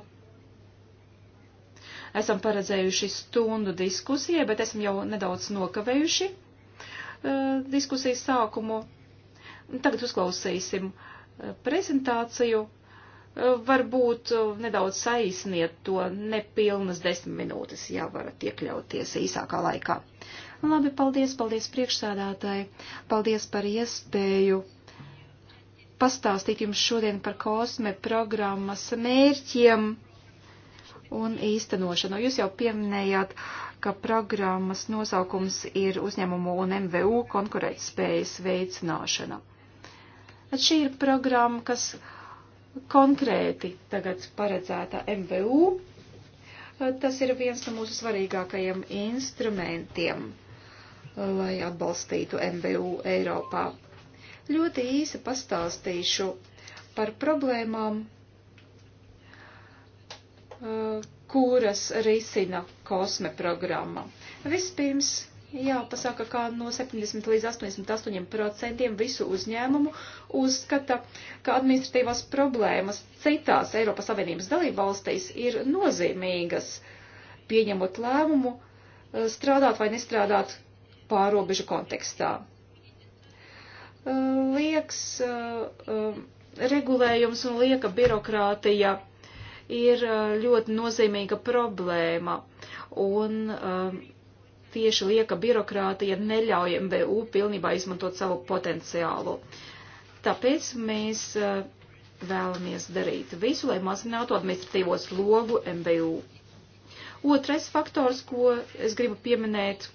Esam paredzējuši stundu diskusijai, bet esam jau nedaudz nokavējuši uh, diskusijas sākumu. Tagad uzklausīsim eh, prezentāciju. Uh, varbūt nedaudz saīsniet to nepilnas desmit minūtes, ja varat iekļauties īsākā laikā. Labi, paldies, paldies priekšsādātāji, paldies par iespēju pastāstīt jums šodien par kosme programmas mērķiem un īstenošanu. Jūs jau pieminējāt, ka programmas nosaukums ir uzņēmumu un MVU konkurētspējas veicināšana. At šī ir programma, kas konkrēti tagad paredzēta MVU. Tas ir viens no mūsu svarīgākajiem instrumentiem, lai atbalstītu MVU Eiropā. Ļoti īsi pastāstīšu par problēmām, Eh, kuras risina kosme programma. Vispirms jāpasaka, ka no 70 līdz 88% visu uzņēmumu uzskata, ka administratīvās problēmas citās Eiropas Savienības dalībvalstīs ir nozīmīgas, pieņemot lēmumu eh, strādāt vai nestrādāt pārobežu kontekstā. Eh, lieks regulējums un lieka birokrātija ir uh, ļoti nozīmīga problēma. Un um, tieši lieka birokrātija neļauj MBU pilnībā izmantot savu potenciālu. Tāpēc mēs uh, vēlamies darīt visu, lai mazinātu administratīvo slogu MBU. Otrais faktors, ko es gribu pieminēt,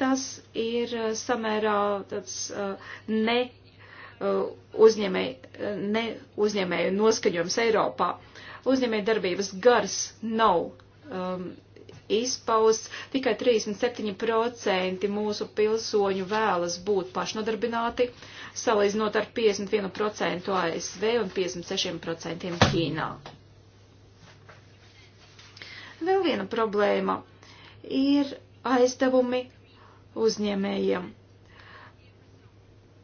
tas ir uh, samērā tāds ne Uh, uzņēmēju, uh, ne uzņēmēju noskaņojums Eiropā. Uzņēmēju darbības gars nav um, izpausts, tikai 37% mūsu pilsoņu vēlas būt pašnodarbināti, salīdzinot ar 51% ASV un 56% Ķīnā. Vēl viena problēma ir aizdevumi uzņēmējiem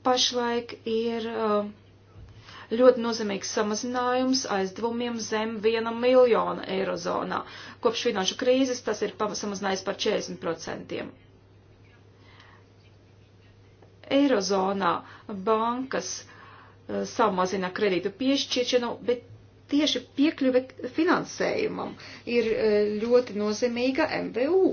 Pašlaik ir uh, ļoti nozīmīgs samazinājums aizdevumiem zem 1 miljona eirozonā. Kopš finanšu krīzes tas ir samazinājies par 40%. Eirozonā bankas uh, samazina kredītu piešķiršanu, bet tieši piekļuve finansējumam ir uh, ļoti nozīmīga MVU.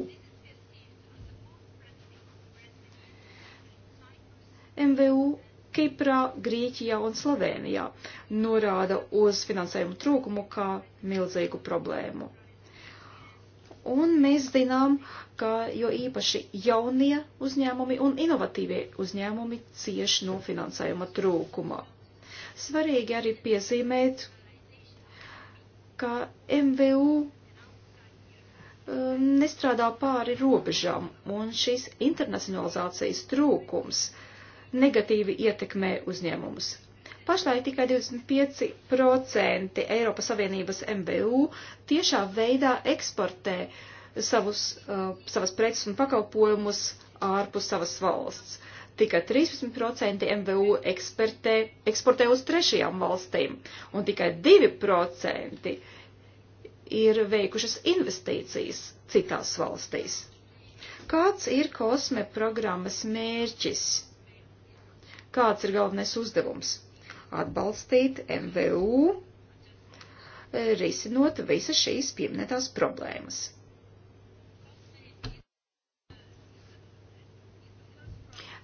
MVU Kiprā, Grīķijā un Slovenijā norāda uz finansējumu trūkumu kā milzīgu problēmu. Un mēs zinām, ka jo īpaši jaunie uzņēmumi un inovatīvie uzņēmumi cieši no finansējuma trūkuma. Svarīgi arī piezīmēt, ka MVU um, nestrādā pāri robežām, un šīs internacionalizācijas trūkums uh, negatīvi ietekmē uzņēmumus. Pašlaik tikai 25% Eiropas Savienības MBU tiešā veidā eksportē savus, uh, savas preces un pakalpojumus ārpus savas valsts. Tikai 13% MBU ekspertē, eksportē uz trešajām valstīm, un tikai 2% ir veikušas investīcijas citās valstīs. Kāds ir kosme programmas mērķis? Kāds ir galvenais uzdevums? Atbalstīt MVU, e, risinot visas šīs pieminētās problēmas.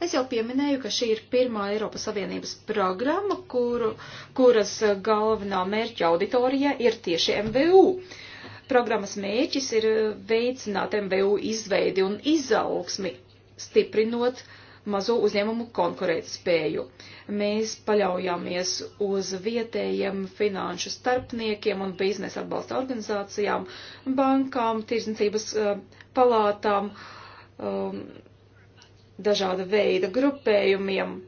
Es jau pieminēju, ka šī ir pirmā Eiropas Savienības programma, kuru, kuras galvenā mērķa auditorija ir tieši MVU. Programmas mērķis ir veicināt MVU izveidi un izaugsmi, stiprinot uh, mazo uzņēmumu konkurētspēju. Mēs paļaujāmies uz vietējiem finanšu starpniekiem un biznesa atbalsta organizācijām, bankām, tirzniecības eh, palātām, um, dažāda veida grupējumiem.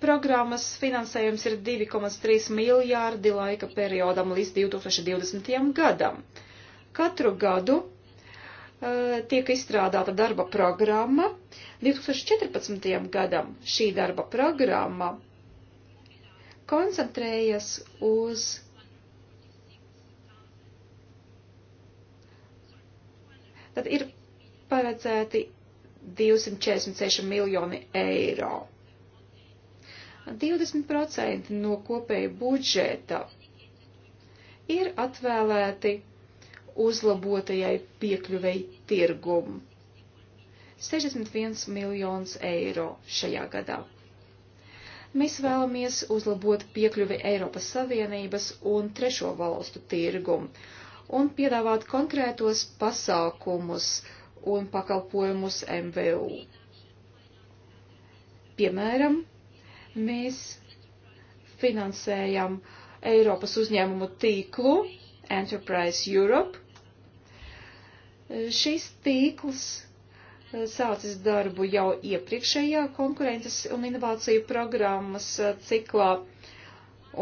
Programmas finansējums ir 2,3 miljārdi laika periodam līdz 2020. gadam. Katru gadu Eh, tiek izstrādāta darba programma. 2014. gadam šī darba programma koncentrējas uz Tad ir paredzēti 246 miljoni eiro. 20% no kopēja budžeta ir atvēlēti uzlabotajai piekļuvei tirgumu. 61 miljonus eiro šajā gadā. Mēs vēlamies uzlabot piekļuvi Eiropas Savienības un trešo valstu tirgumu un piedāvāt konkrētos pasākumus un pakalpojumus MVU. Piemēram, mēs finansējam Eiropas uzņēmumu tīklu Enterprise Europe, Šis tīkls eh, sācis darbu jau iepriekšējā konkurences un inovāciju programmas eh, ciklā,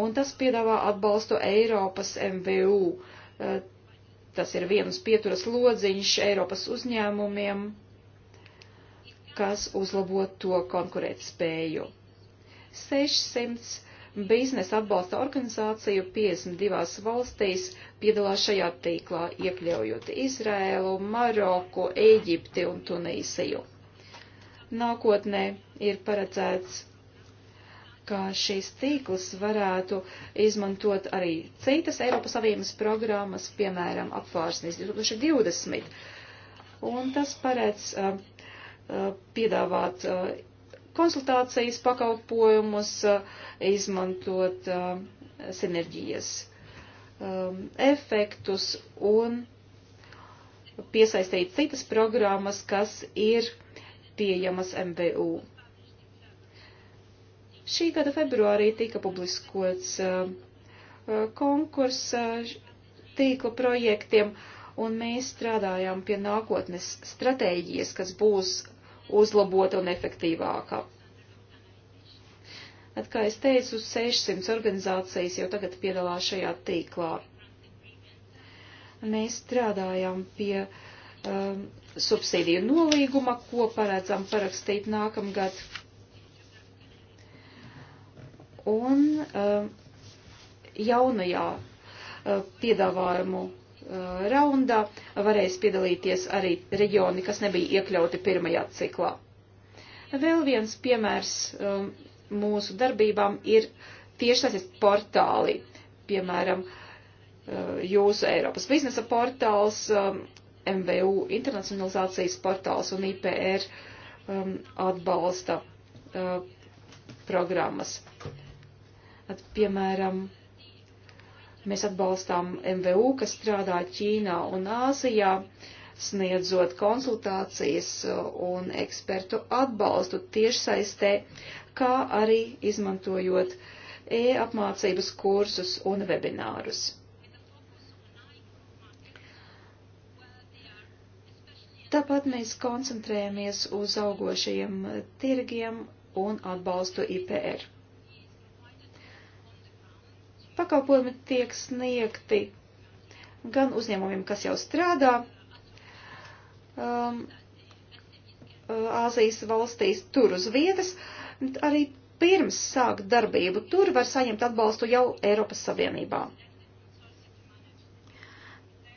un tas piedāvā atbalstu Eiropas MVU. Eh, tas ir vienas pieturas lodziņš Eiropas uzņēmumiem, kas uzlabo to konkurētspēju. 600 biznesa atbalsta organizāciju 52 valstīs piedalās šajā tīklā, iekļaujot Izrēlu, Maroku, Eģipti un Tunīsiju. Nākotnē ir paredzēts, ka šīs tīkls varētu izmantot arī citas Eiropas Savienības programmas, piemēram, apvārsnes 2020. Un tas paredz uh, uh, piedāvāt uh, konsultācijas pakalpojumus, eh, izmantot eh, sinerģijas eh, efektus un piesaistīt citas programmas, kas ir pieejamas MVU. Šī gada februārī tika publiskots konkurs tīkla projektiem, un mēs strādājām pie nākotnes stratēģijas, kas būs uzlabota un efektīvāka. At, kā es teicu, 600 organizācijas jau tagad piedalās šajā tīklā. Mēs strādājam pie um, subsīdiju nolīguma, ko paredzam parakstīt nākamgad. Un um, jaunajā uh, piedāvājumu Uh, raundā varēs piedalīties arī reģioni, kas nebija iekļauti pirmajā ciklā. Vēl viens piemērs um, mūsu darbībām ir tiešsaistes portāli, piemēram, uh, jūsu Eiropas biznesa portāls, um, MVU internacionalizācijas portāls un IPR um, atbalsta uh, programmas. At, piemēram, Mēs atbalstām MVU, kas strādā Ķīnā un Āzijā, sniedzot konsultācijas uh, un ekspertu atbalstu tiešsaistē, kā arī izmantojot e-apmācības kursus un webinārus. Tāpat mēs koncentrējamies uz augošajiem tirgiem un atbalstu IPR. Pakalpojumi tiek sniegti gan uzņēmumiem, kas jau strādā um, Āzijas valstīs tur uz vietas, arī pirms sāk darbību tur var saņemt atbalstu jau Eiropas Savienībā.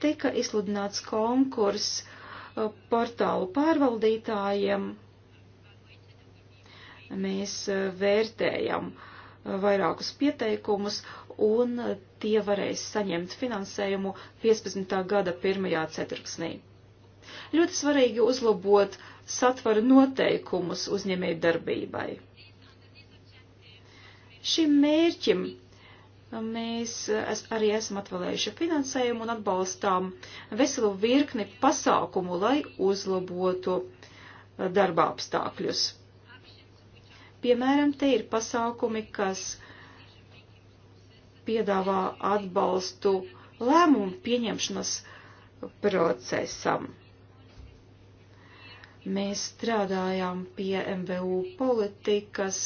Tika izsludināts konkurss uh, portālu pārvaldītājiem. Mēs uh, vērtējam uh, vairākus pieteikumus, un tie varēs saņemt finansējumu 15. gada pirmajā ceturksnī. Ļoti svarīgi uzlabot satvaru noteikumus uzņēmēju darbībai. Šim mērķim um, mēs es, arī esam atvēlējuši finansējumu un atbalstām veselu virkni pasākumu, lai uzlabotu uh, darba apstākļus. Piemēram, te ir pasākumi, kas piedāvā atbalstu lēmumu pieņemšanas procesam. Mēs strādājām pie MVU politikas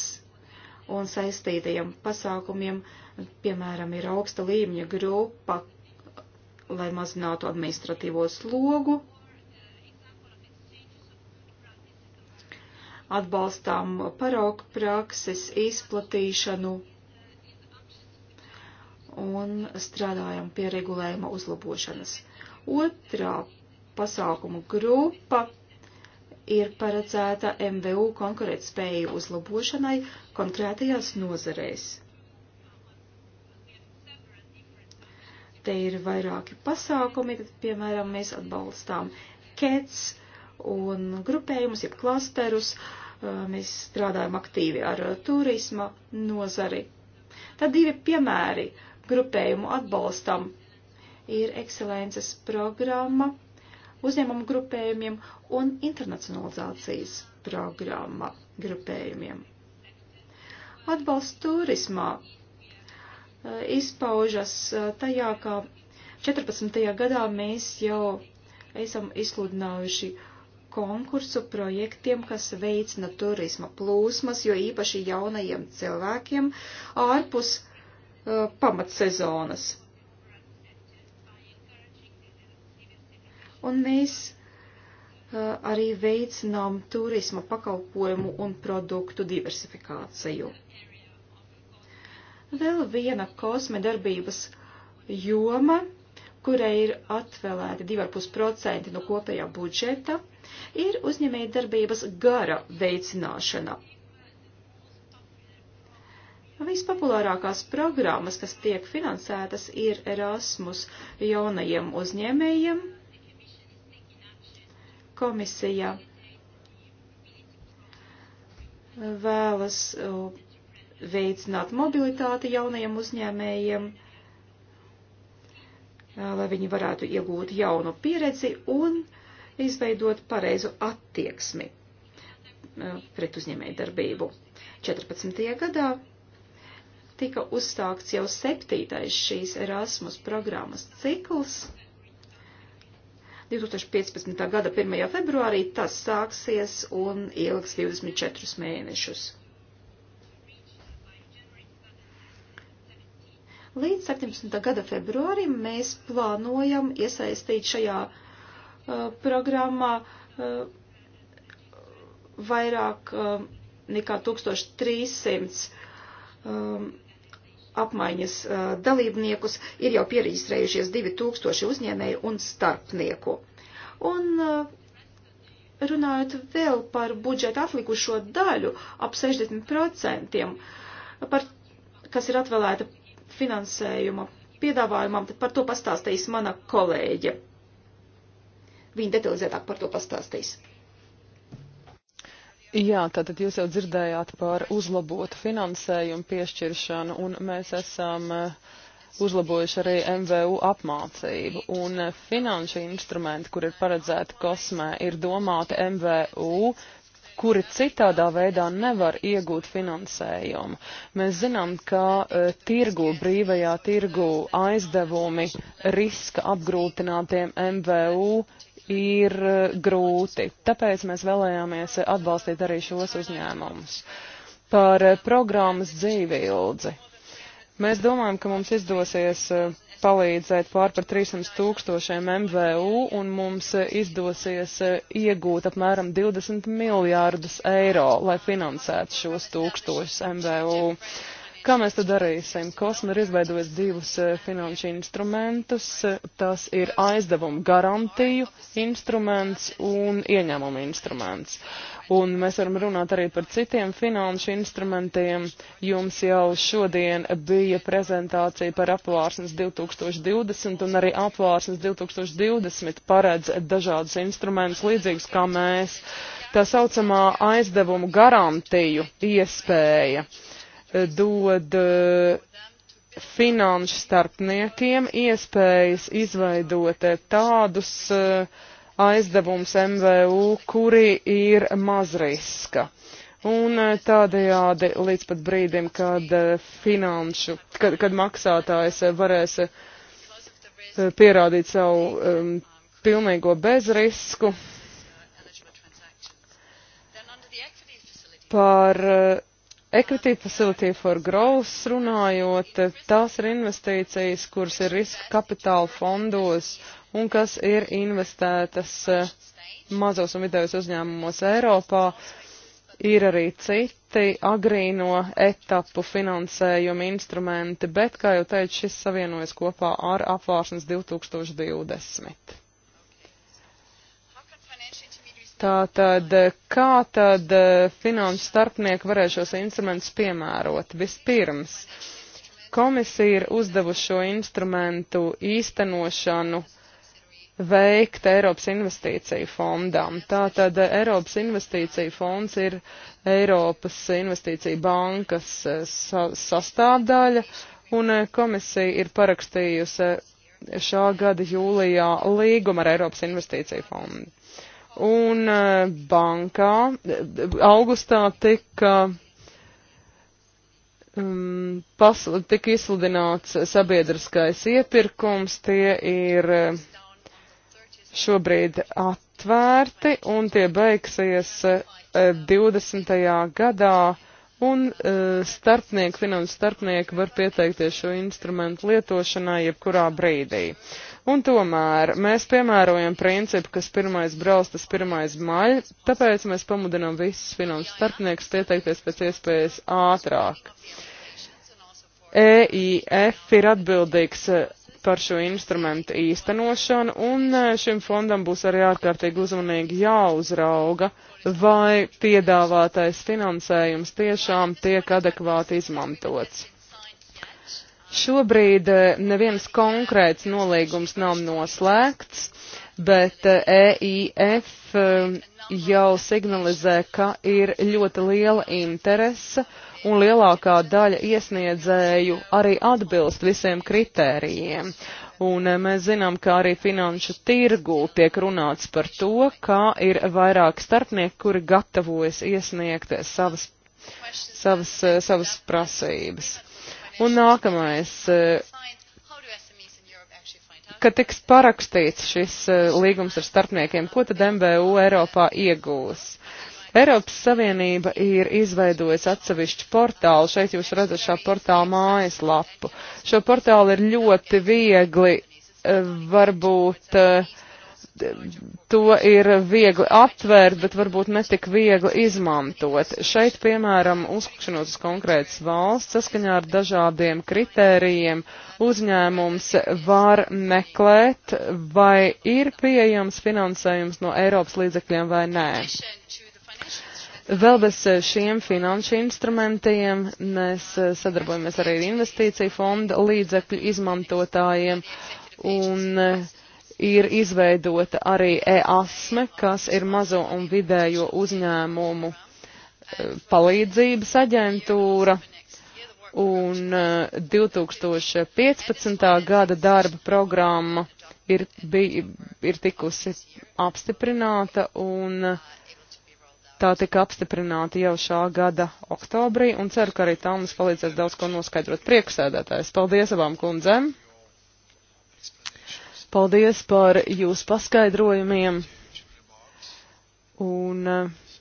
un saistītajiem pasākumiem, piemēram, ir augsta līmeņa grupa, lai mazinātu administratīvo slogu, atbalstām paraugu prakses izplatīšanu un strādājam pie regulējuma uzlabošanas. Otrā pasākumu grupa ir paredzēta MVU konkurētspēju uzlabošanai konkrētajās nozarēs. Te ir vairāki pasākumi, tad, piemēram, mēs atbalstām CATS un grupējumus, jeb klasterus. Uh, mēs strādājam aktīvi ar uh, turisma nozari. Tad divi piemēri grupējumu atbalstam ir ekscelences programma uzņēmumu grupējumiem un internacionalizācijas programma grupējumiem. Atbalsts turismā uh, izpaužas tajā, ka 14. gadā mēs jau esam izsludinājuši uh, konkursu projektiem, kas veicina turisma plūsmas, jo īpaši jaunajiem cilvēkiem ārpus uh, pamatsezonas. Un mēs uh, arī veicinām turisma pakalpojumu un produktu diversifikāciju. Vēl viena kosme darbības joma kurai ir atvēlēti 2,5% no kopējā budžeta, ir uzņēmēja darbības gara veicināšana. Vispopulārākās programmas, kas tiek finansētas, ir Erasmus jaunajiem uzņēmējiem. Komisija vēlas uh, veicināt mobilitāti jaunajiem uzņēmējiem lai viņi varētu iegūt jaunu pieredzi un izveidot pareizu attieksmi pret uzņēmēju darbību. 14. gadā tika uzstākts jau septītais šīs Erasmus programmas cikls. 2015. gada 1. februārī tas sāksies un ilgs 24 mēnešus. Līdz 17. gada februārim mēs plānojam iesaistīt šajā uh, programmā uh, vairāk uh, nekā 1300 um, apmaiņas uh, dalībniekus, ir jau pieregistrējušies 2000 uzņēmēju un starpnieku. Un uh, runājot vēl par budžeta atlikušo daļu, ap 60%, par, kas ir atvēlēta finansējuma piedāvājumam, tad par to pastāstīs mana kolēģe. Viņa detalizētāk par to pastāstīs. Jā, tātad jūs jau dzirdējāt par uzlabotu finansējumu piešķiršanu, un mēs esam eh, uzlabojuši arī MVU apmācību. Un eh, finanšu instrumenti, kur ir paredzēti kosmē, ir domāti MVU kuri citādā veidā nevar iegūt finansējumu. Mēs zinām, ka e, tirgu, brīvajā tirgu aizdevumi riska apgrūtinātiem MVU ir e, grūti. Tāpēc mēs vēlējāmies atbalstīt arī šos uzņēmumus. Par e, programmas dzīvi ilgi. Mēs domājam, ka mums izdosies e, palīdzēt pār par 300 tūkstošiem MVU un mums eh, izdosies eh, iegūt apmēram 20 miljārdus eiro, lai finansētu šos tūkstošus MVU. Kā mēs to darīsim? Kosma ir izveidojis divus eh, finanšu instrumentus. Tas ir aizdevumu garantiju instruments un ieņēmumu instruments. Un mēs varam runāt arī par citiem finanšu instrumentiem. Jums jau šodien bija prezentācija par apvārsnes 2020 un arī apvārsnes 2020 paredz dažādus instrumentus līdzīgus kā mēs. Tā saucamā aizdevumu garantiju iespēja. Uh, dod eh, finanšu starpniekiem iespējas izveidot eh, tādus eh, aizdevumus MVU, kuri ir mazriska. Un tādējādi līdz pat brīdim, kad finanšu, kad, kad maksātājs varēs pierādīt savu um, pilnīgo bezrisku par uh, Equity Facility for Growth runājot, tās ir investīcijas, kuras ir riska kapitāla fondos un kas ir investētas eh, mazos un vidējos uzņēmumos Eiropā. Ir arī citi agrīno etapu finansējuma instrumenti, bet, kā jau teicu, šis savienojas kopā ar apvārsnes 2020. Tātad, kā tad eh, finanšu starpnieki varēs šos instrumentus piemērot? Vispirms, komisija ir uzdevusi šo instrumentu īstenošanu veikt Eiropas investīciju fondām. Tātad eh, Eiropas investīciju fonds ir Eiropas investīciju bankas eh, sa sastāvdaļa, un komisija ir parakstījusi šā gada jūlijā līgumu ar Eiropas investīciju fondu un uh, bankā augustā tika, um, pas, tika izsludināts sabiedriskais iepirkums. Tie ir uh, šobrīd atvērti un tie beigsies 20. Uh, gadā. Un uh, starpnieki, finanses starpnieki var pieteikties šo instrumentu lietošanai jebkurā brīdī. Un tomēr mēs piemērojam principu, kas pirmais brauc, tas pirmais maļ, tāpēc mēs pamudinām visus finanšu starpniekus ieteikties pēc iespējas ātrāk. EIF ir atbildīgs e, par šo instrumentu īstenošanu, un e, šim fondam būs arī ārkārtīgi uzmanīgi jāuzrauga, vai piedāvātais finansējums tiešām tiek adekvāti izmantots. Šobrīd eh, neviens konkrēts nolīgums nav noslēgts, bet EIF eh, e eh, jau signalizē, ka ir ļoti liela interese un lielākā daļa iesniedzēju arī atbilst visiem kritērijiem. Un mēs zinām, ka arī finanšu tirgu tiek runāts par to, ka ir vairāk starpnieku, kuri gatavojas iesniegt savas, savas, savas prasības. Un nākamais, eh, kad tiks parakstīts šis eh, līgums ar starpniekiem, ko tad MBU Eiropā iegūs? Eiropas Savienība ir izveidojusi atsevišķu portālu. Šeit jūs redzat šā portāla mājaslapu. Šo portālu ir ļoti viegli eh, varbūt uh, to ir viegli aptvērt, bet varbūt netik viegli izmantot. Šeit, piemēram, uzkšanot uz konkrētas valsts, saskaņā ar dažādiem kritērijiem, uzņēmums var meklēt, vai ir pieejams finansējums no Eiropas līdzekļiem vai nē. Vēl bez šiem finanšu instrumentiem mēs sadarbojamies arī ar investīciju fonda līdzekļu izmantotājiem. Un uh, ir izveidota arī EASME, kas ir mazo un vidējo uzņēmumu e, palīdzības aģentūra. Un 2015. E, gada darba programma ir, bij, ir tikusi apstiprināta un tā tika apstiprināta jau šā gada oktobrī un ceru, ka arī tā mums palīdzēs daudz ko noskaidrot priekšsēdētājs. Paldies abām kundzēm! Paldies par jūsu paskaidrojumiem. Un eh,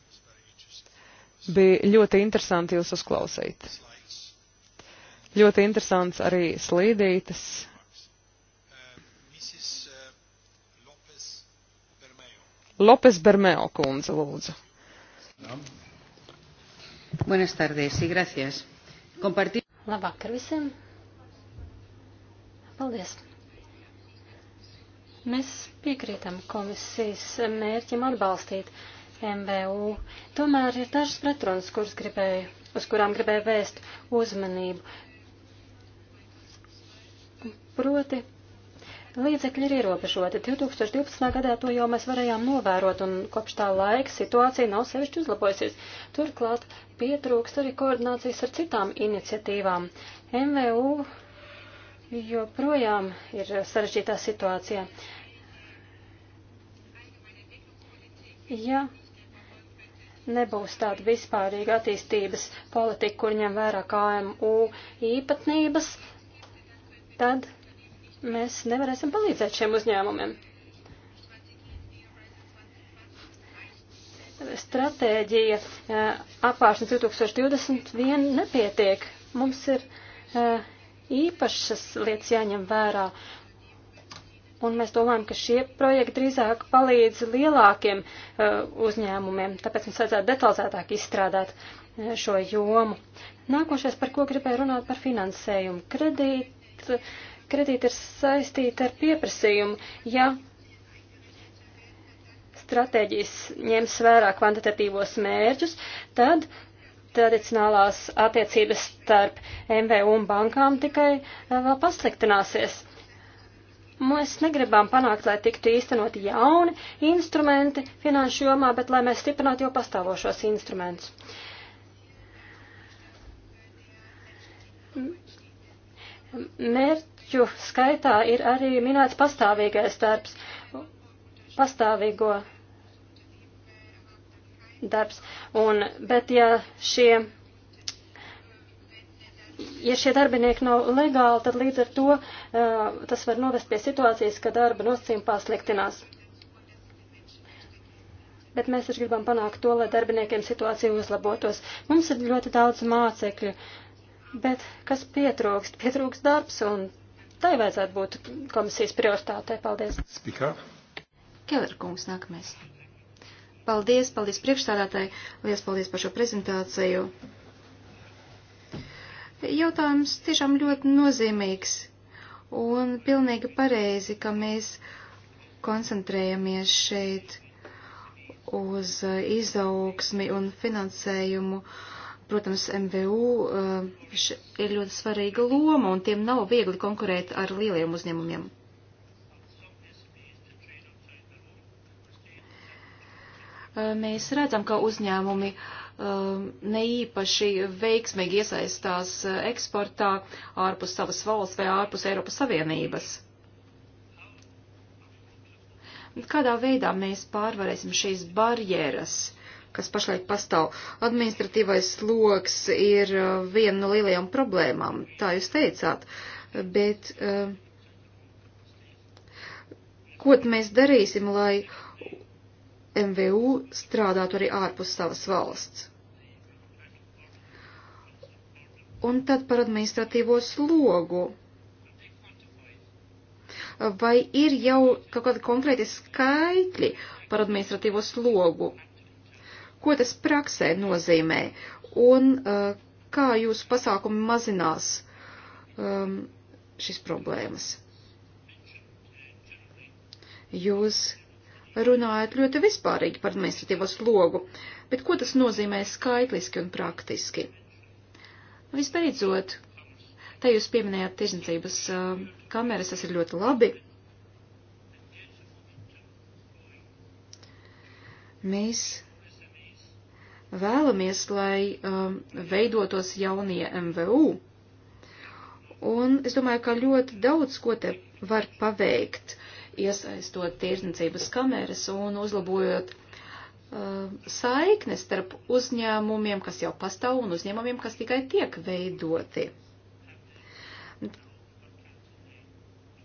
bija ļoti interesanti jūs uzklausīt. Ļoti interesants arī slīdītas. Lopes Bermeo kundze, lūdzu. Buenas tardes y gracias. Compartir. Labvakar visiem. Paldies. Mēs piekrītam komisijas mērķim atbalstīt MVU. Tomēr ir dažas pretrunas, gribēju, uz kurām gribēju vēst uzmanību. Proti, līdzekļi ir ierobežoti. 2012. gadā to jau mēs varējām novērot, un kopš tā laika situācija nav sevišķi uzlabojusies. Turklāt pietrūkst arī koordinācijas ar citām iniciatīvām. MVU joprojām ir sarežģītā situācijā. Ja nebūs tāda vispārīga attīstības politika, kur ņem vērā KMU īpatnības, tad mēs nevarēsim palīdzēt šiem uzņēmumiem. Stratēģija eh, apāršanas 2020 vien nepietiek. Mums ir uh, īpašas lietas jāņem vērā. Un mēs domājam, ka šie projekti drīzāk palīdz lielākiem uh, uzņēmumiem, tāpēc mums vajadzētu detalizētāk izstrādāt uh, šo jomu. Nākošais, par ko gribēju runāt, par finansējumu. Kredīt, kredīt ir saistīta ar pieprasījumu. Ja stratēģijas ņems vērā kvantitatīvos mērķus, tad uh, tradicionālās attiecības starp MVU un bankām tikai eh, vēl pasliktināsies. Mēs negribam panākt, lai tiktu īstenoti jauni instrumenti finanšu jomā, bet lai mēs stiprinātu jau pastāvošos instrumentus. Mērķu skaitā ir arī minēts pastāvīgais darbs, pastāvīgo darbs. Un, bet ja šie, ja šie darbinieki nav legāli, tad līdz ar to uh, tas var novest pie situācijas, ka darba nosacījumi pasliktinās. Bet mēs taču gribam panākt to, lai darbiniekiem situācija uzlabotos. Mums ir ļoti daudz mācekļu, bet kas pietrūkst? Pietrūkst darbs, un tai vajadzētu būt komisijas prioritātei. Paldies. Spikā. Keller kungs nākamais. Paldies, paldies priekšstādātāji, liels paldies par šo prezentāciju. Jautājums tiešām ļoti nozīmīgs un pilnīgi pareizi, ka mēs koncentrējamies šeit uz uh, izaugsmi un finansējumu. Protams, MVU uh, ir ļoti svarīga loma un tiem nav viegli konkurēt ar lieliem uzņēmumiem. Mēs redzam, ka uzņēmumi um, ne īpaši veiksmīgi iesaistās uh, eksportā ārpus savas valsts vai ārpus Eiropas Savienības. Kādā veidā mēs pārvarēsim šīs barjeras? kas pašlaik pastāv. Administratīvais sloks ir uh, viena no lielajām problēmām, tā jūs teicāt, bet uh, ko mēs darīsim, lai MVU strādātu arī ārpus savas valsts. Un tad par administratīvo slogu. Vai ir jau kaut kādi konkrēti skaitļi par administratīvo slogu? Ko tas praksē nozīmē? Un uh, kā jūsu pasākumi mazinās um, šīs problēmas? Jūs runājat ļoti vispārīgi par administratīvo slogu, bet ko tas nozīmē skaitliski un praktiski? Visbeidzot, te jūs pieminējāt tirzniecības uh, kameras, tas ir ļoti labi. Mēs vēlamies, lai um, veidotos jaunie MVU. Un es domāju, ka ļoti daudz ko te var paveikt iesaistot tirsniecības kameras un uzlabojot uh, saiknes starp uzņēmumiem, kas jau pastāv, un uzņēmumiem, kas tikai tiek veidoti.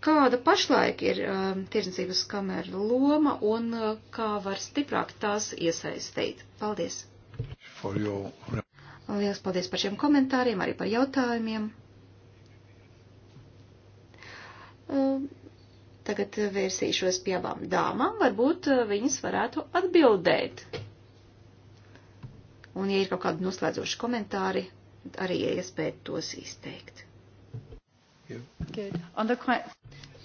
Kāda pašlaik ir uh, tirsniecības kamera loma un uh, kā var stiprāk tās iesaistīt? Paldies! Your... Lielas paldies par šiem komentāriem, arī par jautājumiem. Uh, Tagad eh, vērsīšos pie abām dāmām, varbūt eh, viņas varētu atbildēt. Un, ja ir kaut kādi noslēdzoši komentāri, arī iespēja tos izteikt. The...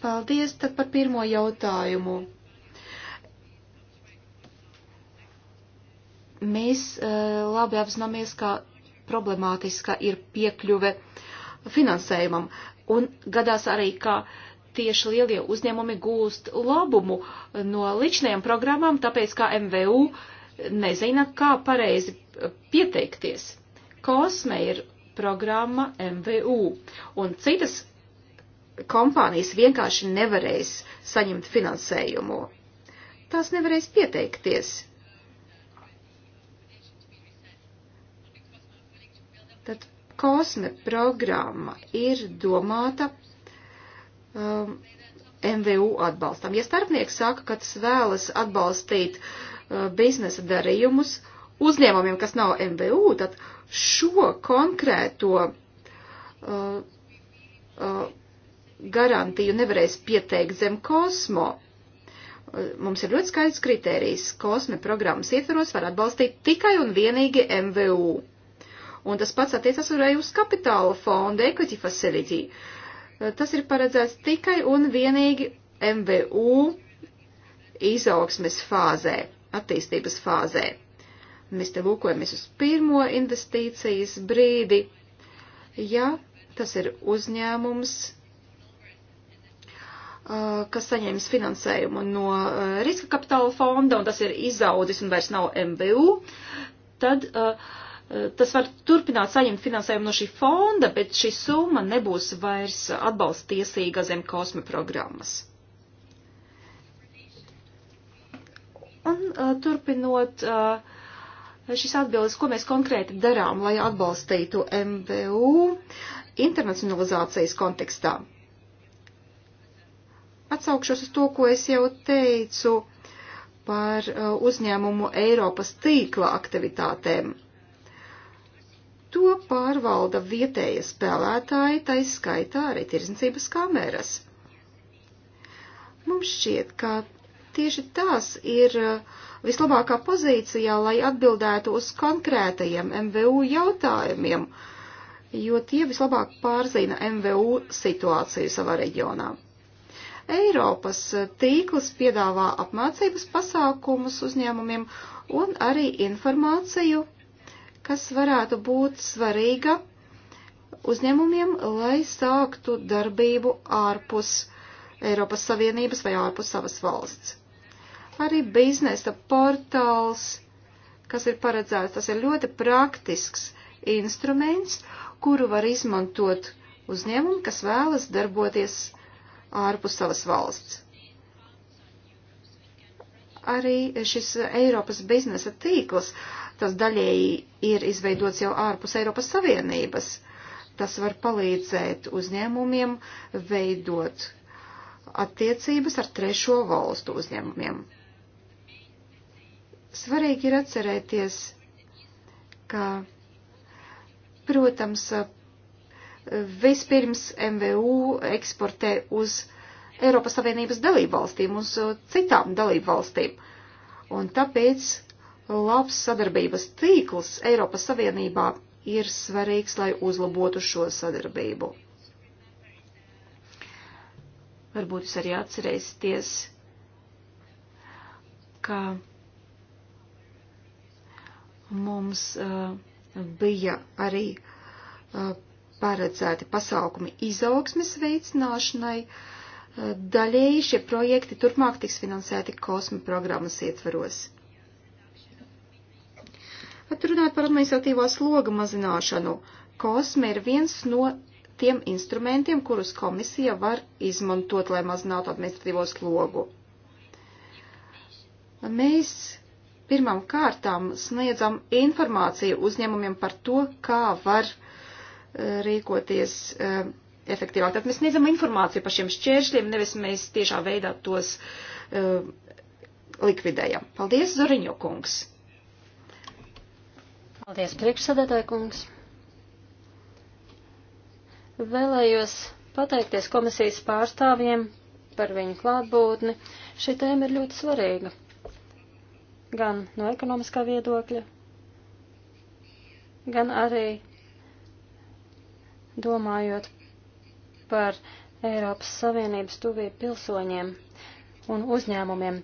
Paldies tad par pirmo jautājumu. Mēs uh, labi apzināmies, ka problemātiska ir piekļuve finansējumam. Un gadās arī, ka uh, tieši lielie uzņēmumi gūst labumu no ličnajām programmām, tāpēc kā MVU nezina, kā pareizi pieteikties. Kosme ir programma MVU, un citas kompānijas vienkārši nevarēs saņemt finansējumu. Tās nevarēs pieteikties. Tad kosme programma ir domāta um, MVU atbalstam. Ja starpnieks saka, ka tas vēlas atbalstīt uh, biznesa darījumus uzņēmumiem, kas nav MVU, tad šo konkrēto uh, uh, garantiju nevarēs pieteikt zem kosmo. Uh, mums ir ļoti skaidrs kriterijs. Kosme programmas ietveros var atbalstīt tikai un vienīgi MVU. Un tas pats attiecas arī uz kapitāla fondu, equity facility. Uh, tas ir paredzēts tikai un vienīgi MVU izaugsmes fāzē, attīstības fāzē. Mēs te lūkojamies uz pirmo investīcijas brīdi, ja tas ir uzņēmums, kas saņems finansējumu no riska kapitāla fonda, un tas ir izaudzis un vairs nav MVU, tad uh, Eh, tas var turpināt saņemt finansējumu no šī fonda, bet šī summa nebūs vairs atbalsta tiesīga zem kosme programmas. Un uh, turpinot uh, šis atbildes, ko mēs konkrēti darām, lai atbalstītu MVU internacionalizācijas kontekstā. Atsaukšos uz to, ko es jau teicu par uh, uzņēmumu Eiropas tīkla aktivitātēm To pārvalda vietējie spēlētāji, tai skaitā arī tirzniecības kameras. Mums šķiet, ka tieši tās ir uh, vislabākā pozīcijā, lai atbildētu uz konkrētajiem MVU jautājumiem, jo tie vislabāk pārzina MVU situāciju savā reģionā. Eiropas tīkls piedāvā apmācības pasākumus uzņēmumiem un arī informāciju kas varētu būt svarīga uzņēmumiem, lai sāktu darbību ārpus Eiropas Savienības vai ārpus savas valsts. Arī biznesa portāls, kas ir paredzēts, tas ir ļoti praktisks instruments, kuru var izmantot uzņēmumi, kas vēlas darboties ārpus savas valsts. Arī šis Eiropas biznesa tīkls Tas daļēji ir izveidots jau ārpus Eiropas Savienības. Tas var palīdzēt uzņēmumiem veidot attiecības ar trešo valstu uzņēmumiem. Svarīgi ir atcerēties, ka, protams, vispirms MVU eksportē uz Eiropas Savienības dalībvalstīm, uz citām dalībvalstīm. Un tāpēc labs sadarbības tīkls Eiropas Savienībā ir svarīgs, lai uzlabotu šo sadarbību. Varbūt jūs arī atcerēsieties, ka mums uh, bija arī uh, paredzēti pasākumi izaugsmes veicināšanai. Uh, daļēji šie projekti turpmāk tiks finansēti kosmi programmas ietvaros. Bet runājot par administratīvo sloga mazināšanu, kosme ir viens no tiem instrumentiem, kurus komisija var izmantot, lai mazinātu administratīvo slogu. Mēs pirmām kārtām sniedzam informāciju uzņēmumiem par to, kā var eh, rīkoties eh, efektīvāk. Tad mēs sniedzam informāciju par šiem šķēršļiem, nevis mēs tiešā veidā tos eh, likvidējam. Paldies, Zoriņo kungs! Paldies, priekšsēdētāji kungs. Vēlējos pateikties komisijas pārstāvjiem par viņu klātbūtni. Šī tēma ir ļoti svarīga. Gan no ekonomiskā viedokļa, gan arī domājot par Eiropas Savienības tuvību pilsoņiem un uzņēmumiem.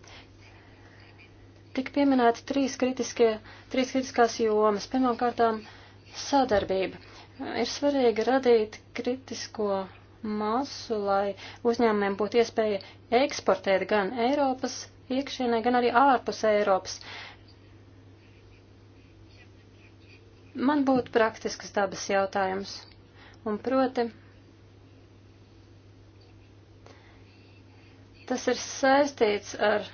Tik pieminēti trīs, trīs kritiskās jomas. Pirmkārtām sadarbība. Ir svarīgi radīt kritisko masu, lai uzņēmumiem būtu iespēja eksportēt gan Eiropas iekšienē, gan arī ārpus Eiropas. Man būtu praktiskas dabas jautājums. Un proti, tas ir saistīts ar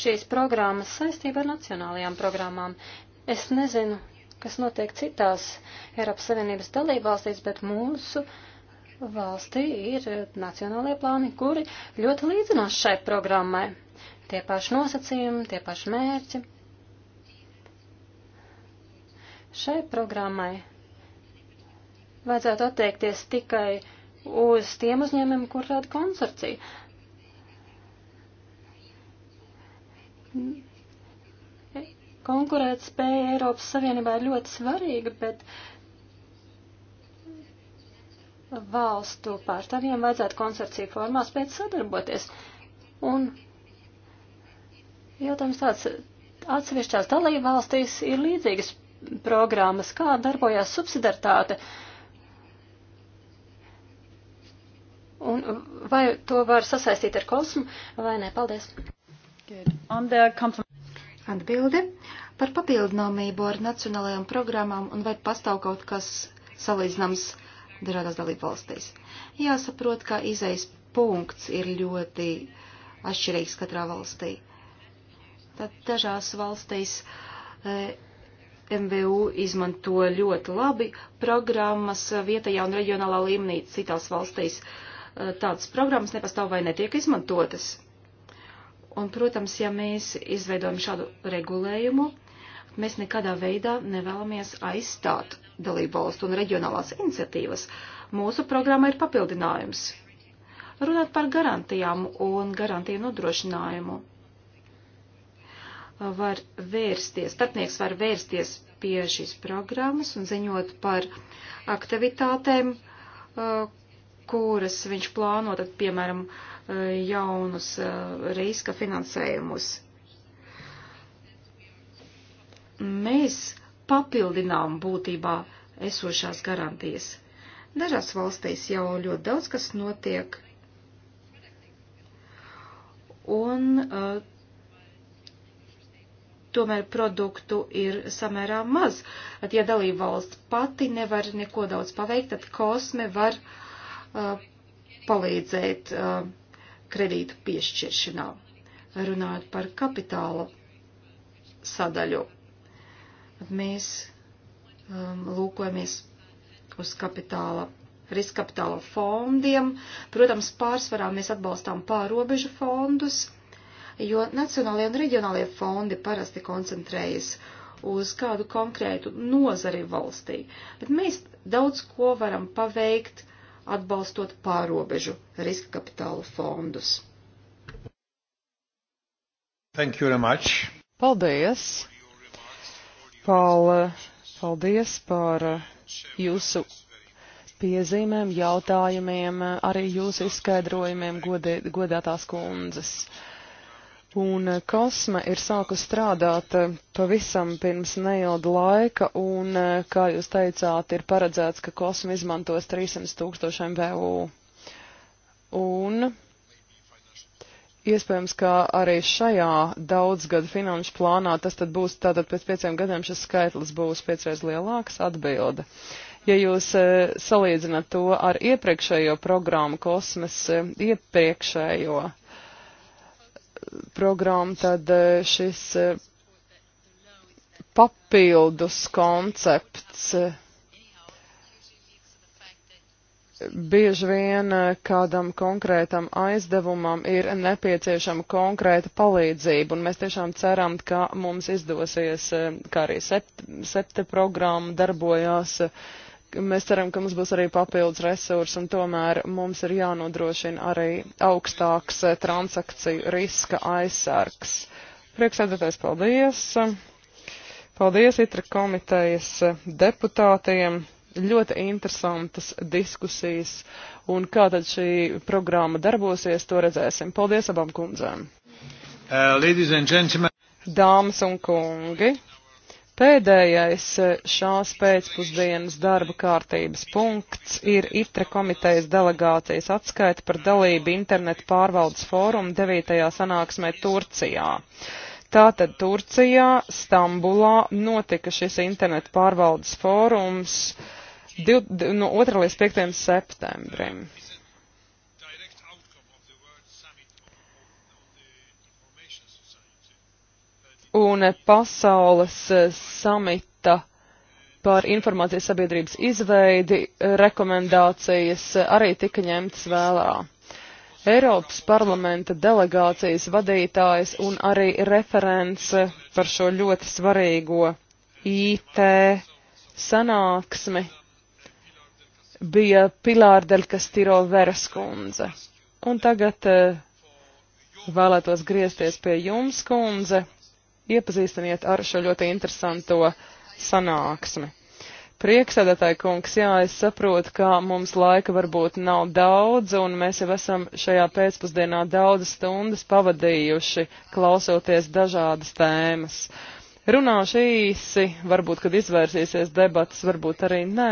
šīs programmas saistība ar nacionālajām programmām. Es nezinu, kas notiek citās Eiropas Savienības dalībvalstīs, bet mūsu valstī ir nacionālie plāni, kuri ļoti līdzinās šai programmai. Tie paši nosacījumi, tie paši mērķi. Šai programmai vajadzētu attiekties tikai uz tiem uzņēmumiem, kur rada konsorcija. konkurēt spēja Eiropas Savienībā ir ļoti svarīga, bet valstu pārstāvjiem vajadzētu konsorcija formā spēt sadarboties. Un jautājums tāds, atsevišķās dalība valstīs ir līdzīgas programmas, kā darbojās subsidartāte. Un vai to var sasaistīt ar kosmu vai nē? Paldies! Atbilde par papildināmību ar nacionālajām programmām un vai pastāv kaut kas salīdzināms dažādās dalībvalstīs. Jāsaprot, ka izejas punkts ir ļoti atšķirīgs katrā valstī. Tad dažās valstīs e, MVU izmanto ļoti labi programmas vietējā un reģionālā līmenī, citās valstīs e, tādas programmas nepastāv vai netiek izmantotas. Un, protams, ja mēs izveidojam šādu regulējumu, mēs nekādā veidā nevēlamies aizstāt dalību valstu un reģionālās iniciatīvas. Mūsu programma ir papildinājums. Runāt par garantijām un garantiju nodrošinājumu. Var vērsties, starpnieks var vērsties pie šīs programmas un ziņot par aktivitātēm, uh, kuras viņš plāno, tad, piemēram, uh, jaunus eh, riska finansējumus. Mēs papildinām būtībā esošās garantijas. Dažās valstīs jau ļoti daudz kas notiek, un uh, tomēr produktu ir samērā maz. At, ja dalība valsts pati nevar neko daudz paveikt, tad kosme var uh, palīdzēt uh, kredītu piešķiršanā. Runājot par kapitāla sadaļu, mēs um, lūkojamies uz kapitāla, riska kapitāla fondiem. Protams, pārsvarā mēs atbalstām pārobežu fondus, jo nacionālajie un reģionālajie fondi parasti koncentrējas uz kādu konkrētu nozari valstī. Bet mēs daudz ko varam paveikt atbalstot pārobežu riska kapitāla fondus. Thank you very much. Paldies. Pal, paldies par jūsu piezīmēm, jautājumiem, arī jūsu izskaidrojumiem, godētās kundzes. Un eh, Kosme ir sāku strādāt eh, pavisam pirms neilga laika, un, eh, kā jūs teicāt, ir paredzēts, ka Kosme izmantos 300 tūkstošiem VU. Un iespējams, ka arī šajā daudzgada finanšu plānā tas tad būs, tātad pēc pieciem gadiem šis skaitlis būs piecreiz lielāks atbilde. Ja jūs e, salīdzināt to ar iepriekšējo programmu kosmes e, iepriekšējo programmu, tad e, šis e, papildus koncepts e, bieži vien kādam konkrētam aizdevumam ir nepieciešama konkrēta palīdzība, un mēs tiešām ceram, ka mums izdosies, kā arī septe, septe programma darbojās uh, Mēs ceram, ka mums būs arī papildus resursi, un tomēr mums ir jānodrošina arī augstāks eh, transakciju riska aizsargs. Prieksēdētais paldies! Paldies Itra komitejas eh, deputātiem! Ļoti interesantas diskusijas, un kā tad šī programma darbosies, to redzēsim. Paldies abām kundzēm! Uh, Dāmas un kungi! Pēdējais eh, šās pēcpusdienas darba kārtības punkts ir ITRE komitejas delegācijas atskaita par dalību internetu pārvaldes fórumu 9. sanāksmē Turcijā. Tātad Turcijā, Stambulā notika šis internetu pārvaldes fórums no 2. līdz 5. septembrim. un pasaules eh, samita par informācijas sabiedrības izveidi eh, rekomendācijas eh, arī tika ņemtas vēlā. Eiropas parlamenta delegācijas vadītājs un arī referents par šo ļoti svarīgo IT sanāksmi bija Pilāra Delkastiro Veraskundze. Un tagad vēlētos griezties pie jums, kundze, iepazīstiniet ar šo ļoti interesanto sanāksmi. Prieksēdētāji kungs, jā, es saprotu, ka mums laika varbūt nav daudz, un mēs jau esam šajā pēcpusdienā daudzas stundas pavadījuši, klausoties dažādas tēmas. Runāšu īsi, varbūt, kad izvērsīsies debatas, varbūt arī nē,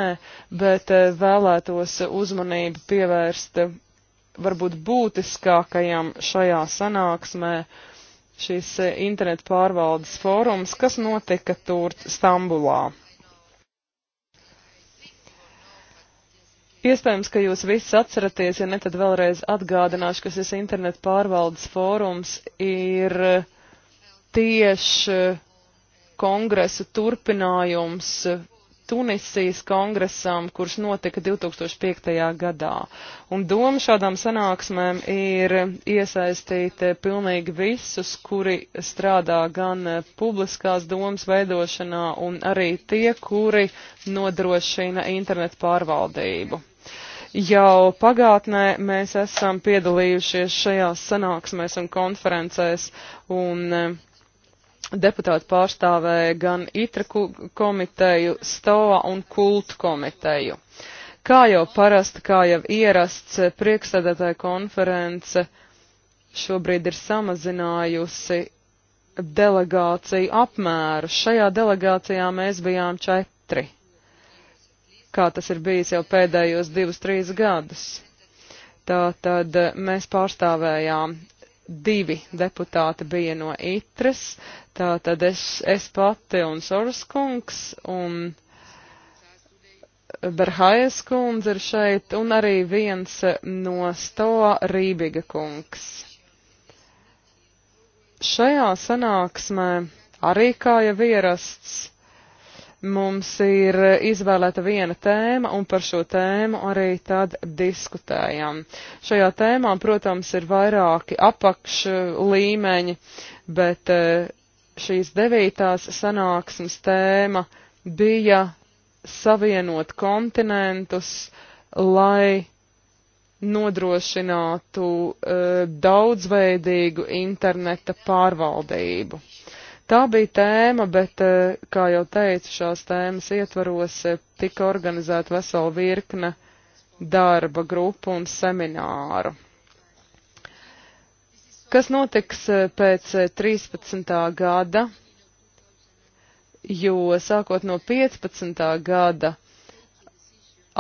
bet eh, vēlētos uzmanību pievērst eh, varbūt būtiskākajam šajā sanāksmē, šis e, internetu pārvaldes fórums, kas notika tur Stambulā. Iespējams, ka jūs visi atceraties, ja ne tad vēlreiz atgādināšu, ka šis internetu pārvaldes fórums ir e, tieši e, kongresu turpinājums Tunisijas kongresam, kurš notika 2005. gadā. Un doma šādām sanāksmēm ir iesaistīt eh, pilnīgi visus, kuri strādā gan eh, publiskās domas veidošanā un arī tie, kuri nodrošina internetu pārvaldību. Jau pagātnē mēs esam piedalījušies šajās sanāksmēs un konferencēs, un eh, deputāti pārstāvēja gan ITRA komiteju, STOA un KULT komiteju. Kā jau parasti, kā jau ierasts, priekšsēdētāja konference šobrīd ir samazinājusi delegāciju apmēru. Šajā delegācijā mēs bijām četri, kā tas ir bijis jau pēdējos divus, trīs gadus. Tātad mēs pārstāvējām divi deputāti bija no Itras, tātad es, es pati un Soras kungs un Berhajas kundze ir šeit un arī viens no Stoa Rībiga kungs. Šajā sanāksmē arī kā jau ierasts Mums ir izvēlēta viena tēma, un par šo tēmu arī tad diskutējam. Šajā tēmā, protams, ir vairāki apakš līmeņi, bet eh, šīs devītās sanāksmes tēma bija savienot kontinentus, lai nodrošinātu uh, e, daudzveidīgu interneta pārvaldību. Tā bija tēma, bet, eh, kā jau teicu, šās tēmas ietvaros eh, tika organizēta vesela virkne darba grupu un semināru. Kas notiks eh, pēc 13. gada? Jo sākot no 15. gada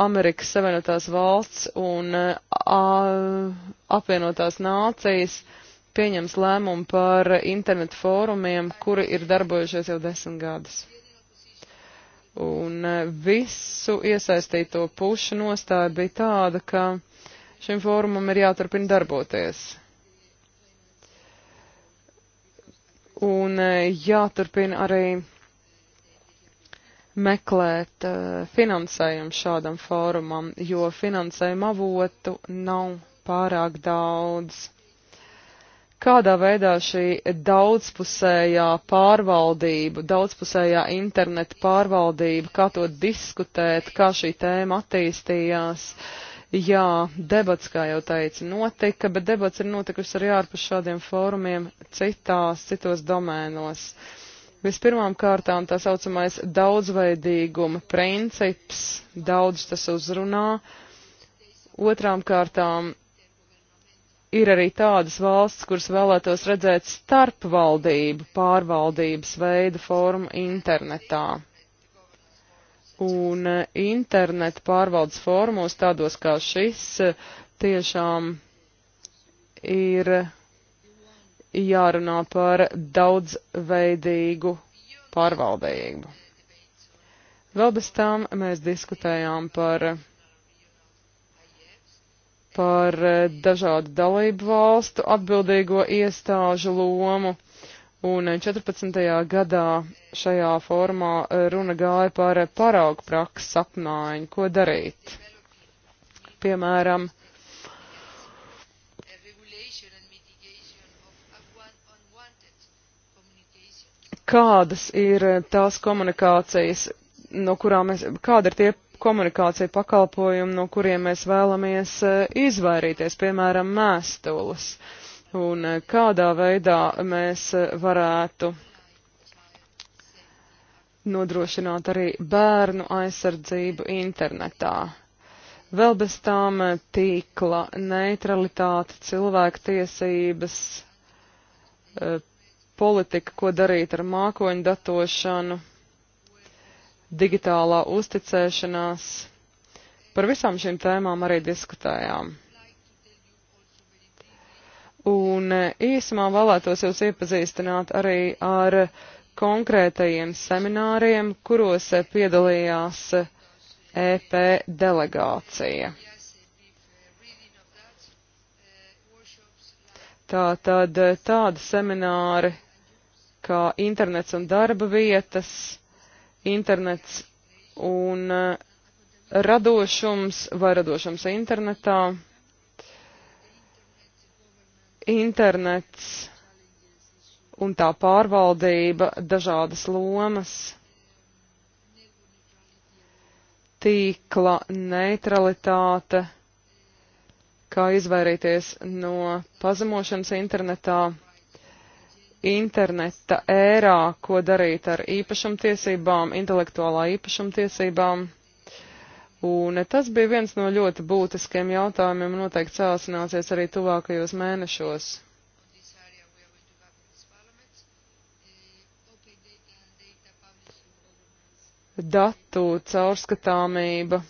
Amerikas Savienotās valsts un a, apvienotās nācijas uh, pieņems lēmumu par internetu fórumiem, kuri ir darbojušies jau desmit gadus. Un e, visu iesaistīto pušu nostāja bija tāda, ka šim fórumam ir jāturpina darboties. Un e, jāturpina arī meklēt uh, finansējumu šādam fórumam, jo finansējuma avotu nav pārāk daudz kādā veidā šī daudzpusējā pārvaldība, daudzpusējā interneta pārvaldība, kā to diskutēt, kā šī tēma attīstījās. Jā, debats, kā jau teicu, notika, bet debats ir notikusi arī ārpus šādiem fórumiem citās, citos domēnos. Vispirmām kārtām tā saucamais daudzveidīguma princips, daudz tas uzrunā. Otrām kārtām ir arī tādas valsts, kuras vēlētos redzēt starpvaldību pārvaldības veida formu internetā. Un eh, interneta pārvaldes formos tādos kā šis eh, tiešām ir jārunā par daudzveidīgu pārvaldību. Vēl bez tām mēs diskutējām par par e, dažādu dalību valstu atbildīgo iestāžu lomu. Un 14. E, gadā šajā formā e, runa gāja par paraugu prakses apmaiņu, ko darīt. Piemēram, kādas ir tās komunikācijas, no kurām mēs, kāda ir tie komunikāciju pakalpojumu, no kuriem mēs vēlamies e, izvairīties, piemēram, mēstules. Un e, kādā veidā mēs e, varētu nodrošināt arī bērnu aizsardzību internetā. Vēl bez tām tīkla neutralitāte, cilvēku tiesības, politika, ko darīt ar mākoņu datošanu, digitālā uzticēšanās. Par visām šīm tēmām arī diskutējām. Un e, īsumā vēlētos jūs iepazīstināt arī ar konkrētajiem semināriem, kuros e, piedalījās EP e delegācija. Tātad tādi semināri kā internets un darba vietas, internets un eh, radošums vai radošums internetā. Internets un tā pārvaldība, dažādas lomas, tīkla neutralitāte, kā izvairīties no pazemošanas internetā interneta ērā, ko darīt ar īpašumtiesībām, intelektuālā īpašumtiesībām. Un tas bija viens no ļoti būtiskiem jautājumiem, noteikti cēlsināsies arī tuvākajos mēnešos. Datu caurskatāmība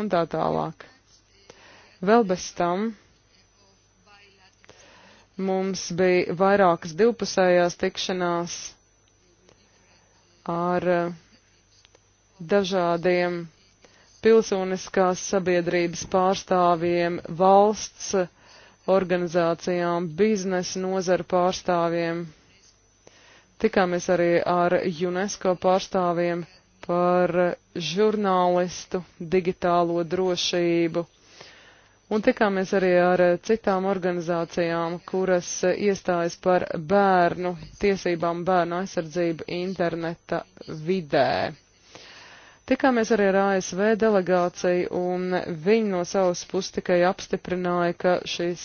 un tā tālāk. Vēl bez tam Mums bija vairākas divpusējās tikšanās ar eh, dažādiem pilsoniskās sabiedrības pārstāvjiem, valsts organizācijām, biznesa nozaru pārstāvjiem. Tikāmies arī ar UNESCO pārstāvjiem par žurnālistu digitālo drošību Un tikāmies arī ar citām organizācijām, kuras iestājas par bērnu tiesībām, bērnu aizsardzību interneta vidē. Tikāmies arī ar ASV delegāciju, un viņi no savas puses tikai apstiprināja, ka šis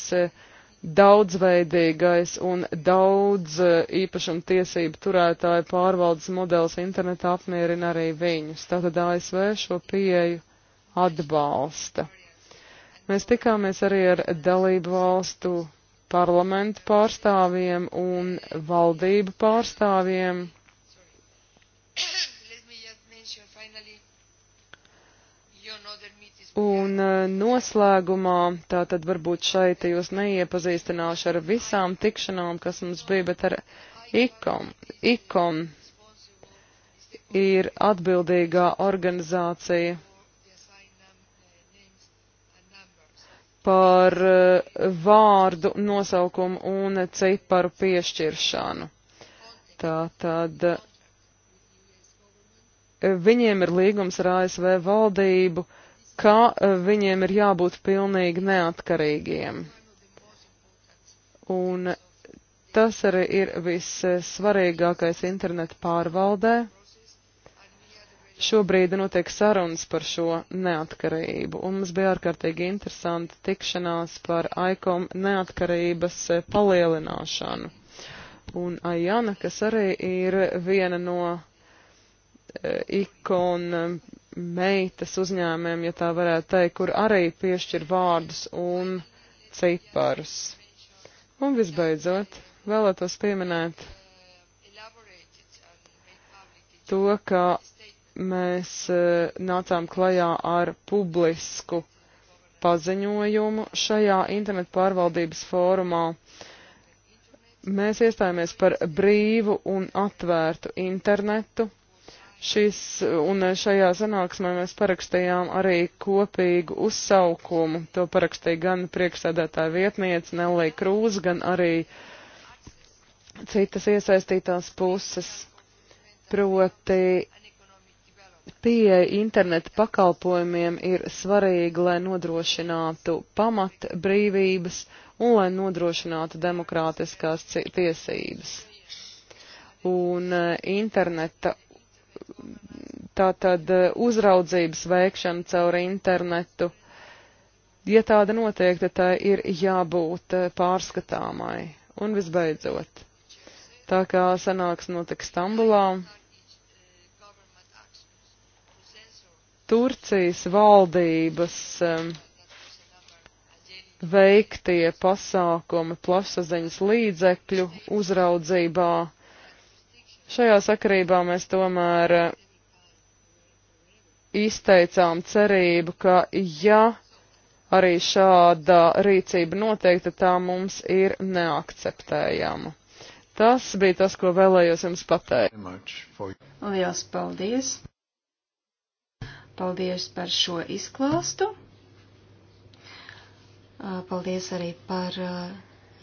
daudzveidīgais un daudz īpašuma tiesību turētāju pārvaldes modelis internetā apmierina arī viņus. Tātad ASV šo pieeju atbalsta. Mēs tikāmies arī ar dalību valstu parlamentu pārstāvjiem un valdību pārstāvjiem. Un uh, noslēgumā, tātad varbūt šeit jūs neiepazīstināšu ar visām tikšanām, kas mums bija, bet ar ICOM. ICOM ir atbildīgā organizācija par eh, vārdu nosaukumu un ciparu piešķiršanu. Tātad eh, viņiem ir līgums ar ASV valdību, ka eh, viņiem ir jābūt pilnīgi neatkarīgiem. Un tas arī ir viss svarīgākais internetu pārvaldē. Šobrīd notiek sarunas par šo neatkarību, un mums bija ārkārtīgi interesanti tikšanās par AIKOM neatkarības eh, palielināšanu. Un Aijana, kas arī ir viena no eh, ikon eh, meitas uzņēmēm, ja tā varētu teikt, kur arī piešķir vārdus un ciparus. Un visbeidzot, vēlētos pieminēt to, ka mēs eh, nācām klajā ar publisku paziņojumu šajā internetu pārvaldības fórumā. Mēs iestājāmies par brīvu un atvērtu internetu. Šis, un šajā sanāksmē mēs parakstījām arī kopīgu uzsaukumu. To parakstīja gan priekšsēdētāja vietniece Nelī Krūz, gan arī citas iesaistītās puses. Proti pieeja interneta pakalpojumiem ir svarīga, lai nodrošinātu pamat brīvības un lai nodrošinātu demokrātiskās tiesības. Un eh, interneta tātad eh, uzraudzības veikšana caur internetu, ja tāda notiek, tad tā ir jābūt eh, pārskatāmai. Un visbeidzot, tā kā sanāks notiks Stambulā, Turcijas valdības veiktie pasākumi plašsaziņas līdzekļu uzraudzībā. Šajā sakarībā mēs tomēr eh, izteicām cerību, ka ja arī šāda rīcība noteikti tā mums ir neakceptējama. Tas bija tas, ko vēlējos jums pateikt. Lielas paldies! Paldies par šo izklāstu. Paldies arī par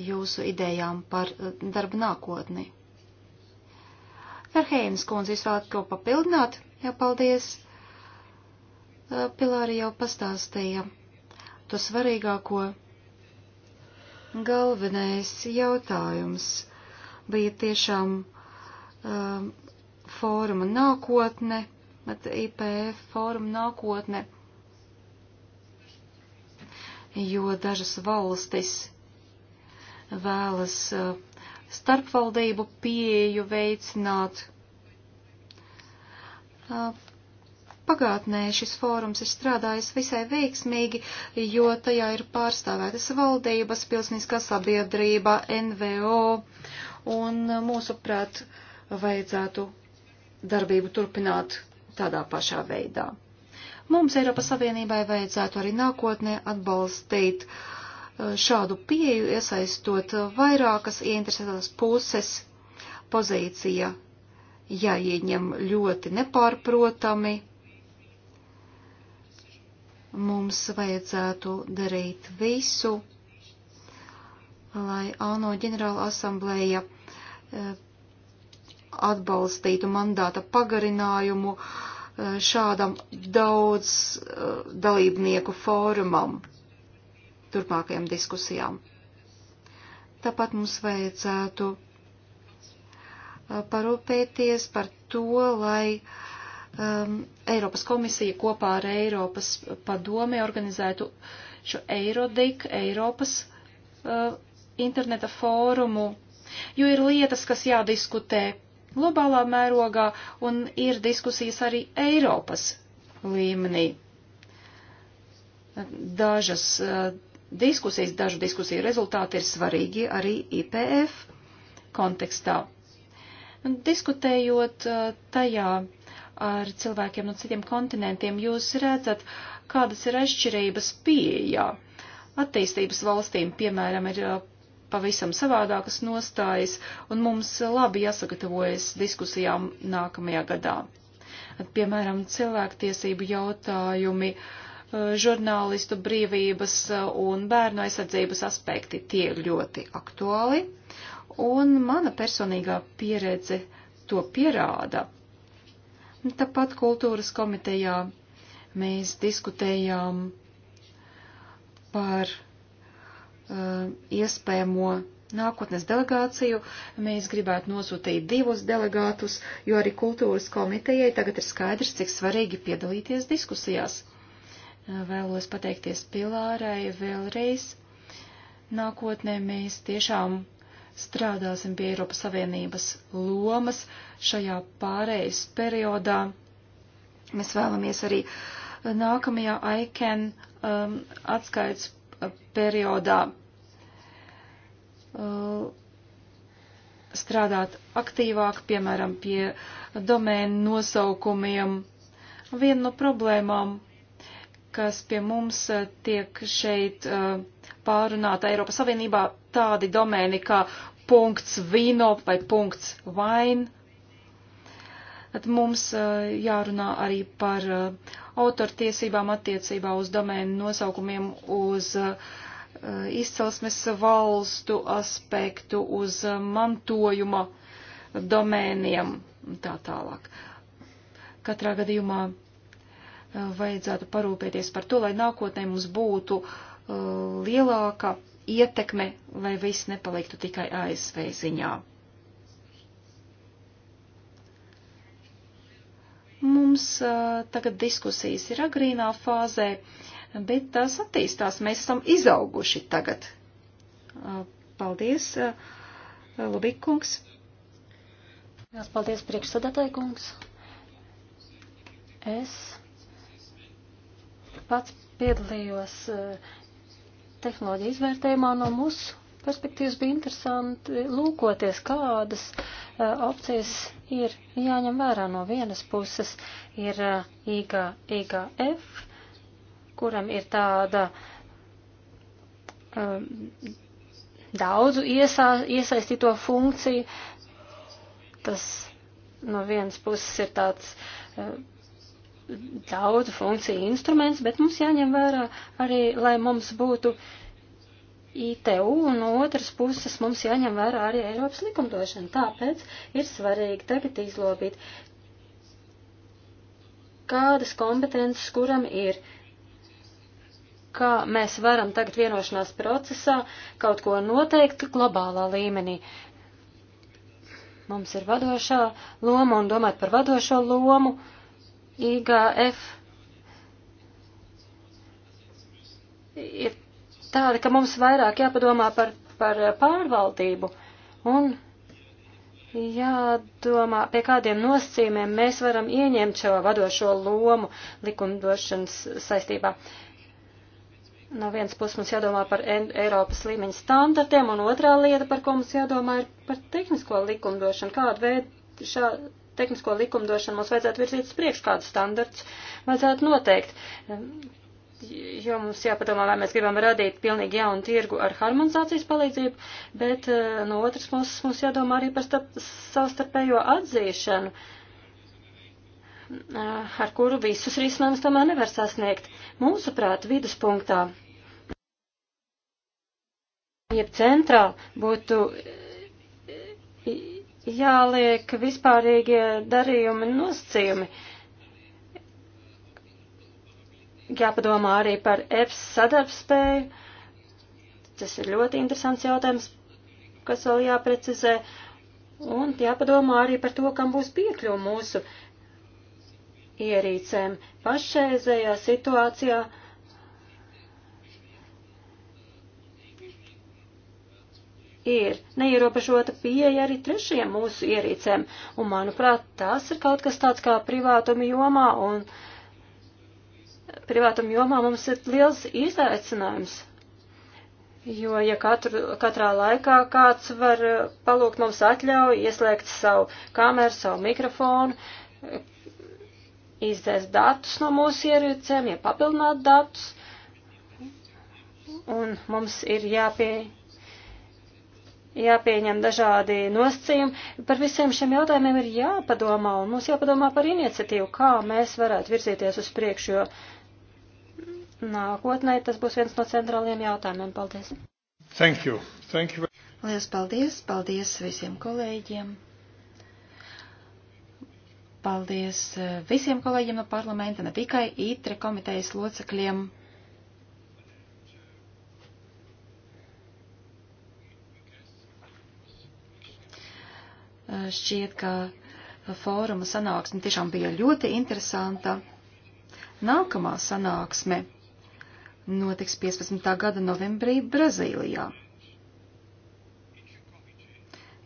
jūsu idejām par darba nākotni. Verheimas kundze, jūs vēlat ko papildināt? Jā, paldies. Pilāri jau pastāstīja to svarīgāko. Galvenais jautājums bija tiešām um, fóruma nākotne, bet IPF fóruma nākotne, jo dažas valstis vēlas uh, starpvaldību pieeju veicināt. Uh, pagātnē šis fórums ir strādājis visai veiksmīgi, jo tajā ir pārstāvētas valdības, pilsniskā sabiedrība, NVO, un uh, mūsuprāt, vajadzētu darbību turpināt tādā pašā veidā. Mums Eiropas Savienībai vajadzētu arī nākotnē atbalstīt uh, šādu pieju, iesaistot vairākas ieinteresētās puses pozīcija, jāieņem ļoti nepārprotami. Mums vajadzētu darīt visu, lai ANO ģenerāla asamblēja uh, atbalstītu mandāta pagarinājumu e, šādam daudz e, dalībnieku fórumam turpmākajām diskusijām. Tāpat mums vajadzētu e, parūpēties par to, lai um, Eiropas komisija kopā ar Eiropas padomi organizētu šo Eirodik, Eiropas uh, interneta fórumu, jo ir lietas, kas jādiskutē globālā mērogā un ir diskusijas arī Eiropas līmenī. Dažas uh, diskusijas, dažu diskusiju rezultāti ir svarīgi arī IPF kontekstā. Diskutējot uh, tajā ar cilvēkiem no citiem kontinentiem, jūs redzat, kādas ir atšķirības pieejā. Attīstības valstīm, piemēram, ir uh, pavisam savādākas nostājas, un mums labi jāsagatavojas diskusijām nākamajā gadā. Piemēram, cilvēktiesību jautājumi, e, žurnālistu brīvības e, un bērnu aizsardzības aspekti tie ir ļoti aktuāli, un mana personīgā pieredze to pierāda. Tāpat kultūras komitejā mēs diskutējām par Uh, iespējamo nākotnes delegāciju. Mēs gribētu nosūtīt divus delegātus, jo arī kultūras komitejai tagad ir skaidrs, cik svarīgi piedalīties diskusijās. Uh, vēlos pateikties Pilārai vēlreiz. Nākotnē mēs tiešām strādāsim pie Eiropas Savienības lomas šajā pārejas periodā. Mēs vēlamies arī nākamajā ICAN um, atskaits periodā uh, strādāt aktīvāk, piemēram, pie domēnu nosaukumiem. Viena no problēmām, kas pie mums uh, tiek šeit uh, pārunāta Eiropas Savienībā, tādi domēni kā punkts vino vai punkts vain. Tad mums jārunā arī par autortiesībām attiecībā uz domēnu nosaukumiem, uz uh, Eh, izcelsmes valstu aspektu, uz mantojuma domēniem un tā tālāk. Katrā gadījumā eh, vajadzētu parūpēties par to, lai nākotnē mums būtu eh, lielāka ietekme, lai viss nepaliktu tikai ASV ziņā. Mums tagad diskusijas ir agrīnā fāzē. Uh, bet tās attīstās. Mēs esam izauguši tagad. Paldies, Lubikungs. Jās paldies, priekšsadatāji kungs. Es pats piedalījos tehnoloģiju izvērtējumā no mūsu perspektīvas bija interesanti lūkoties, kādas uh, opcijas ir jāņem vērā. No vienas puses ir uh, IGF, kuram ir tāda um, daudzu iesā, iesaistīto funkciju. Tas no vienas puses ir tāds um, daudzu funkciju instruments, bet mums jāņem vērā arī, lai mums būtu ITU un no otras puses mums jāņem vērā arī Eiropas likumdošana. Tāpēc ir svarīgi tagad izlobīt, kādas kompetences kuram ir. Uh, kā mēs varam tagad vienošanās procesā kaut ko noteikt globālā līmenī. Mums ir vadošā loma un domāt par vadošo lomu IGF ir tāda, ka mums vairāk jāpadomā par, par pārvaldību un jādomā, pie kādiem nosacījumiem mēs varam ieņemt šo vadošo lomu likumdošanas saistībā. Uh, No vienas puses mums jādomā par Eiropas līmeņa standartiem, un otrā lieta, par ko mums jādomā, ir par tehnisko likumdošanu. Kādu veidu šā tehnisko likumdošanu mums vajadzētu virzīt uz priekšu, kādus standarts vajadzētu noteikt. Ehm, jo mums jāpadomā, vai mēs gribam radīt pilnīgi jaunu tirgu ar harmonizācijas palīdzību, bet eh, no otras puses mums, mums jādomā arī par starp, savstarpējo atzīšanu eh, ar kuru visus risinājumus tomēr nevar sasniegt. Mūsuprāt, viduspunktā jeb centrā būtu jāliek vispārīgie darījumi un nosacījumi. Jāpadomā arī par EPS sadarbspēju. Tas ir ļoti interesants jautājums, kas vēl jāprecizē. Un jāpadomā arī par to, kam būs piekļuva mūsu ierīcēm. Pašreizējā situācijā. ir neierobežota pieeja arī trešajiem mūsu ierīcēm, un manuprāt, tas ir kaut kas tāds kā privātuma jomā, un privātuma jomā mums ir liels izaicinājums, jo ja katru, katrā laikā kāds var palūgt mums atļauju, ieslēgt savu kameru, savu mikrofonu, izdzēst datus no mūsu ierīcēm, ja papildināt datus, un mums ir jāpieeja jāpieņem dažādi nosacījumi. Par visiem šiem jautājumiem ir jāpadomā, un mums jāpadomā par iniciatīvu, kā mēs varētu virzīties uz priekšu, jo nākotnē tas būs viens no centrāliem jautājumiem. Paldies! Thank you. Thank you. Lielas paldies! Paldies visiem kolēģiem! Paldies eh, visiem kolēģiem no parlamenta, ne tikai ITRE komitejas locekļiem. Šķiet, ka fóruma sanāksme tiešām bija ļoti interesanta. Nākamā sanāksme notiks 15. gada novembrī Brazīlijā.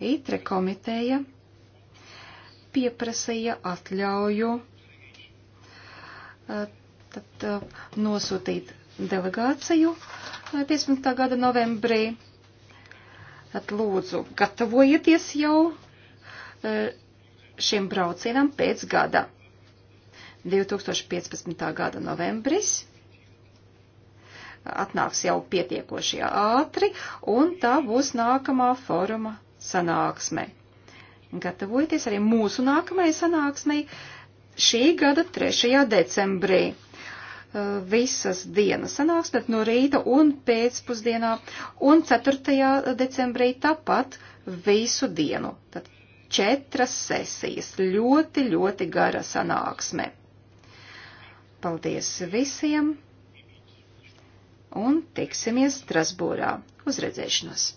ITRE komiteja pieprasīja atļauju tad, nosūtīt delegāciju 15. gada novembrī. Tad lūdzu, gatavojieties jau šim braucienam pēc gada. 2015. gada novembris atnāks jau pietiekoši ātri, un tā būs nākamā foruma sanāksme. Gatavojieties arī mūsu nākamajai sanāksmei šī gada 3. decembrī. Uh, visas dienas sanāks, bet no rīta un pēcpusdienā, un 4. decembrī tāpat visu dienu. Tad četras sesijas. Ļoti, ļoti gara sanāksme. Paldies visiem un tiksimies Strasbūrā. Uz redzēšanos!